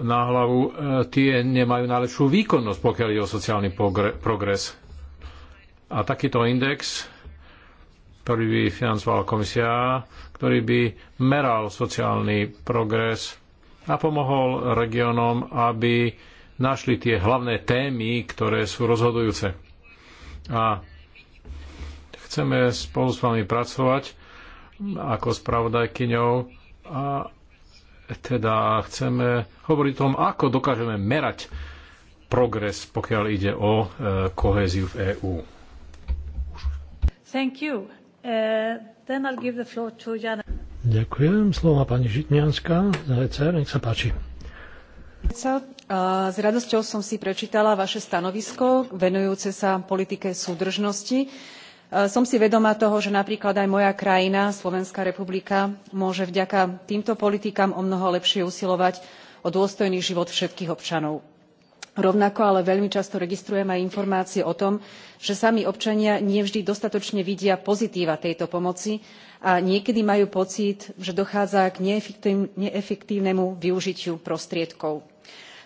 na hlavu, e, tie nemajú najlepšiu výkonnosť, pokiaľ ide o sociálny progres. A takýto index, ktorý by financovala komisia, ktorý by meral sociálny progres a pomohol regiónom, aby našli tie hlavné témy, ktoré sú rozhodujúce. A chceme spolu s vami pracovať ako spravodajkyňou a teda chceme hovoriť o tom, ako dokážeme merať progres, pokiaľ ide o e, kohéziu v EÚ. Thank you. Uh, then I'll give the floor to Jana. Ďakujem. Slovo má pani Žitňanská za ECR. Nech sa páči. E, s radosťou som si prečítala vaše stanovisko venujúce sa politike súdržnosti E, som si vedomá toho že napríklad aj moja krajina slovenská republika môže vďaka týmto politikám omnoho lepšie usilovať o dôstojný život všetkých občanov. rovnako ale veľmi často registrujem aj informácie o tom že sami občania nie vždy dostatočne vidia pozitíva tejto pomoci a niekedy majú pocit že dochádza k neefektívnemu využitiu prostriedkov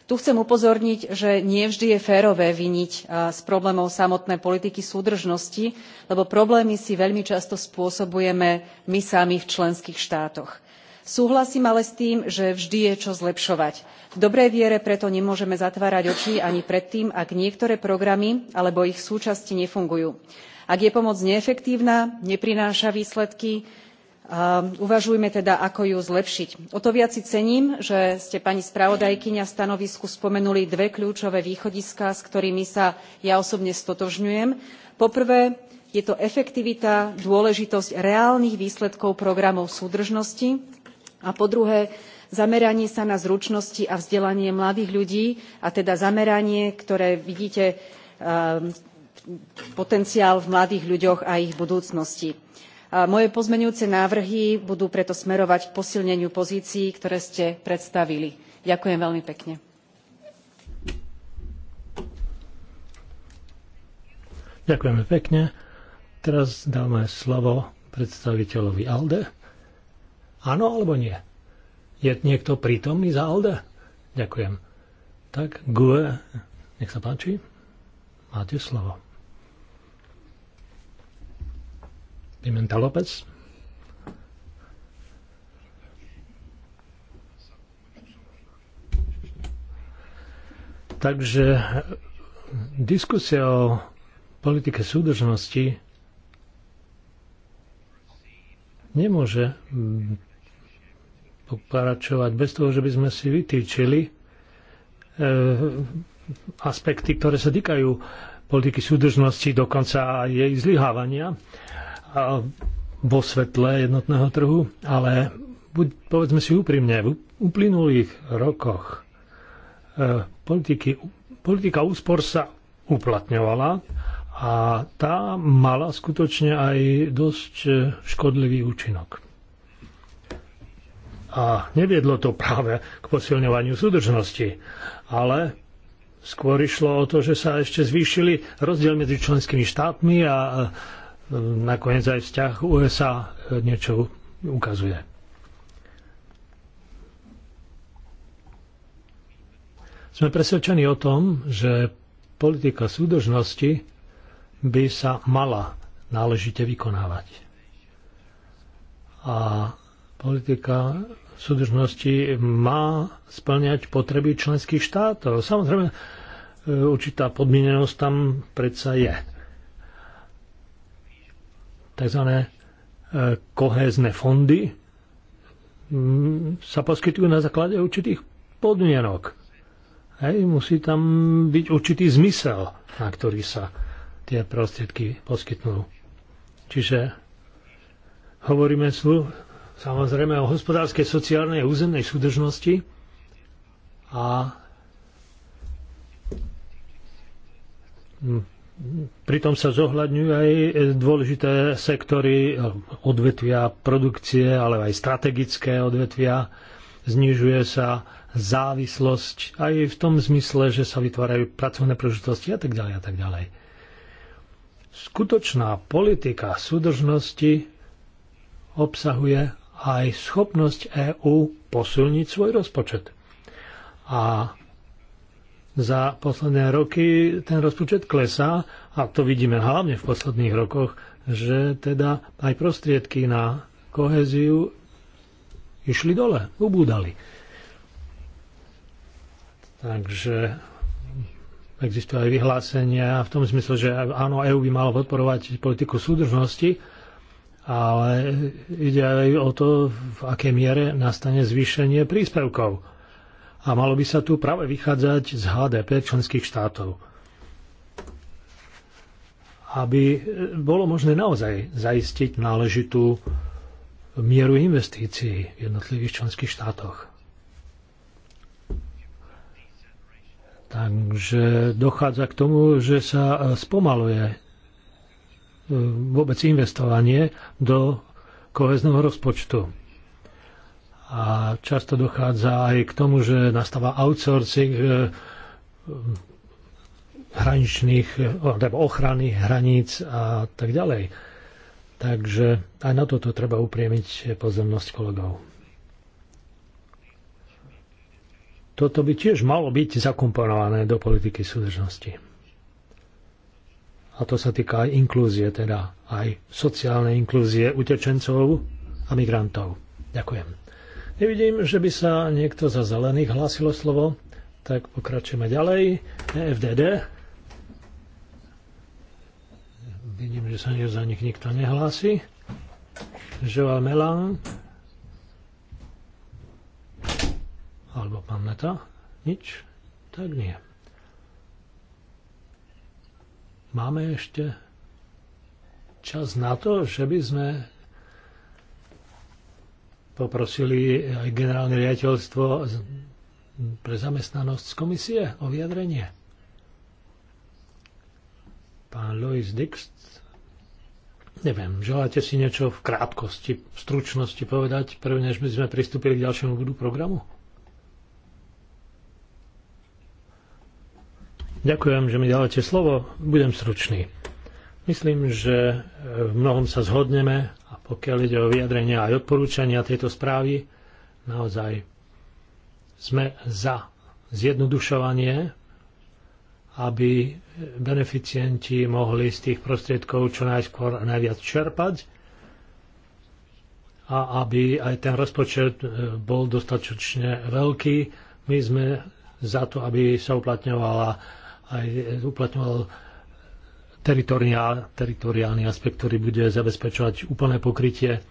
tu chcem upozorniť že nie vždy je férové viniť z problémov samotné politiky súdržnosti lebo problémy si veľmi často spôsobujeme my sami v členských štátoch. súhlasím ale s tým že vždy je čo zlepšovať. v dobrej viere preto nemôžeme zatvárať oči ani pred tým ak niektoré programy alebo ich súčasti nefungujú ak je pomoc neefektívna neprináša výsledky Ehm, uvažujme teda ako ju zlepšiť. o to viac si cením že ste pani spravodajkyňa v stanovisku spomenuli dve kľúčové východiská s ktorými sa ja osobne stotožňujem. po prvé je to efektivita dôležitosť reálnych výsledkov programov súdržnosti a po druhé zameranie sa na zručnosti a vzdelanie mladých ľudí a teda zameranie ktoré vidíte ehm, potenciál v mladých ľuďoch a ich budúcnosti moje pozmeňujúce návrhy budú preto smerovať k posilneniu pozícií ktoré ste predstavili. ďakujem veľmi pekne. Ďakujeme pekne. Teraz dáme slovo predstaviteľovi ALDE. Áno alebo nie? Je niekto prítomný za ALDE? Ďakujem. Tak, GUE, nech sa páči, máte slovo. Pimenta López. Takže eh, diskusia o politike súdržnosti nemôže pokračovať bez toho, že by sme si vytýčili eh, aspekty, ktoré sa týkajú politiky súdržnosti, dokonca aj jej zlyhávania vo svetle jednotného trhu, ale buď, povedzme si úprimne, v uplynulých rokoch e, politiky, politika úspor sa uplatňovala a tá mala skutočne aj dosť e, škodlivý účinok. A neviedlo to práve k posilňovaniu súdržnosti, ale skôr išlo o to, že sa ešte zvýšili rozdiel medzi členskými štátmi a nakoniec aj vzťah USA niečo ukazuje. Sme presvedčení o tom, že politika súdržnosti by sa mala náležite vykonávať. A politika súdržnosti má splňať potreby členských štátov. Samozrejme, e, určitá podmienenosť tam predsa je tzv. E, kohézne fondy sa poskytujú na základe určitých podmienok. Hej, musí tam byť určitý zmysel, na ktorý sa tie prostriedky poskytnú. Čiže hovoríme tu samozrejme o hospodárskej, sociálnej a územnej súdržnosti a pritom sa zohľadňujú aj dôležité sektory, odvetvia produkcie, ale aj strategické odvetvia. Znižuje sa závislosť aj v tom zmysle, že sa vytvárajú pracovné príležitosti a tak ďalej a tak ďalej. Skutočná politika súdržnosti obsahuje aj schopnosť EÚ posilniť svoj rozpočet. A za posledné roky ten rozpočet klesá a to vidíme hlavne v posledných rokoch, že teda aj prostriedky na koheziu išli dole, ubúdali. Takže existujú aj vyhlásenia v tom zmysle, že áno, EU by malo podporovať politiku súdržnosti, ale ide aj o to, v akej miere nastane zvýšenie príspevkov a malo by sa tu práve vychádzať z HDP členských štátov. Aby e, bolo možné naozaj zaistiť náležitú mieru investícií v jednotlivých členských štátoch. Takže dochádza k tomu, že sa e, spomaluje e, vôbec investovanie do kohezného rozpočtu a často dochádza aj k tomu, že nastáva outsourcing e, hraničných, alebo ochrany hraníc a tak ďalej. Takže aj na toto treba upriemiť pozornosť kolegov. Toto by tiež malo byť zakomponované do politiky súdržnosti. A to sa týka aj inklúzie, teda aj sociálnej inklúzie utečencov a migrantov. Ďakujem. Nevidím, že by sa niekto za zelených hlásilo slovo, tak pokračujeme ďalej. EFDD. Vidím, že sa za nich nikto nehlási. Joel Melan. Alebo pán Meta. Nič? Tak nie. Máme ešte čas na to, že by sme poprosili aj generálne riaditeľstvo pre zamestnanosť z komisie o vyjadrenie. Pán Louis Dix, neviem, želáte si niečo v krátkosti, v stručnosti povedať, prvne, než by sme pristúpili k ďalšiemu budu programu? Ďakujem, že mi dávate slovo. Budem stručný. Myslím, že v mnohom sa zhodneme pokiaľ ide o vyjadrenia aj odporúčania tejto správy, naozaj sme za zjednodušovanie, aby beneficienti mohli z tých prostriedkov čo najskôr najviac čerpať a aby aj ten rozpočet e, bol dostatočne veľký. My sme za to, aby sa uplatňovala aj e, uplatňoval teritoriál, teritoriálny aspekt, ktorý bude zabezpečovať úplné pokrytie.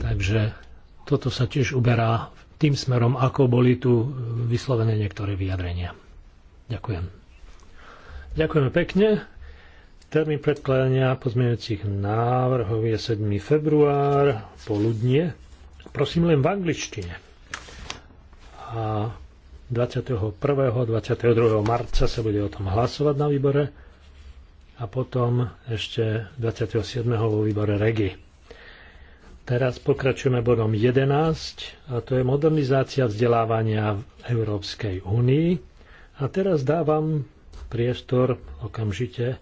Takže toto sa tiež uberá tým smerom, ako boli tu vyslovené niektoré vyjadrenia. Ďakujem. Ďakujeme pekne. Termín predkladania pozmeňujúcich návrhov je 7. február, poludnie. Prosím len v angličtine. A 21. 22. marca sa bude o tom hlasovať na výbore a potom ešte 27. vo výbore REGI. Teraz pokračujeme bodom 11 a to je modernizácia vzdelávania v Európskej únii. A teraz dávam priestor okamžite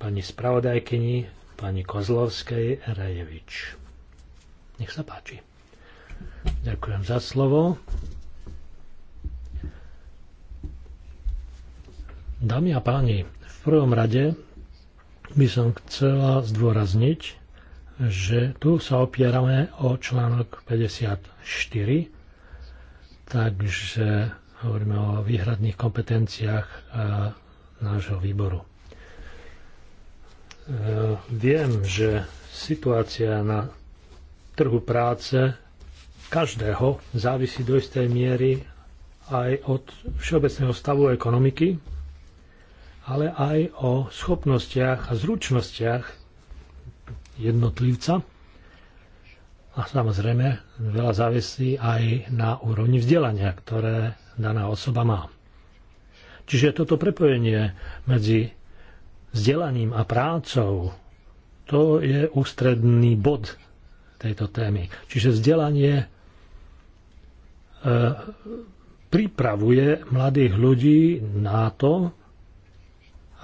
pani spravodajkyni, pani Kozlovskej Rejevič. Nech sa páči. Ďakujem za slovo. Dámy a páni, v prvom rade by som chcela zdôrazniť, že tu sa opierame o článok 54, takže hovoríme o výhradných kompetenciách e, nášho výboru. E, viem, že situácia na trhu práce každého závisí do istej miery aj od všeobecného stavu ekonomiky ale aj o schopnostiach a zručnostiach jednotlivca. A samozrejme, veľa závisí aj na úrovni vzdelania, ktoré daná osoba má. Čiže toto prepojenie medzi vzdelaním a prácou, to je ústredný bod tejto témy. Čiže vzdelanie e, pripravuje mladých ľudí na to,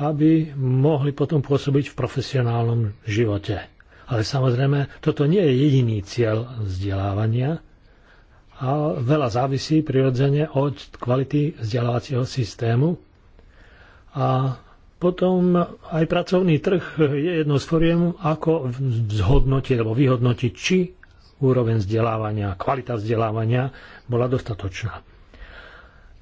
aby mohli potom pôsobiť v profesionálnom živote. Ale samozrejme, toto nie je jediný cieľ vzdelávania a veľa závisí prirodzene od kvality vzdelávacieho systému. A potom aj pracovný trh je jednou z foriem, ako zhodnotiť alebo vyhodnotiť, či úroveň vzdelávania, kvalita vzdelávania bola dostatočná.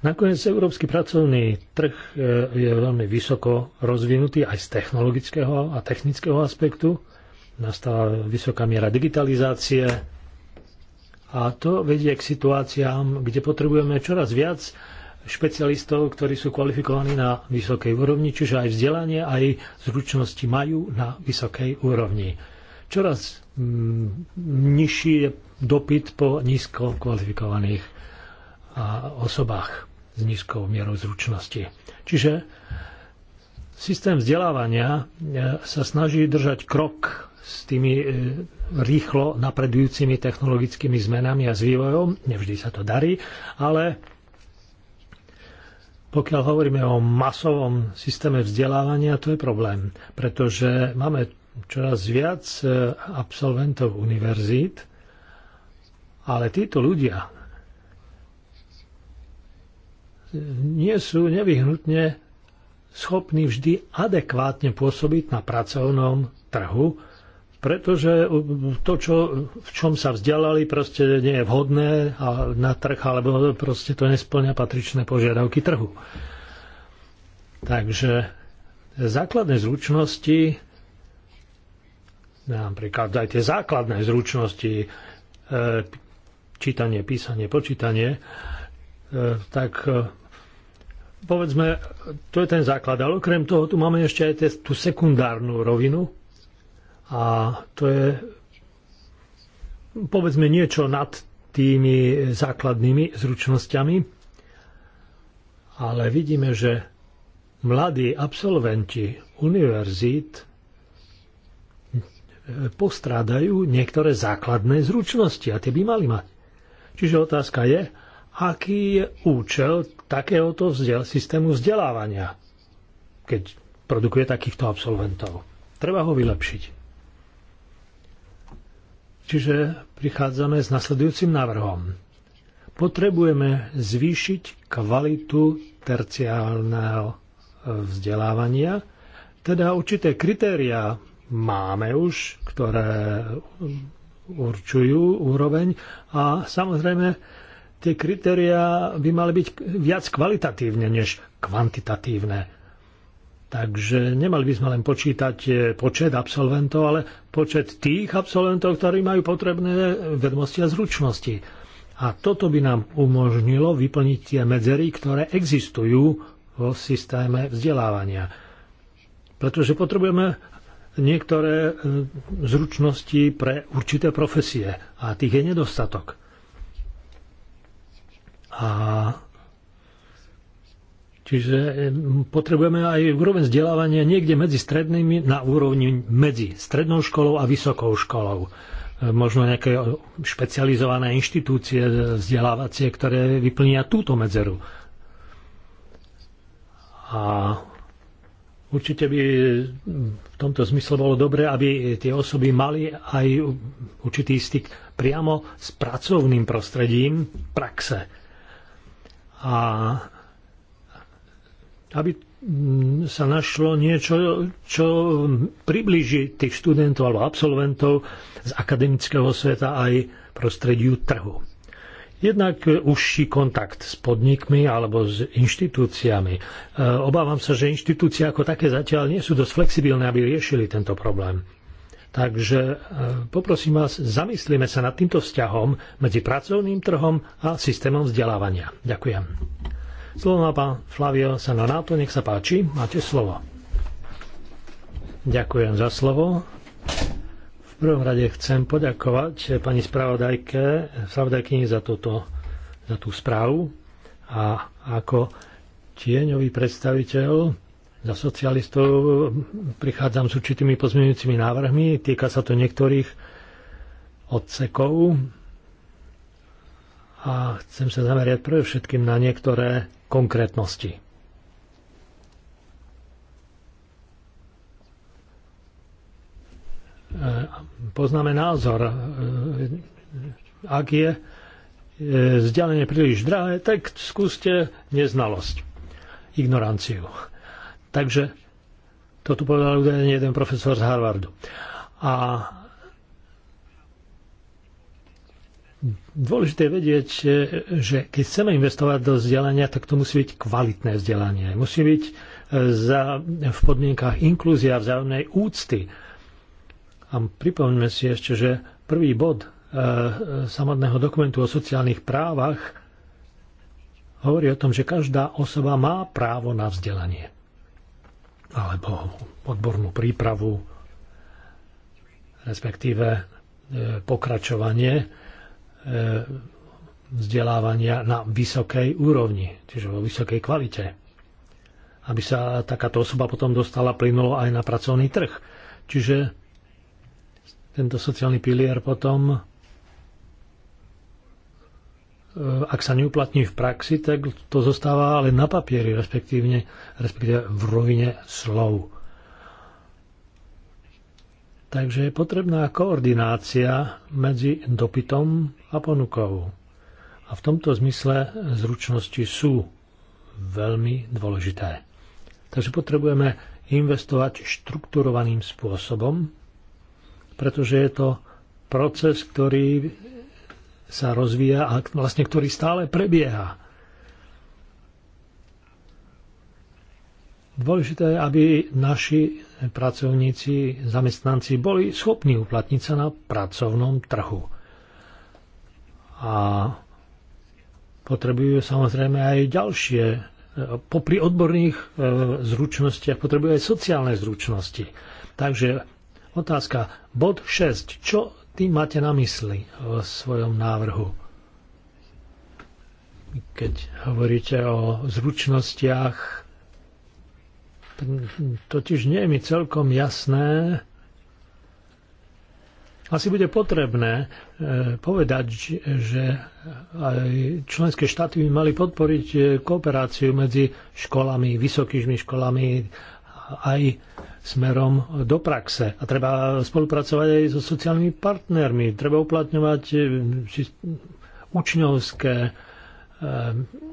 Nakoniec európsky pracovný trh e, je veľmi vysoko rozvinutý aj z technologického a technického aspektu. Nastáva vysoká miera digitalizácie a to vedie k situáciám, kde potrebujeme čoraz viac špecialistov, ktorí sú kvalifikovaní na vysokej úrovni, čiže aj vzdelanie, aj zručnosti majú na vysokej úrovni. Čoraz mm, nižší je dopyt po nízko kvalifikovaných osobách s nízkou mierou zručnosti. Čiže systém vzdelávania e, sa snaží držať krok s tými e, rýchlo napredujúcimi technologickými zmenami a s vývojom. Nevždy sa to darí, ale pokiaľ hovoríme o masovom systéme vzdelávania, to je problém, pretože máme čoraz viac e, absolventov univerzít, ale títo ľudia nie sú nevyhnutne schopní vždy adekvátne pôsobiť na pracovnom trhu, pretože to, čo, v čom sa vzdelali, proste nie je vhodné a na trh, alebo proste to nesplňa patričné požiadavky trhu. Takže základné zručnosti, napríklad aj tie základné zručnosti, e, čítanie, písanie, počítanie, e, tak e, povedzme, to je ten základ, ale okrem toho tu máme ešte aj tú sekundárnu rovinu a to je povedzme niečo nad tými základnými zručnosťami, ale vidíme, že mladí absolventi univerzít postrádajú niektoré základné zručnosti a tie by mali mať. Čiže otázka je, aký je účel takéhoto vzdel- systému vzdelávania, keď produkuje takýchto absolventov. Treba ho vylepšiť. Čiže prichádzame s nasledujúcim návrhom. Potrebujeme zvýšiť kvalitu terciálneho vzdelávania, teda určité kritériá máme už, ktoré určujú úroveň a samozrejme tie kritériá by mali byť viac kvalitatívne než kvantitatívne. Takže nemali by sme len počítať eh, počet absolventov, ale počet tých absolventov, ktorí majú potrebné vedomosti a zručnosti. A toto by nám umožnilo vyplniť tie medzery, ktoré existujú vo systéme vzdelávania. Pretože potrebujeme niektoré eh, zručnosti pre určité profesie a tých je nedostatok. A Čiže potrebujeme aj úroveň vzdelávania niekde medzi strednými, na úrovni medzi strednou školou a vysokou školou. E, možno nejaké špecializované inštitúcie e, vzdelávacie, ktoré vyplnia túto medzeru. A určite by e, v tomto zmysle bolo dobré, aby tie osoby mali aj určitý styk priamo s pracovným prostredím praxe a aby mm, sa našlo niečo, čo približí tých študentov alebo absolventov z akademického sveta aj prostrediu trhu. Jednak užší kontakt s podnikmi alebo s inštitúciami. E, obávam sa, že inštitúcie ako také zatiaľ nie sú dosť flexibilné, aby riešili tento problém. Takže e, poprosím vás, zamyslíme sa nad týmto vzťahom medzi pracovným trhom a systémom vzdelávania. Ďakujem. Slovo má pán Flavio Sanonato, nech sa páči, máte slovo. Ďakujem za slovo. V prvom rade chcem poďakovať pani spravodajke, spravodajkyni za, toto, za tú správu a ako tieňový predstaviteľ za socialistov prichádzam s určitými pozmeňujúcimi návrhmi. Týka sa to niektorých odsekov a chcem sa zamerať prvé všetkým na niektoré konkrétnosti. E, poznáme názor. E, ak je e, vzdialenie príliš drahé, tak skúste neznalosť, ignoranciu. Takže to tu povedal údajne jeden profesor z Harvardu. A dôležité je vedieť, že keď chceme investovať do vzdelania, tak to musí byť kvalitné vzdelanie. Musí byť e, za, v podmienkách inklúzia vzájomnej úcty. A pripomňme si ešte, že prvý bod e, samotného dokumentu o sociálnych právach hovorí o tom, že každá osoba má právo na vzdelanie alebo odbornú prípravu, respektíve e, pokračovanie e, vzdelávania na vysokej úrovni, čiže vo vysokej kvalite. Aby sa takáto osoba potom dostala plynulo aj na pracovný trh. Čiže tento sociálny pilier potom ak sa neuplatní v praxi, tak to zostáva ale na papieri, respektíve, respektíve v rovine slov. Takže je potrebná koordinácia medzi dopytom a ponukou. A v tomto zmysle zručnosti sú veľmi dôležité. Takže potrebujeme investovať štrukturovaným spôsobom, pretože je to proces, ktorý sa rozvíja a vlastne ktorý stále prebieha. Dôležité je, aby naši pracovníci, zamestnanci boli schopní uplatniť sa na pracovnom trhu. A potrebujú samozrejme aj ďalšie, popri odborných e, zručnostiach, potrebujú aj sociálne zručnosti. Takže otázka, bod 6, čo tým máte na mysli o eh, svojom návrhu? Keď hovoríte o zručnostiach, totiž nie je mi celkom jasné, asi bude potrebné eh, povedať, že aj členské štáty by mali podporiť eh, kooperáciu medzi školami, vysokými školami aj smerom do praxe. A treba spolupracovať aj so sociálnymi partnermi. Treba uplatňovať eh, učňovské eh,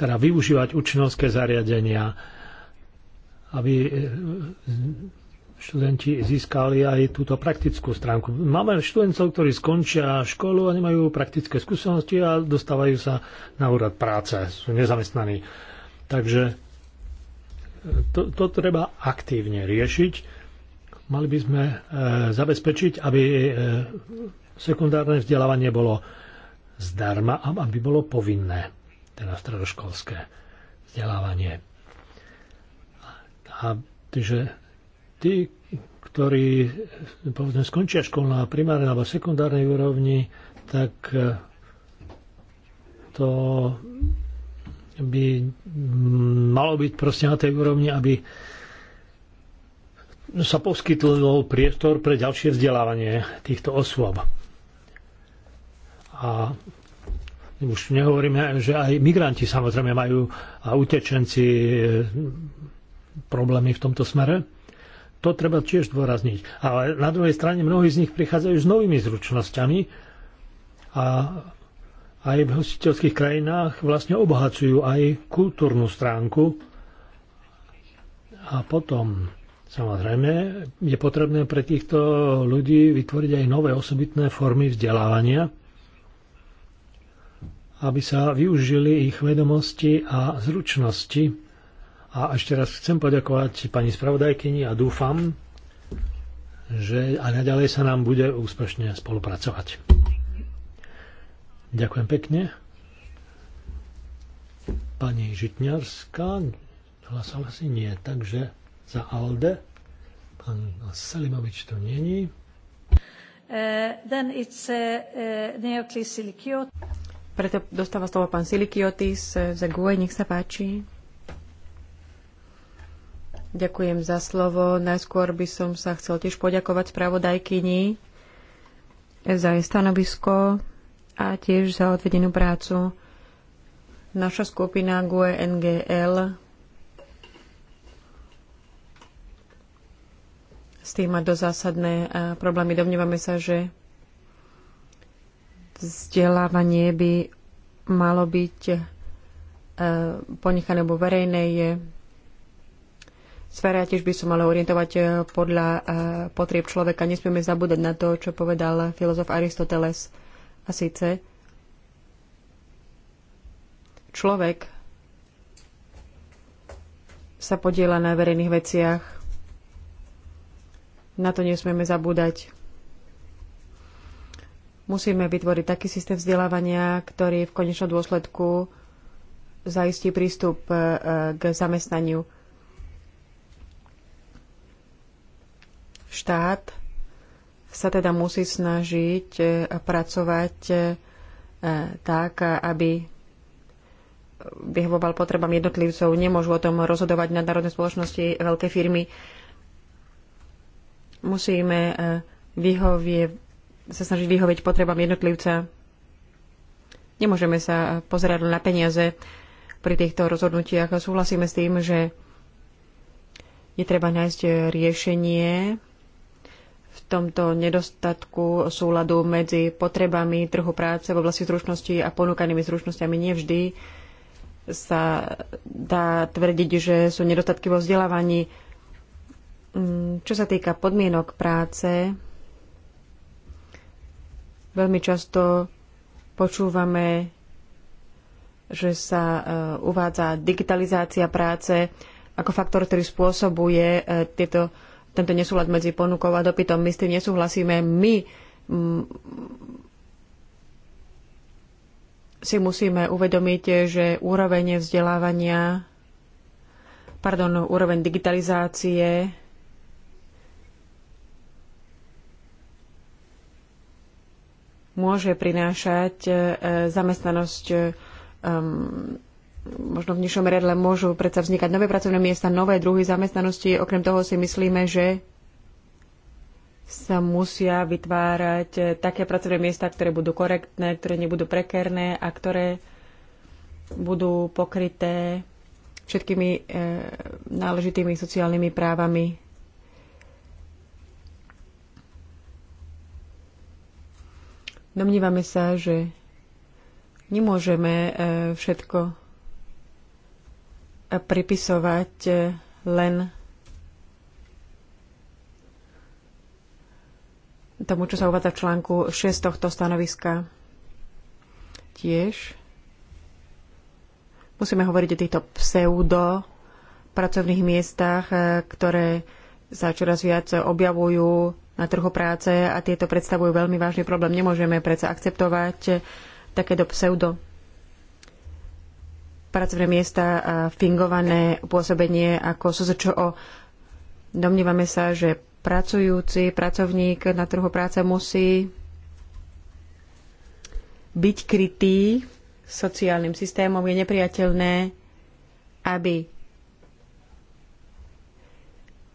teda využívať učňovské zariadenia, aby eh, študenti získali aj túto praktickú stránku. Máme študentov, ktorí skončia školu a nemajú praktické skúsenosti a dostávajú sa na úrad práce, sú nezamestnaní. Takže to, to treba aktívne riešiť. Mali by sme e, zabezpečiť, aby e, sekundárne vzdelávanie bolo zdarma a aby bolo povinné, teda stredoškolské vzdelávanie. A tyže, tí, ktorí povedzme, skončia školu na primárnej alebo sekundárnej úrovni, tak e, to by mm, malo byť proste na tej úrovni, aby sa poskytol priestor pre ďalšie vzdelávanie týchto osôb. A už nehovoríme, že aj migranti samozrejme majú a utečenci e, problémy v tomto smere. To treba tiež dôrazniť. Ale na druhej strane mnohí z nich prichádzajú s novými zručnosťami a aj v hostiteľských krajinách vlastne obohacujú aj kultúrnu stránku. A potom, samozrejme, je potrebné pre týchto ľudí vytvoriť aj nové osobitné formy vzdelávania, aby sa využili ich vedomosti a zručnosti. A ešte raz chcem poďakovať pani spravodajkyni a dúfam, že aj naďalej sa nám bude úspešne spolupracovať. Ďakujem pekne. Pani Žitňarská, hlasala si nie, takže za ALDE. Pán Salimovič to není. Uh, uh, uh, Preto dostáva slovo pán Silikiotis za GUE, nech sa páči. Ďakujem za slovo. Najskôr by som sa chcel tiež poďakovať spravodajkyni za jej stanovisko a tiež za odvedenú prácu. Naša skupina GUE NGL s tým má dosť zásadné problémy. Domnievame sa, že vzdelávanie by malo byť ponechané vo verejnej e, sfére. Tiež by som mala orientovať e, podľa e, potrieb človeka. Nesmieme zabúdať na to, čo povedal filozof Aristoteles. A síce človek sa podiela na verejných veciach. Na to nesmieme zabúdať. Musíme vytvoriť taký systém vzdelávania, ktorý v konečnom dôsledku zaistí prístup e, k zamestnaniu. Štát sa teda musí snažiť e, pracovať e, tak, aby vyhovoval potrebám jednotlivcov. Nemôžu o tom rozhodovať nadnárodné spoločnosti, veľké firmy. Musíme e, vyhovie, sa snažiť vyhovieť potrebám jednotlivca. Nemôžeme sa pozerať na peniaze pri týchto rozhodnutiach. Súhlasíme s tým, že je treba nájsť riešenie tomto nedostatku súladu medzi potrebami trhu práce v oblasti zručnosti a ponúkanými zručnosťami nevždy sa dá tvrdiť, že sú nedostatky vo vzdelávaní. Mm, čo sa týka podmienok práce, veľmi často počúvame, že sa e, uvádza digitalizácia práce ako faktor, ktorý spôsobuje e, tieto tento nesúlad medzi ponukou a dopytom. My s tým nesúhlasíme. My mm, si musíme uvedomiť, že úroveň vzdelávania, pardon, úroveň digitalizácie môže prinášať e, zamestnanosť e, možno v nižšom redle môžu predsa vznikať nové pracovné miesta, nové druhy zamestnanosti. Okrem toho si myslíme, že sa musia vytvárať také pracovné miesta, ktoré budú korektné, ktoré nebudú prekerné a ktoré budú pokryté všetkými e, náležitými sociálnymi právami. Domnívame sa, že nemôžeme e, všetko pripisovať eh, len tomu, čo sa uvádza v článku 6 tohto stanoviska. Tiež musíme hovoriť o týchto pseudo pracovných miestach, eh, ktoré sa čoraz viac objavujú na trhu práce a tieto predstavujú veľmi vážny problém. Nemôžeme predsa akceptovať eh, takéto pseudo pracovné miesta a fingované pôsobenie ako SZČO. Domnívame sa, že pracujúci pracovník na trhu práce musí byť krytý sociálnym systémom. Je nepriateľné, aby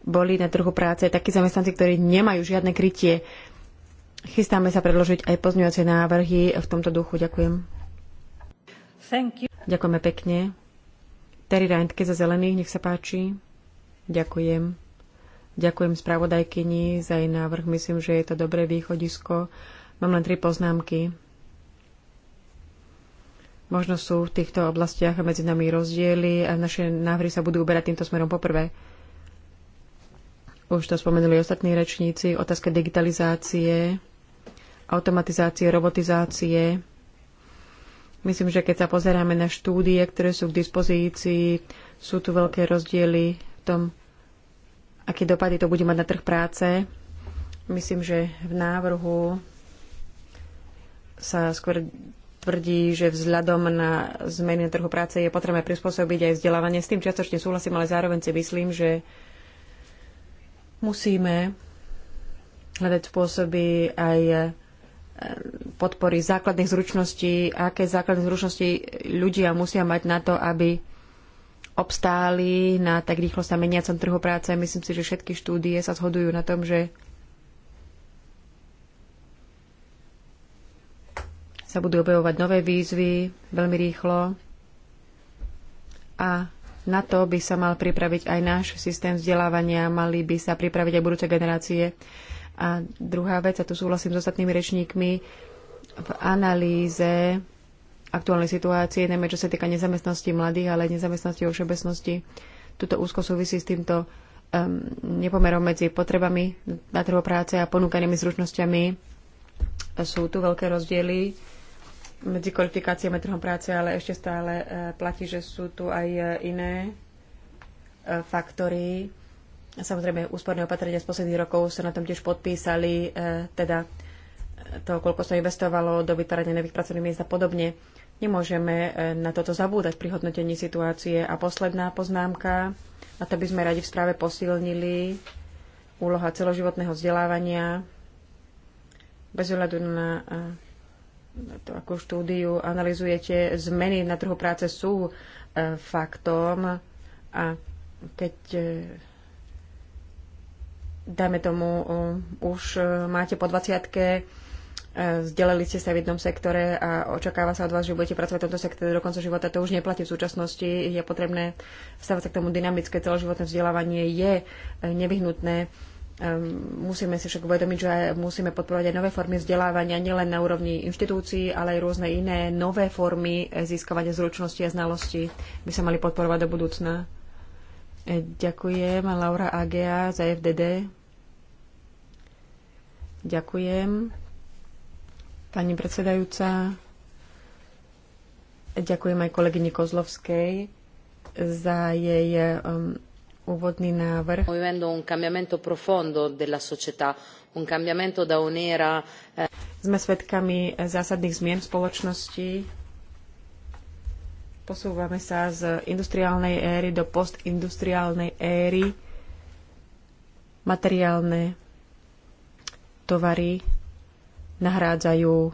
boli na trhu práce takí zamestnanci, ktorí nemajú žiadne krytie. Chystáme sa predložiť aj pozňujúce návrhy v tomto duchu. Ďakujem. Thank you. Ďakujeme pekne. Terry Reintke za zelených, nech sa páči. Ďakujem. Ďakujem spravodajkyni za jej návrh. Myslím, že je to dobré východisko. Mám len tri poznámky. Možno sú v týchto oblastiach medzi nami rozdiely a naše návrhy sa budú uberať týmto smerom poprvé. Už to spomenuli ostatní rečníci. Otázka digitalizácie, automatizácie, robotizácie Myslím, že keď sa pozeráme na štúdie, ktoré sú k dispozícii, sú tu veľké rozdiely v tom, aké dopady to bude mať na trh práce. Myslím, že v návrhu sa skôr tvrdí, že vzhľadom na zmeny na trhu práce je potrebné prispôsobiť aj vzdelávanie. S tým čiastočne súhlasím, ale zároveň si myslím, že musíme hľadať spôsoby aj podpory základných zručností, aké základné zručnosti ľudia musia mať na to, aby obstáli na tak rýchlo sa meniacom trhu práce. Myslím si, že všetky štúdie sa zhodujú na tom, že sa budú objavovať nové výzvy veľmi rýchlo a na to by sa mal pripraviť aj náš systém vzdelávania, mali by sa pripraviť aj budúce generácie a druhá vec, a tu súhlasím s ostatnými rečníkmi, v analýze aktuálnej situácie, najmä čo sa týka nezamestnosti mladých, ale nezamestnosti vo všeobecnosti, tuto úzko súvisí s týmto um, nepomerom medzi potrebami na trhu práce a ponúkanými zručnosťami. Sú tu veľké rozdiely medzi kvalifikáciami trhom práce, ale ešte stále uh, platí, že sú tu aj uh, iné uh, faktory, Samozrejme, úsporné opatrenia z posledných rokov sa na tom tiež podpísali, e, teda to, koľko sa investovalo do vytvárania nových pracovných miest a podobne. Nemôžeme e, na toto zabúdať pri hodnotení situácie. A posledná poznámka, a to by sme radi v správe posilnili, úloha celoživotného vzdelávania, bez ohľadu na e, to, akú štúdiu analizujete, zmeny na trhu práce sú faktom a keď dajme tomu, um, už uh, máte po 20 uh, zdeleli ste sa v jednom sektore a očakáva sa od vás, že budete pracovať v tomto sektore do konca života. To už neplatí v súčasnosti. Je potrebné stavať sa k tomu dynamické celoživotné vzdelávanie. Je uh, nevyhnutné. Um, musíme si však uvedomiť, že musíme podporovať aj nové formy vzdelávania, nielen na úrovni inštitúcií, ale aj rôzne iné nové formy získavania zručnosti a znalostí by sa mali podporovať do budúcna. E, ďakujem, Laura Agea za FDD. Ďakujem. Pani predsedajúca, e, ďakujem aj kolegyni Kozlovskej za jej um, úvodný návrh. Eh, Sme svedkami eh, zásadných zmien v spoločnosti Posúvame sa z industriálnej éry do postindustriálnej éry. Materiálne tovary nahrádzajú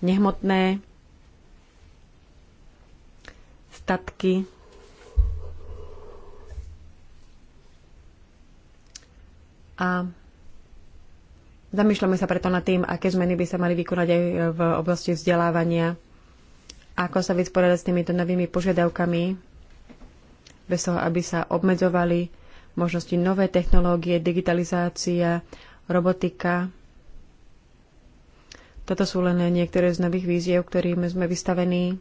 nehmotné statky. A zamýšľame sa preto nad tým, aké zmeny by sa mali vykonať aj v oblasti vzdelávania ako sa vysporiadať s týmito novými požiadavkami, bez toho, aby sa obmedzovali možnosti nové technológie, digitalizácia, robotika. Toto sú len niektoré z nových víziev, ktorým sme vystavení.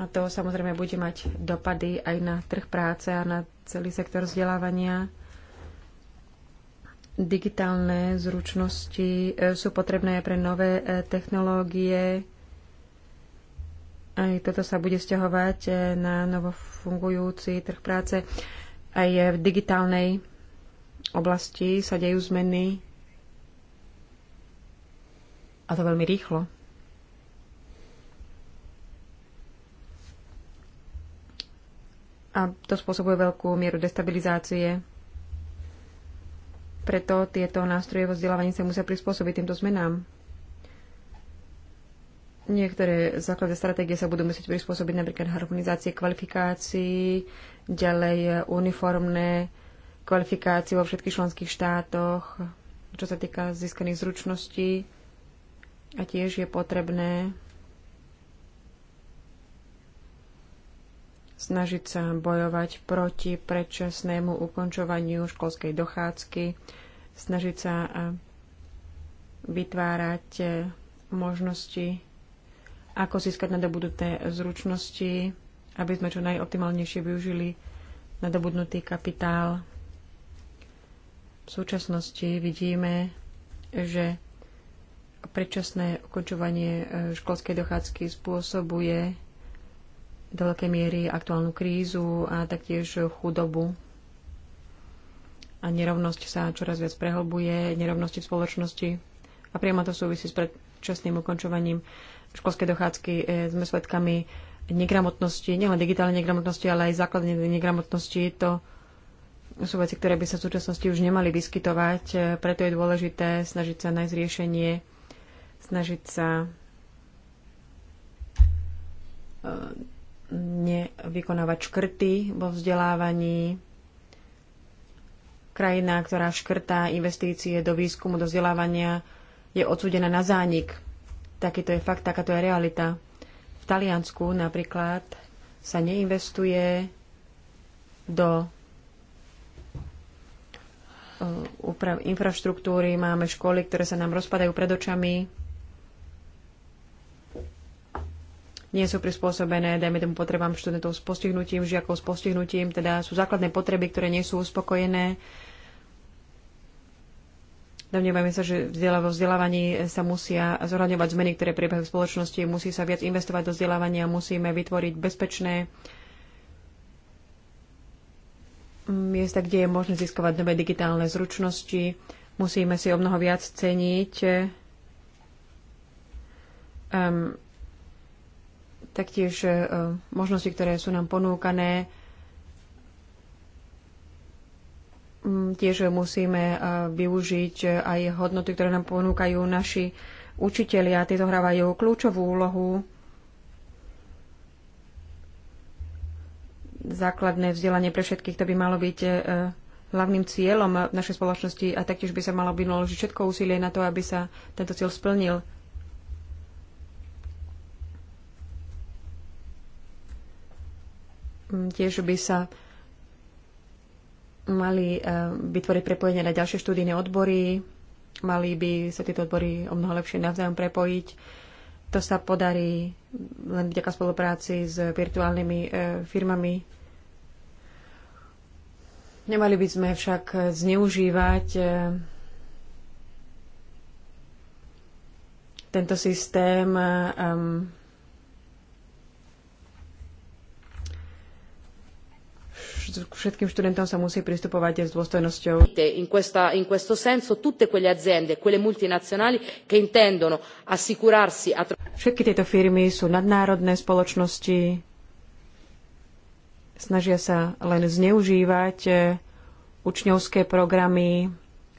A to samozrejme bude mať dopady aj na trh práce a na celý sektor vzdelávania. Digitálne zručnosti e, sú potrebné aj pre nové e, technológie. Aj toto sa bude vzťahovať e, na novo fungujúci trh práce. Aj v digitálnej oblasti sa dejú zmeny a to veľmi rýchlo. A to spôsobuje veľkú mieru destabilizácie. Preto tieto nástroje vo vzdelávaní sa musia prispôsobiť týmto zmenám. Niektoré základné stratégie sa budú musieť prispôsobiť napríklad harmonizácie kvalifikácií, ďalej uniformné kvalifikácie vo všetkých členských štátoch, čo sa týka získaných zručností. A tiež je potrebné snažiť sa bojovať proti predčasnému ukončovaniu školskej dochádzky, snažiť sa eh, vytvárať eh, možnosti, ako získať nadobudnuté zručnosti, aby sme čo najoptimálnejšie využili nadobudnutý kapitál. V súčasnosti vidíme, že predčasné ukončovanie eh, školskej dochádzky spôsobuje do veľkej miery aktuálnu krízu a taktiež chudobu. A nerovnosť sa čoraz viac prehlbuje, nerovnosti v spoločnosti. A priamo to súvisí s predčasným ukončovaním školskej dochádzky. E, sme svedkami negramotnosti, nielen digitálnej negramotnosti, ale aj základnej negramotnosti. To sú veci, ktoré by sa v súčasnosti už nemali vyskytovať. E, preto je dôležité snažiť sa nájsť riešenie, snažiť sa e, nevykonávať škrty vo vzdelávaní. Krajina, ktorá škrtá investície do výskumu, do vzdelávania, je odsudená na zánik. Takýto je fakt, takáto je realita. V Taliansku napríklad sa neinvestuje do eh, infraštruktúry, máme školy, ktoré sa nám rozpadajú pred očami, nie sú prispôsobené, dajme tomu potrebám študentov s postihnutím, žiakov s postihnutím, teda sú základné potreby, ktoré nie sú uspokojené. Domnievame sa, že vo vzdelávaní sa musia zohľadňovať zmeny, ktoré prebiehajú v spoločnosti, musí sa viac investovať do vzdelávania, musíme vytvoriť bezpečné miesta, kde je možné získavať nové digitálne zručnosti. Musíme si o mnoho viac ceniť um, taktiež e, možnosti, ktoré sú nám ponúkané. Tiež musíme e, využiť aj hodnoty, ktoré nám ponúkajú naši učitelia. Tieto hrávajú kľúčovú úlohu. Základné vzdelanie pre všetkých, to by malo byť e, hlavným cieľom našej spoločnosti a taktiež by sa malo vynaložiť všetko úsilie na to, aby sa tento cieľ splnil. Mm, tiež by sa mali eh, vytvoriť prepojenie na ďalšie štúdijné odbory, mali by sa tieto odbory o mnoho lepšie navzájom prepojiť. To sa podarí len vďaka spolupráci s virtuálnymi eh, firmami. Nemali by sme však zneužívať eh, tento systém k všetkým študentom sa musí pristupovať s dôstojnosťou. In, questa, in questo senso tutte quelle aziende, quelle multinazionali che intendono assicurarsi a... Všetky tieto firmy sú nadnárodné spoločnosti, snažia sa len zneužívať e, učňovské programy,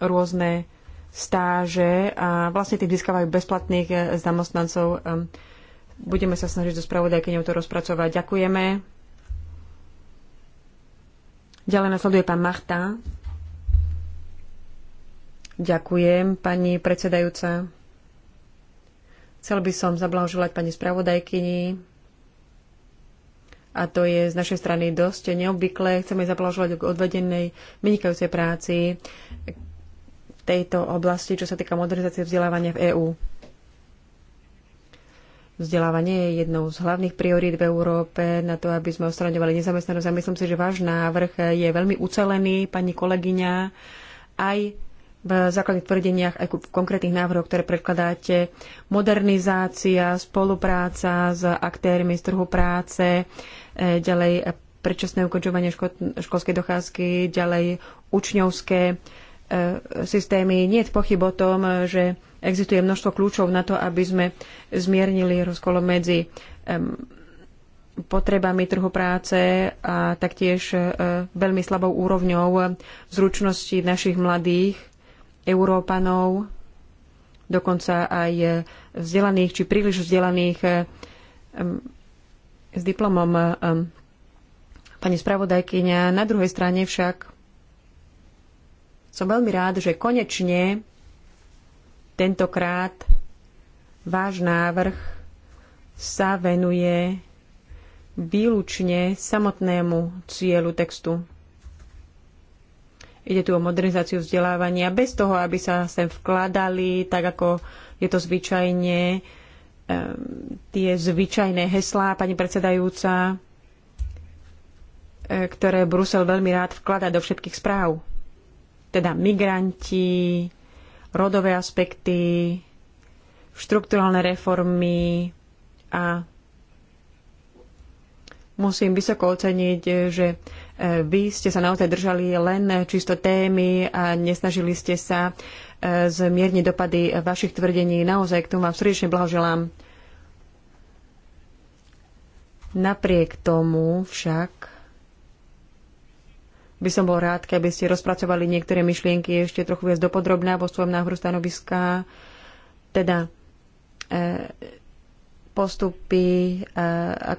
rôzne stáže a vlastne tým získavajú bezplatných e, zamestnancov. Budeme sa snažiť so spravodajkyňou to rozpracovať. Ďakujeme. Ďalej nasleduje pán Machta. Ďakujem, pani predsedajúca. Chcel by som zablahoželať pani spravodajkyni. A to je z našej strany dosť neobvyklé. Chceme zablahoželať k odvedenej vynikajúcej práci v tejto oblasti, čo sa týka modernizácie vzdelávania v EÚ. Vzdelávanie je jednou z hlavných priorít v Európe na to, aby sme odstraňovali nezamestnanosť. A myslím si, že váš návrh je veľmi ucelený, pani kolegyňa, aj v základných tvrdeniach, aj v konkrétnych návrhoch, ktoré predkladáte. Modernizácia, spolupráca s aktérmi z trhu práce, e, ďalej predčasné ukončovanie ško- školskej docházky, ďalej učňovské e, systémy. Nie je pochyb o tom, že Existuje množstvo kľúčov na to, aby sme zmiernili rozkolo medzi potrebami trhu práce a taktiež e, veľmi slabou úrovňou zručnosti našich mladých Európanov, dokonca aj e, vzdelaných či príliš vzdelaných e, s diplomom pani spravodajkyňa. Na druhej strane však som veľmi rád, že konečne Tentokrát váš návrh sa venuje výlučne samotnému cieľu textu. Ide tu o modernizáciu vzdelávania bez toho, aby sa sem vkladali, tak ako je to zvyčajne, tie zvyčajné heslá, pani predsedajúca, e, ktoré Brusel veľmi rád vklada do všetkých správ. Teda migranti, rodové aspekty, štrukturálne reformy a musím vysoko oceniť, že e, vy ste sa naozaj držali len čisto témy a nesnažili ste sa e, zmierniť dopady vašich tvrdení. Naozaj k tomu vám srdečne blahoželám. Napriek tomu však by som bol rád, keby ste rozpracovali niektoré myšlienky ešte trochu viac dopodrobná vo svojom návrhu stanoviska. Teda e, postupy, e,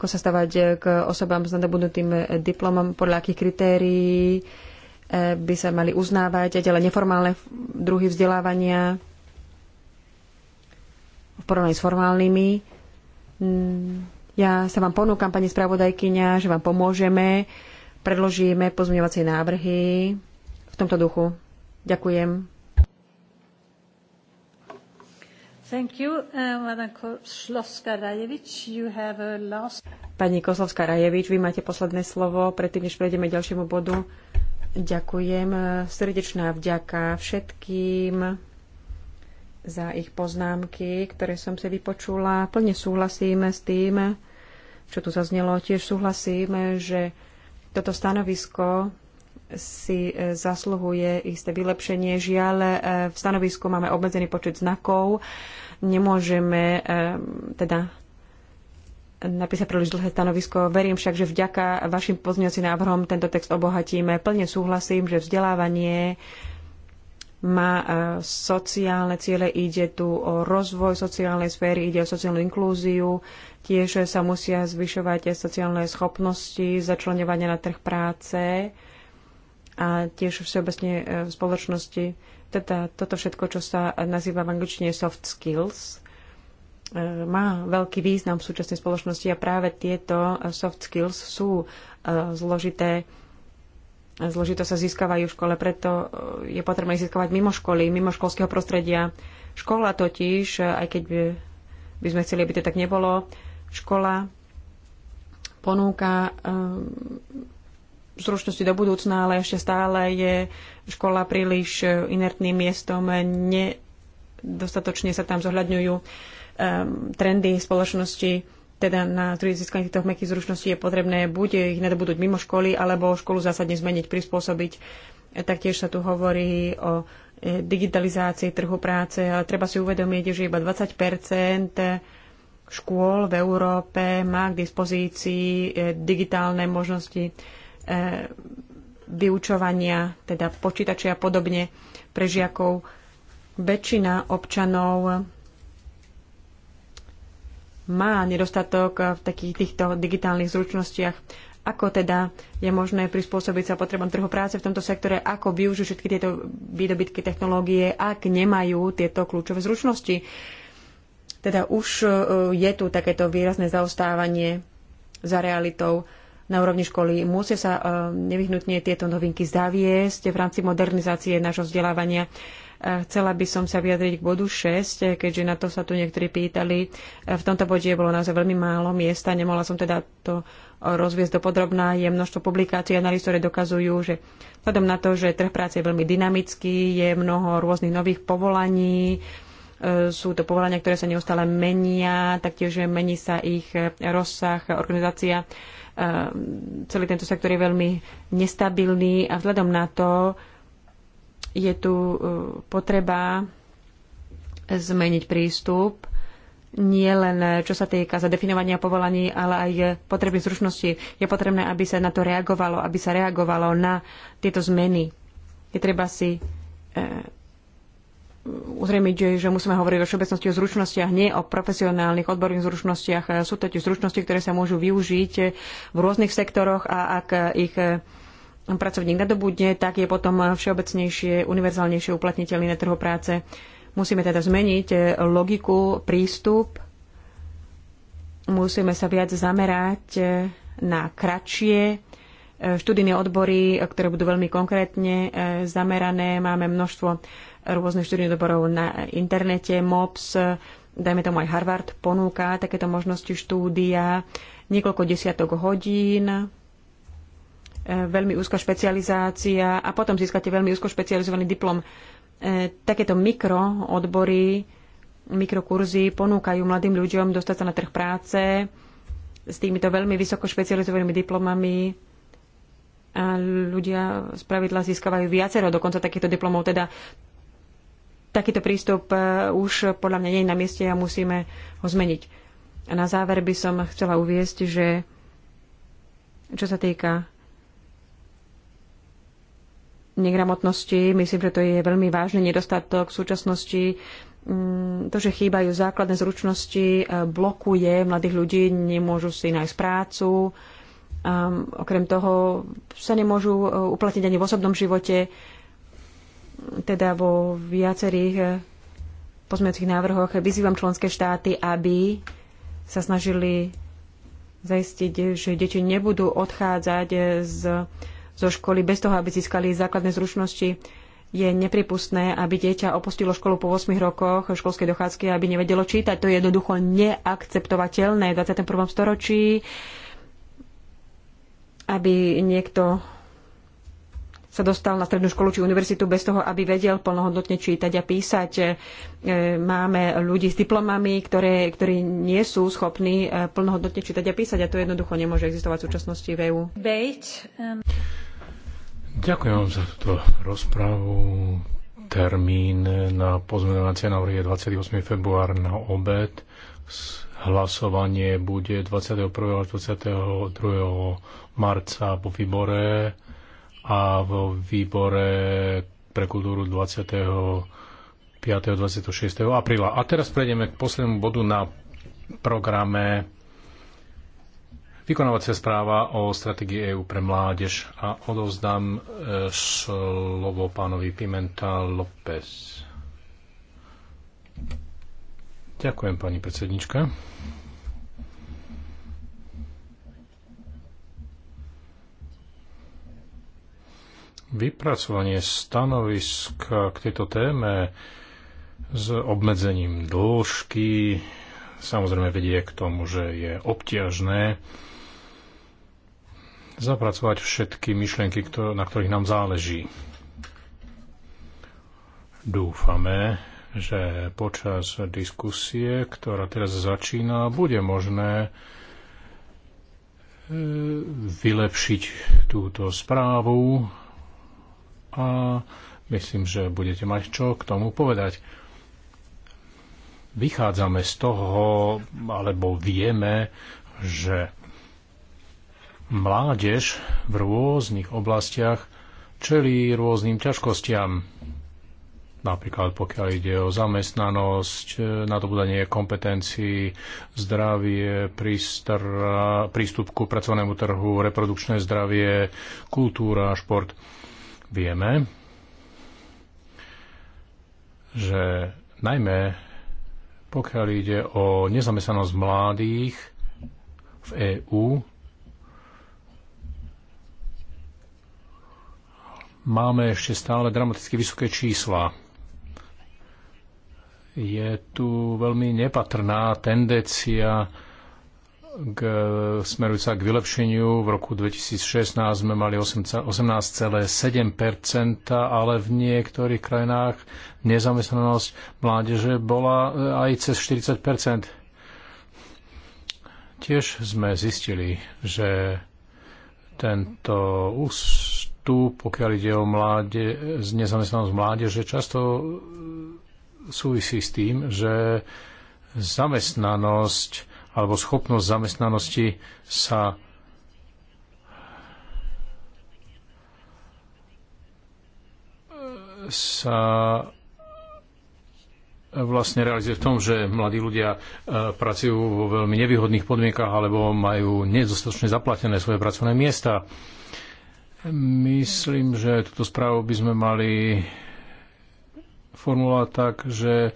ako sa stavať k osobám s nadobudnutým e, diplomom, podľa akých kritérií e, by sa mali uznávať, a ďalej neformálne druhy vzdelávania v porovnaní s formálnymi. Mm, ja sa vám ponúkam, pani spravodajkyňa, že vám pomôžeme predložíme pozmeňovacie návrhy v tomto duchu. Ďakujem. Thank you. Uh, last... Pani Koslovská Rajevič, vy máte posledné slovo, predtým, než prejdeme k ďalšiemu bodu. Ďakujem. Srdečná vďaka všetkým za ich poznámky, ktoré som si vypočula. Plne súhlasíme s tým, čo tu zaznelo. Tiež súhlasíme, že toto stanovisko si e, zasluhuje isté vylepšenie. Žiaľ, e, v stanovisku máme obmedzený počet znakov. Nemôžeme e, teda napísať príliš dlhé stanovisko. Verím však, že vďaka vašim pozňovacím návrhom tento text obohatíme. Plne súhlasím, že vzdelávanie má sociálne ciele, ide tu o rozvoj sociálnej sféry, ide o sociálnu inklúziu, Tiež sa musia zvyšovať sociálne schopnosti, začlenovanie na trh práce a tiež všeobecne e, v spoločnosti. Teda toto všetko, čo sa nazýva v angličtine soft skills, e, má veľký význam v súčasnej spoločnosti a práve tieto e, soft skills sú zložité zložito sa získavajú v škole, preto je potrebné získavať mimo školy, mimo školského prostredia. Škola totiž, aj keď by sme chceli, aby to tak nebolo, škola ponúka ehm, zručnosti do budúcna, ale ešte stále je škola príliš e, inertným miestom, nedostatočne sa tam zohľadňujú ehm, trendy spoločnosti, teda na ktorých získanie týchto mekých zručností je potrebné buď ich nadobudúť mimo školy, alebo školu zásadne zmeniť, prispôsobiť. E, taktiež sa tu hovorí o e, digitalizácii trhu práce, ale treba si uvedomiť, že iba 20 škôl v Európe má k dispozícii e, digitálne možnosti e, vyučovania, teda počítače a podobne pre žiakov. Väčšina občanov má nedostatok v takých týchto digitálnych zručnostiach. Ako teda je možné prispôsobiť sa potrebom trhu práce v tomto sektore, ako využiť všetky tieto výdobytky technológie, ak nemajú tieto kľúčové zručnosti. Uh, teda už e, je tu takéto výrazné zaostávanie za realitou na úrovni školy. Musia sa e, nevyhnutne tieto novinky zaviesť v rámci modernizácie nášho vzdelávania. E, chcela by som sa vyjadriť k bodu 6, keďže na to sa tu niektorí pýtali. V tomto bode bolo naozaj veľmi málo miesta, nemohla som teda to rozviesť do podrobná. Je množstvo publikácií analýz, ktoré dokazujú, že vzhľadom na to, že trh práce je veľmi dynamický, je mnoho rôznych nových povolaní, sú to povolania, ktoré sa neustále menia, taktiež mení sa ich rozsah, organizácia. Ehm, celý tento sektor je veľmi nestabilný a vzhľadom na to je tu e, potreba zmeniť prístup nie len e, čo sa týka zadefinovania povolaní, ale aj e, potreby zručnosti. Je potrebné, aby sa na to reagovalo, aby sa reagovalo na tieto zmeny. Je treba si uzrejmiť, že, že musíme hovoriť o všeobecnosti o zručnostiach, nie o profesionálnych odborných zručnostiach. E, Sú to tie zručnosti, ktoré sa môžu využiť e, v rôznych sektoroch a ak e, ich pracovník nadobudne, tak je potom všeobecnejšie, univerzálnejšie uplatniteľný na trhu práce. Musíme teda zmeniť logiku, prístup, musíme sa viac zamerať na kratšie študijné odbory, ktoré budú veľmi konkrétne zamerané. Máme množstvo rôzne štúdnych doborov na internete, MOPS, dajme tomu aj Harvard, ponúka takéto možnosti štúdia, niekoľko desiatok hodín, e, veľmi úzka špecializácia a potom získate veľmi úzko špecializovaný diplom. E, takéto mikroodbory, mikrokurzy ponúkajú mladým ľuďom dostať sa na trh práce s týmito veľmi vysoko špecializovanými diplomami a ľudia z pravidla získavajú viacero dokonca takýchto diplomov. Teda takýto prístup e, už podľa mňa nie je na mieste a musíme ho zmeniť. A na záver by som chcela uviesť, že čo sa týka negramotnosti, myslím, že to je veľmi vážny nedostatok v súčasnosti. Mm, to, že chýbajú základné zručnosti, e, blokuje mladých ľudí, nemôžu si nájsť prácu. okrem toho sa nemôžu e, uplatniť ani v osobnom živote teda vo viacerých eh, pozmeňujúcich návrhoch vyzývam členské štáty, aby sa snažili zaistiť, že deti nebudú odchádzať eh, z, zo školy bez toho, aby získali základné zručnosti. Je nepripustné, aby dieťa opustilo školu po 8 rokoch školskej dochádzky, aby nevedelo čítať. To je jednoducho neakceptovateľné v 21. storočí, aby niekto sa dostal na strednú školu či univerzitu bez toho, aby vedel plnohodnotne čítať a písať. E, máme ľudí s diplomami, ktoré, ktorí nie sú schopní e, plnohodnotne čítať a písať a to jednoducho nemôže existovať v súčasnosti v EU. Ďakujem vám za túto rozprávu. Termín na pozmenovacie návrhy je 28. február na obed. Hlasovanie bude 21. až 22. marca po výbore a vo výbore pre kultúru 20. 5. 26. apríla. A teraz prejdeme k poslednému bodu na programe vykonávacia správa o strategii EÚ pre mládež a odovzdám e, slovo pánovi Pimenta López. Ďakujem, pani predsednička. vypracovanie stanoviska k tejto téme s obmedzením dĺžky samozrejme vedie k tomu, že je obťažné zapracovať všetky myšlienky, na ktorých nám záleží. Dúfame, že počas diskusie, ktorá teraz začína, bude možné e, vylepšiť túto správu a myslím, že budete mať čo k tomu povedať. Vychádzame z toho, alebo vieme, že mládež v rôznych oblastiach čelí rôznym ťažkostiam. Napríklad pokiaľ ide o zamestnanosť, e, nadobudanie kompetencií, zdravie, prístup ku pracovnému trhu, reprodukčné zdravie, kultúra, šport. Vieme, že najmä pokiaľ ide o nezamestnanosť mladých v EÚ, máme ešte stále dramaticky vysoké čísla. Je tu veľmi nepatrná tendencia k, smerujú sa k vylepšeniu. V roku 2016 sme mali 18,7%, ale v niektorých krajinách nezamestnanosť mládeže bola e, aj cez 40%. Tiež sme zistili, že tento ústup, pokiaľ ide o mláde, nezamestnanosť mládeže, často e, súvisí s tým, že zamestnanosť alebo schopnosť zamestnanosti sa sa vlastne realizuje v tom, že mladí ľudia e, pracujú vo veľmi nevýhodných podmienkach alebo majú nedostatočne zaplatené svoje pracovné miesta. Myslím, že túto správu by sme mali formulovať tak, že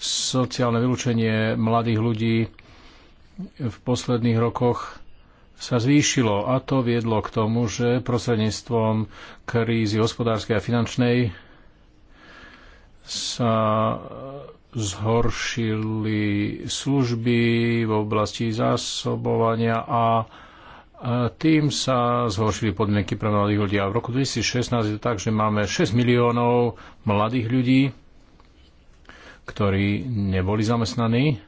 sociálne vylúčenie mladých ľudí v posledných rokoch sa zvýšilo a to viedlo k tomu, že prostredníctvom krízy hospodárskej a finančnej sa zhoršili služby v oblasti zásobovania a tým sa zhoršili podmienky pre mladých ľudí. A v roku 2016 je to tak, že máme 6 miliónov mladých ľudí, ktorí neboli zamestnaní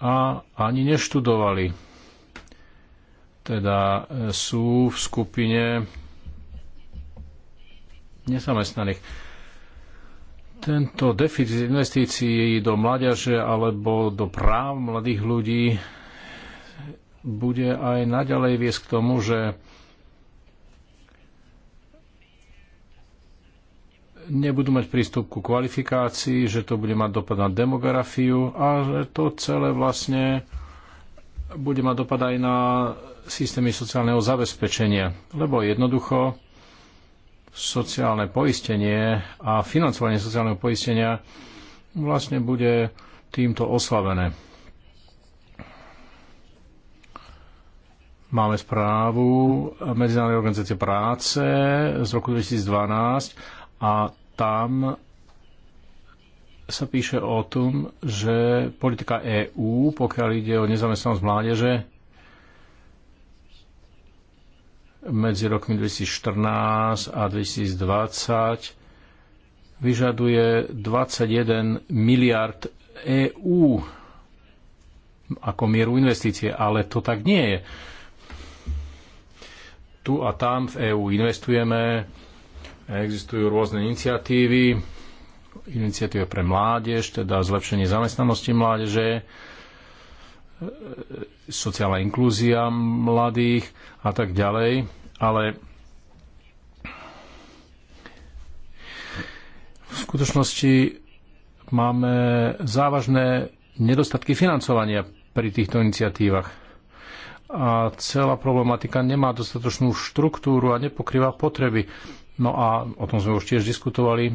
a ani neštudovali. Teda e, sú v skupine nezamestnaných. Tento deficit investícií do mládeže alebo do práv mladých ľudí bude aj naďalej viesť k tomu, že nebudú mať prístup ku kvalifikácii, že to bude mať dopad na demografiu a že to celé vlastne bude mať dopad aj na systémy sociálneho zabezpečenia. Lebo jednoducho sociálne poistenie a financovanie sociálneho poistenia vlastne bude týmto oslavené. Máme správu Medzinárodnej organizácie práce z roku 2012 a tam sa píše o tom, že politika EÚ, pokiaľ ide o nezamestnanosť mládeže, medzi rokmi 2014 a 2020 vyžaduje 21 miliard EÚ ako mieru investície, ale to tak nie je. Tu a tam v EÚ investujeme, Existujú rôzne iniciatívy, iniciatíva pre mládež, teda zlepšenie zamestnanosti mládeže, e, sociálna inklúzia mladých a tak ďalej, ale v skutočnosti máme závažné nedostatky financovania pri týchto iniciatívach. A celá problematika nemá dostatočnú štruktúru a nepokrýva potreby. No a o tom sme už tiež diskutovali.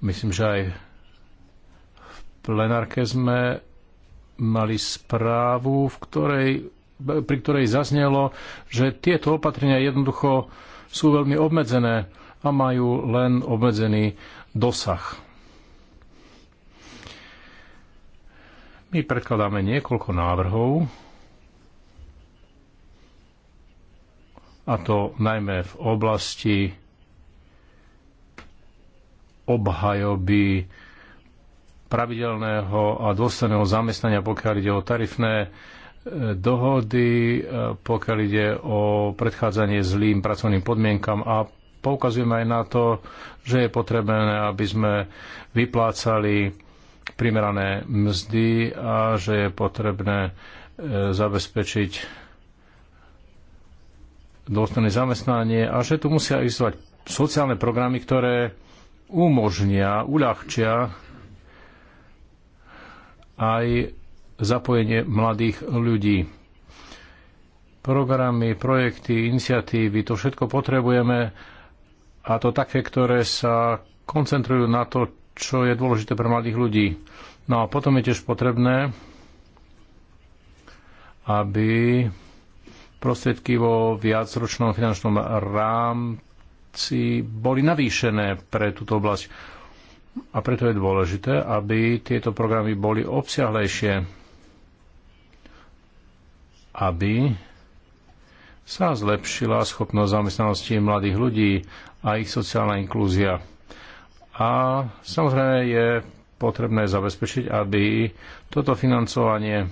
Myslím, že aj v plenárke sme mali správu, v ktorej, pri ktorej zaznelo, že tieto opatrenia jednoducho sú veľmi obmedzené a majú len obmedzený dosah. My predkladáme niekoľko návrhov, a to najmä v oblasti obhajoby pravidelného a dôstojného zamestnania, pokiaľ ide o tarifné e, dohody, e, pokiaľ ide o predchádzanie zlým pracovným podmienkam a poukazujeme aj na to, že je potrebné, aby sme vyplácali primerané mzdy a že je potrebné e, zabezpečiť dôstojné zamestnanie a že tu musia existovať sociálne programy, ktoré umožnia, uľahčia aj zapojenie mladých ľudí. Programy, projekty, iniciatívy, to všetko potrebujeme a to také, ktoré sa koncentrujú na to, čo je dôležité pre mladých ľudí. No a potom je tiež potrebné, aby prostriedky vo viacročnom finančnom rámci boli navýšené pre túto oblasť. A preto je dôležité, aby tieto programy boli obsiahlejšie, aby sa zlepšila schopnosť zamestnanosti mladých ľudí a ich sociálna inklúzia. A samozrejme je potrebné zabezpečiť, aby toto financovanie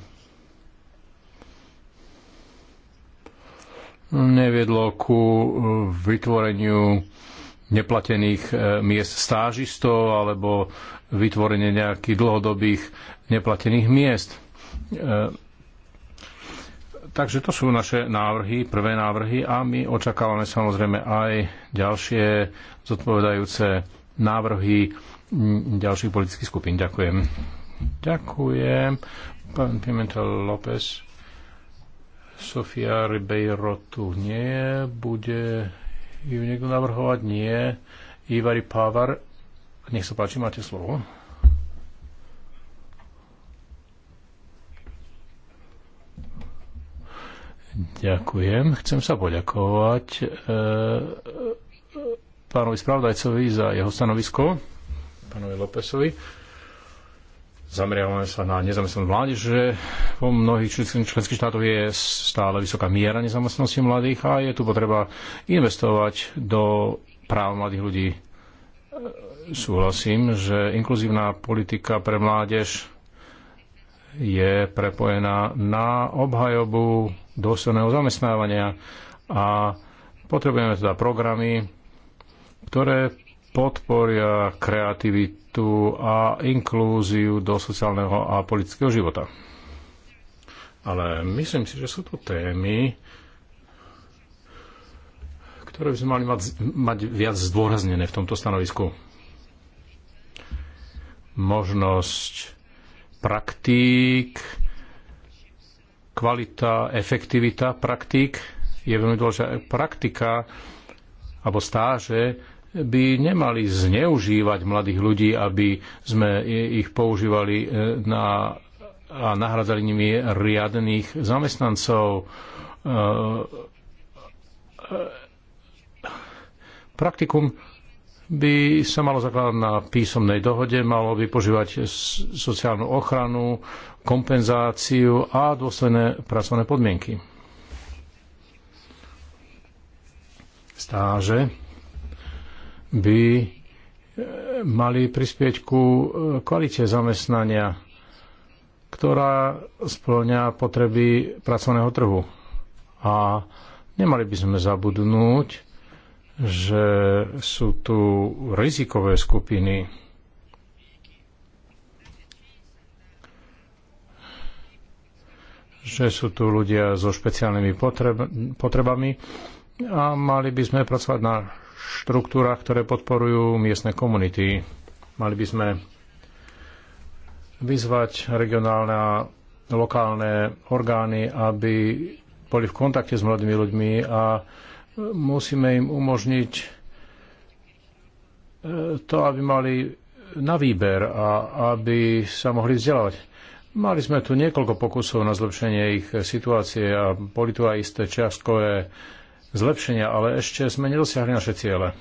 neviedlo ku eh, vytvoreniu neplatených eh, miest stážistov alebo vytvorenie nejakých dlhodobých neplatených miest. Eh, takže to sú naše návrhy, prvé návrhy a my očakávame samozrejme aj ďalšie zodpovedajúce návrhy ďalších politických skupín. Ďakujem. Ďakujem, pán Pimentel López. Sofia Ribeiro tu nie bude ju niekto navrhovať? Nie. Ivari Pávar, nech sa páči, máte slovo. Ďakujem. Chcem sa poďakovať e, e pánovi spravodajcovi za jeho stanovisko, pánovi Lópezovi. Zameriavame sa na mládež, že Vo mnohých členských štátoch je stále vysoká miera nezamestnanosti mladých a je tu potreba investovať do práv mladých ľudí. Súhlasím, že inkluzívna politika pre mládež je prepojená na obhajobu dôstojného zamestnávania a potrebujeme teda programy, ktoré podporia kreativitu mobilitu a inklúziu do sociálneho a politického života. Ale myslím si, že sú to témy, ktoré by sme mali mať, mať viac zdôraznené v tomto stanovisku. Možnosť praktík, kvalita, efektivita praktík je veľmi dôležitá. Praktika alebo stáže by nemali zneužívať mladých ľudí, aby sme ich používali e, na, a nahradzali nimi riadných zamestnancov. E, e, praktikum by sa malo zakladať na písomnej dohode, malo by požívať sociálnu ochranu, kompenzáciu a dôsledné pracovné podmienky. Stáže by eh, mali prispieť ku eh, kvalite zamestnania, ktorá splňa potreby pracovného trhu. A nemali by sme zabudnúť, že sú tu rizikové skupiny. že sú tu ľudia so špeciálnymi potreb- potrebami a mali by sme pracovať na štruktúrach, ktoré podporujú miestne komunity. Mali by sme vyzvať regionálne a lokálne orgány, aby boli v kontakte s mladými ľuďmi a musíme im umožniť e, to, aby mali na výber a aby sa mohli vzdelávať. Mali sme tu niekoľko pokusov na zlepšenie ich situácie a boli tu aj isté čiastkové zlepšenia, ale ešte sme nedosiahli naše ciele.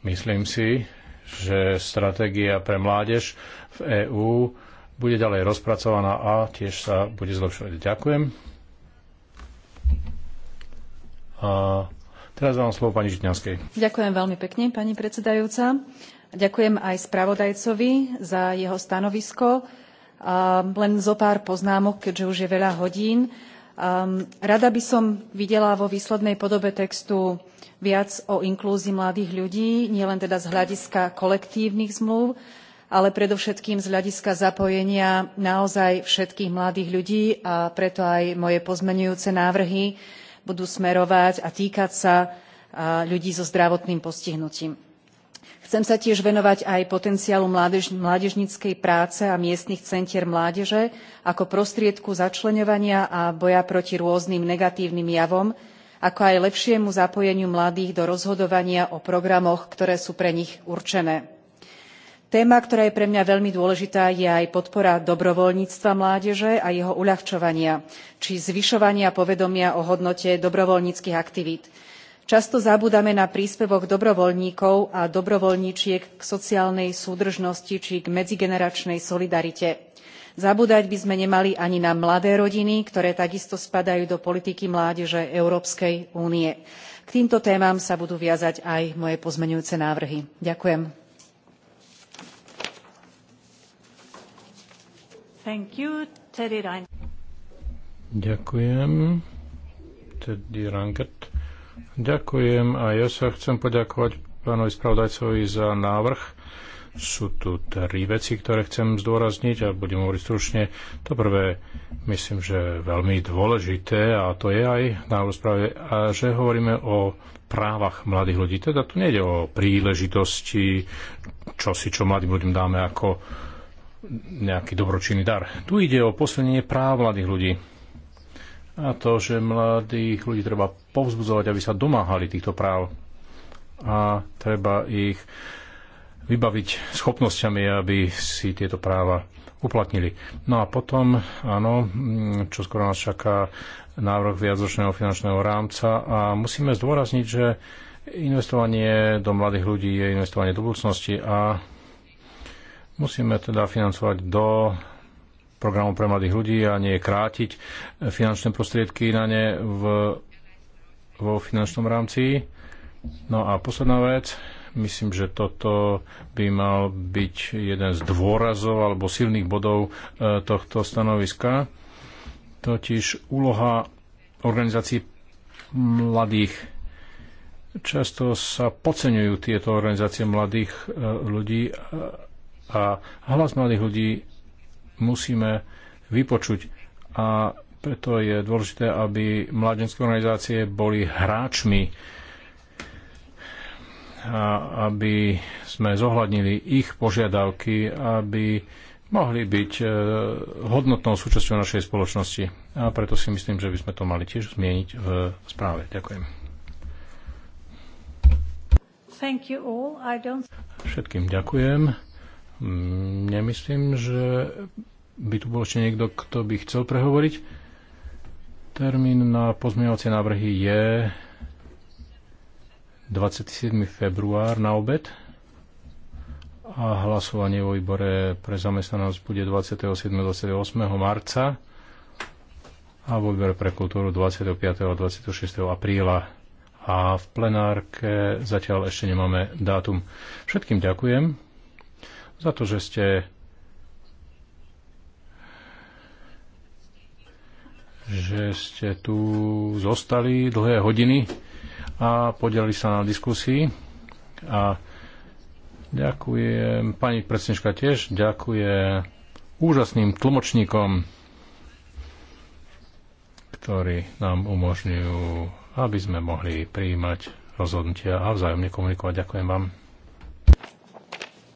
Myslím si, že stratégia pre mládež v EÚ bude ďalej rozpracovaná a tiež sa bude zlepšovať. Ďakujem. A teraz vám slovo pani Žitňanskej. Ďakujem veľmi pekne, pani predsedajúca. Ďakujem aj spravodajcovi za jeho stanovisko. Len zo pár poznámok, keďže už je veľa hodín Um, rada by som videla vo výslednej podobe textu viac o inklúzii mladých ľudí, nielen teda z hľadiska kolektívnych zmluv, ale predovšetkým z hľadiska zapojenia naozaj všetkých mladých ľudí a preto aj moje pozmenujúce návrhy budú smerovať a týkať sa ľudí so zdravotným postihnutím Chcem sa tiež venovať aj potenciálu mládežníckej práce a miestnych centier mládeže ako prostriedku začleňovania a boja proti rôznym negatívnym javom, ako aj lepšiemu zapojeniu mladých do rozhodovania o programoch, ktoré sú pre nich určené. Téma, ktorá je pre mňa veľmi dôležitá, je aj podpora dobrovoľníctva mládeže a jeho uľahčovania, či zvyšovania povedomia o hodnote dobrovoľníckych aktivít Často zabúdame na príspevok dobrovoľníkov a dobrovoľníčiek k sociálnej súdržnosti či k medzigeneračnej solidarite. Zabúdať by sme nemali ani na mladé rodiny, ktoré takisto spadajú do politiky mládeže Európskej únie. K týmto témam sa budú viazať aj moje pozmeňujúce návrhy. Ďakujem. Ďakujem a ja sa chcem poďakovať pánovi spravodajcovi za návrh. Sú tu tri veci, ktoré chcem zdôrazniť a budem hovoriť stručne. To prvé, myslím, že veľmi dôležité a to je aj návrh správy, a že hovoríme o právach mladých ľudí. Teda tu nejde o príležitosti, čo si čo mladým ľuďom dáme ako nejaký dobročinný dar. Tu ide o posilnenie práv mladých ľudí a to, že mladých ľudí treba povzbudzovať, aby sa domáhali týchto práv a treba ich vybaviť schopnosťami, aby si tieto práva uplatnili. No a potom, áno, čo skoro nás čaká návrh viacročného finančného rámca a musíme zdôrazniť, že investovanie do mladých ľudí je investovanie do budúcnosti a musíme teda financovať do programom pre mladých ľudí a nie krátiť eh, finančné prostriedky na ne v, vo finančnom rámci. No a posledná vec, myslím, že toto by mal byť jeden z dôrazov alebo silných bodov eh, tohto stanoviska, totiž úloha organizácií mladých. Často sa podceňujú tieto organizácie mladých eh, ľudí a hlas mladých ľudí musíme vypočuť. A preto je dôležité, aby mládenské organizácie boli hráčmi a aby sme zohľadnili ich požiadavky, aby mohli byť e, hodnotnou súčasťou našej spoločnosti. A preto si myslím, že by sme to mali tiež zmieniť v správe. Ďakujem. Thank you all. I don't... Všetkým ďakujem. Mm, nemyslím, že by tu bol ešte niekto, kto by chcel prehovoriť. Termín na pozmeňovacie návrhy je 27. február na obed a hlasovanie vo výbore pre zamestnanosť bude 27. 28. marca a vo výbore pre kultúru 25. a 26. apríla a v plenárke zatiaľ ešte nemáme dátum. Všetkým ďakujem za to, že ste že ste tu zostali dlhé hodiny a podelili sa na diskusii. A ďakujem, pani predsednička tiež, ďakujem úžasným tlmočníkom, ktorí nám umožňujú, aby sme mohli prijímať rozhodnutia a vzájomne komunikovať. Ďakujem vám.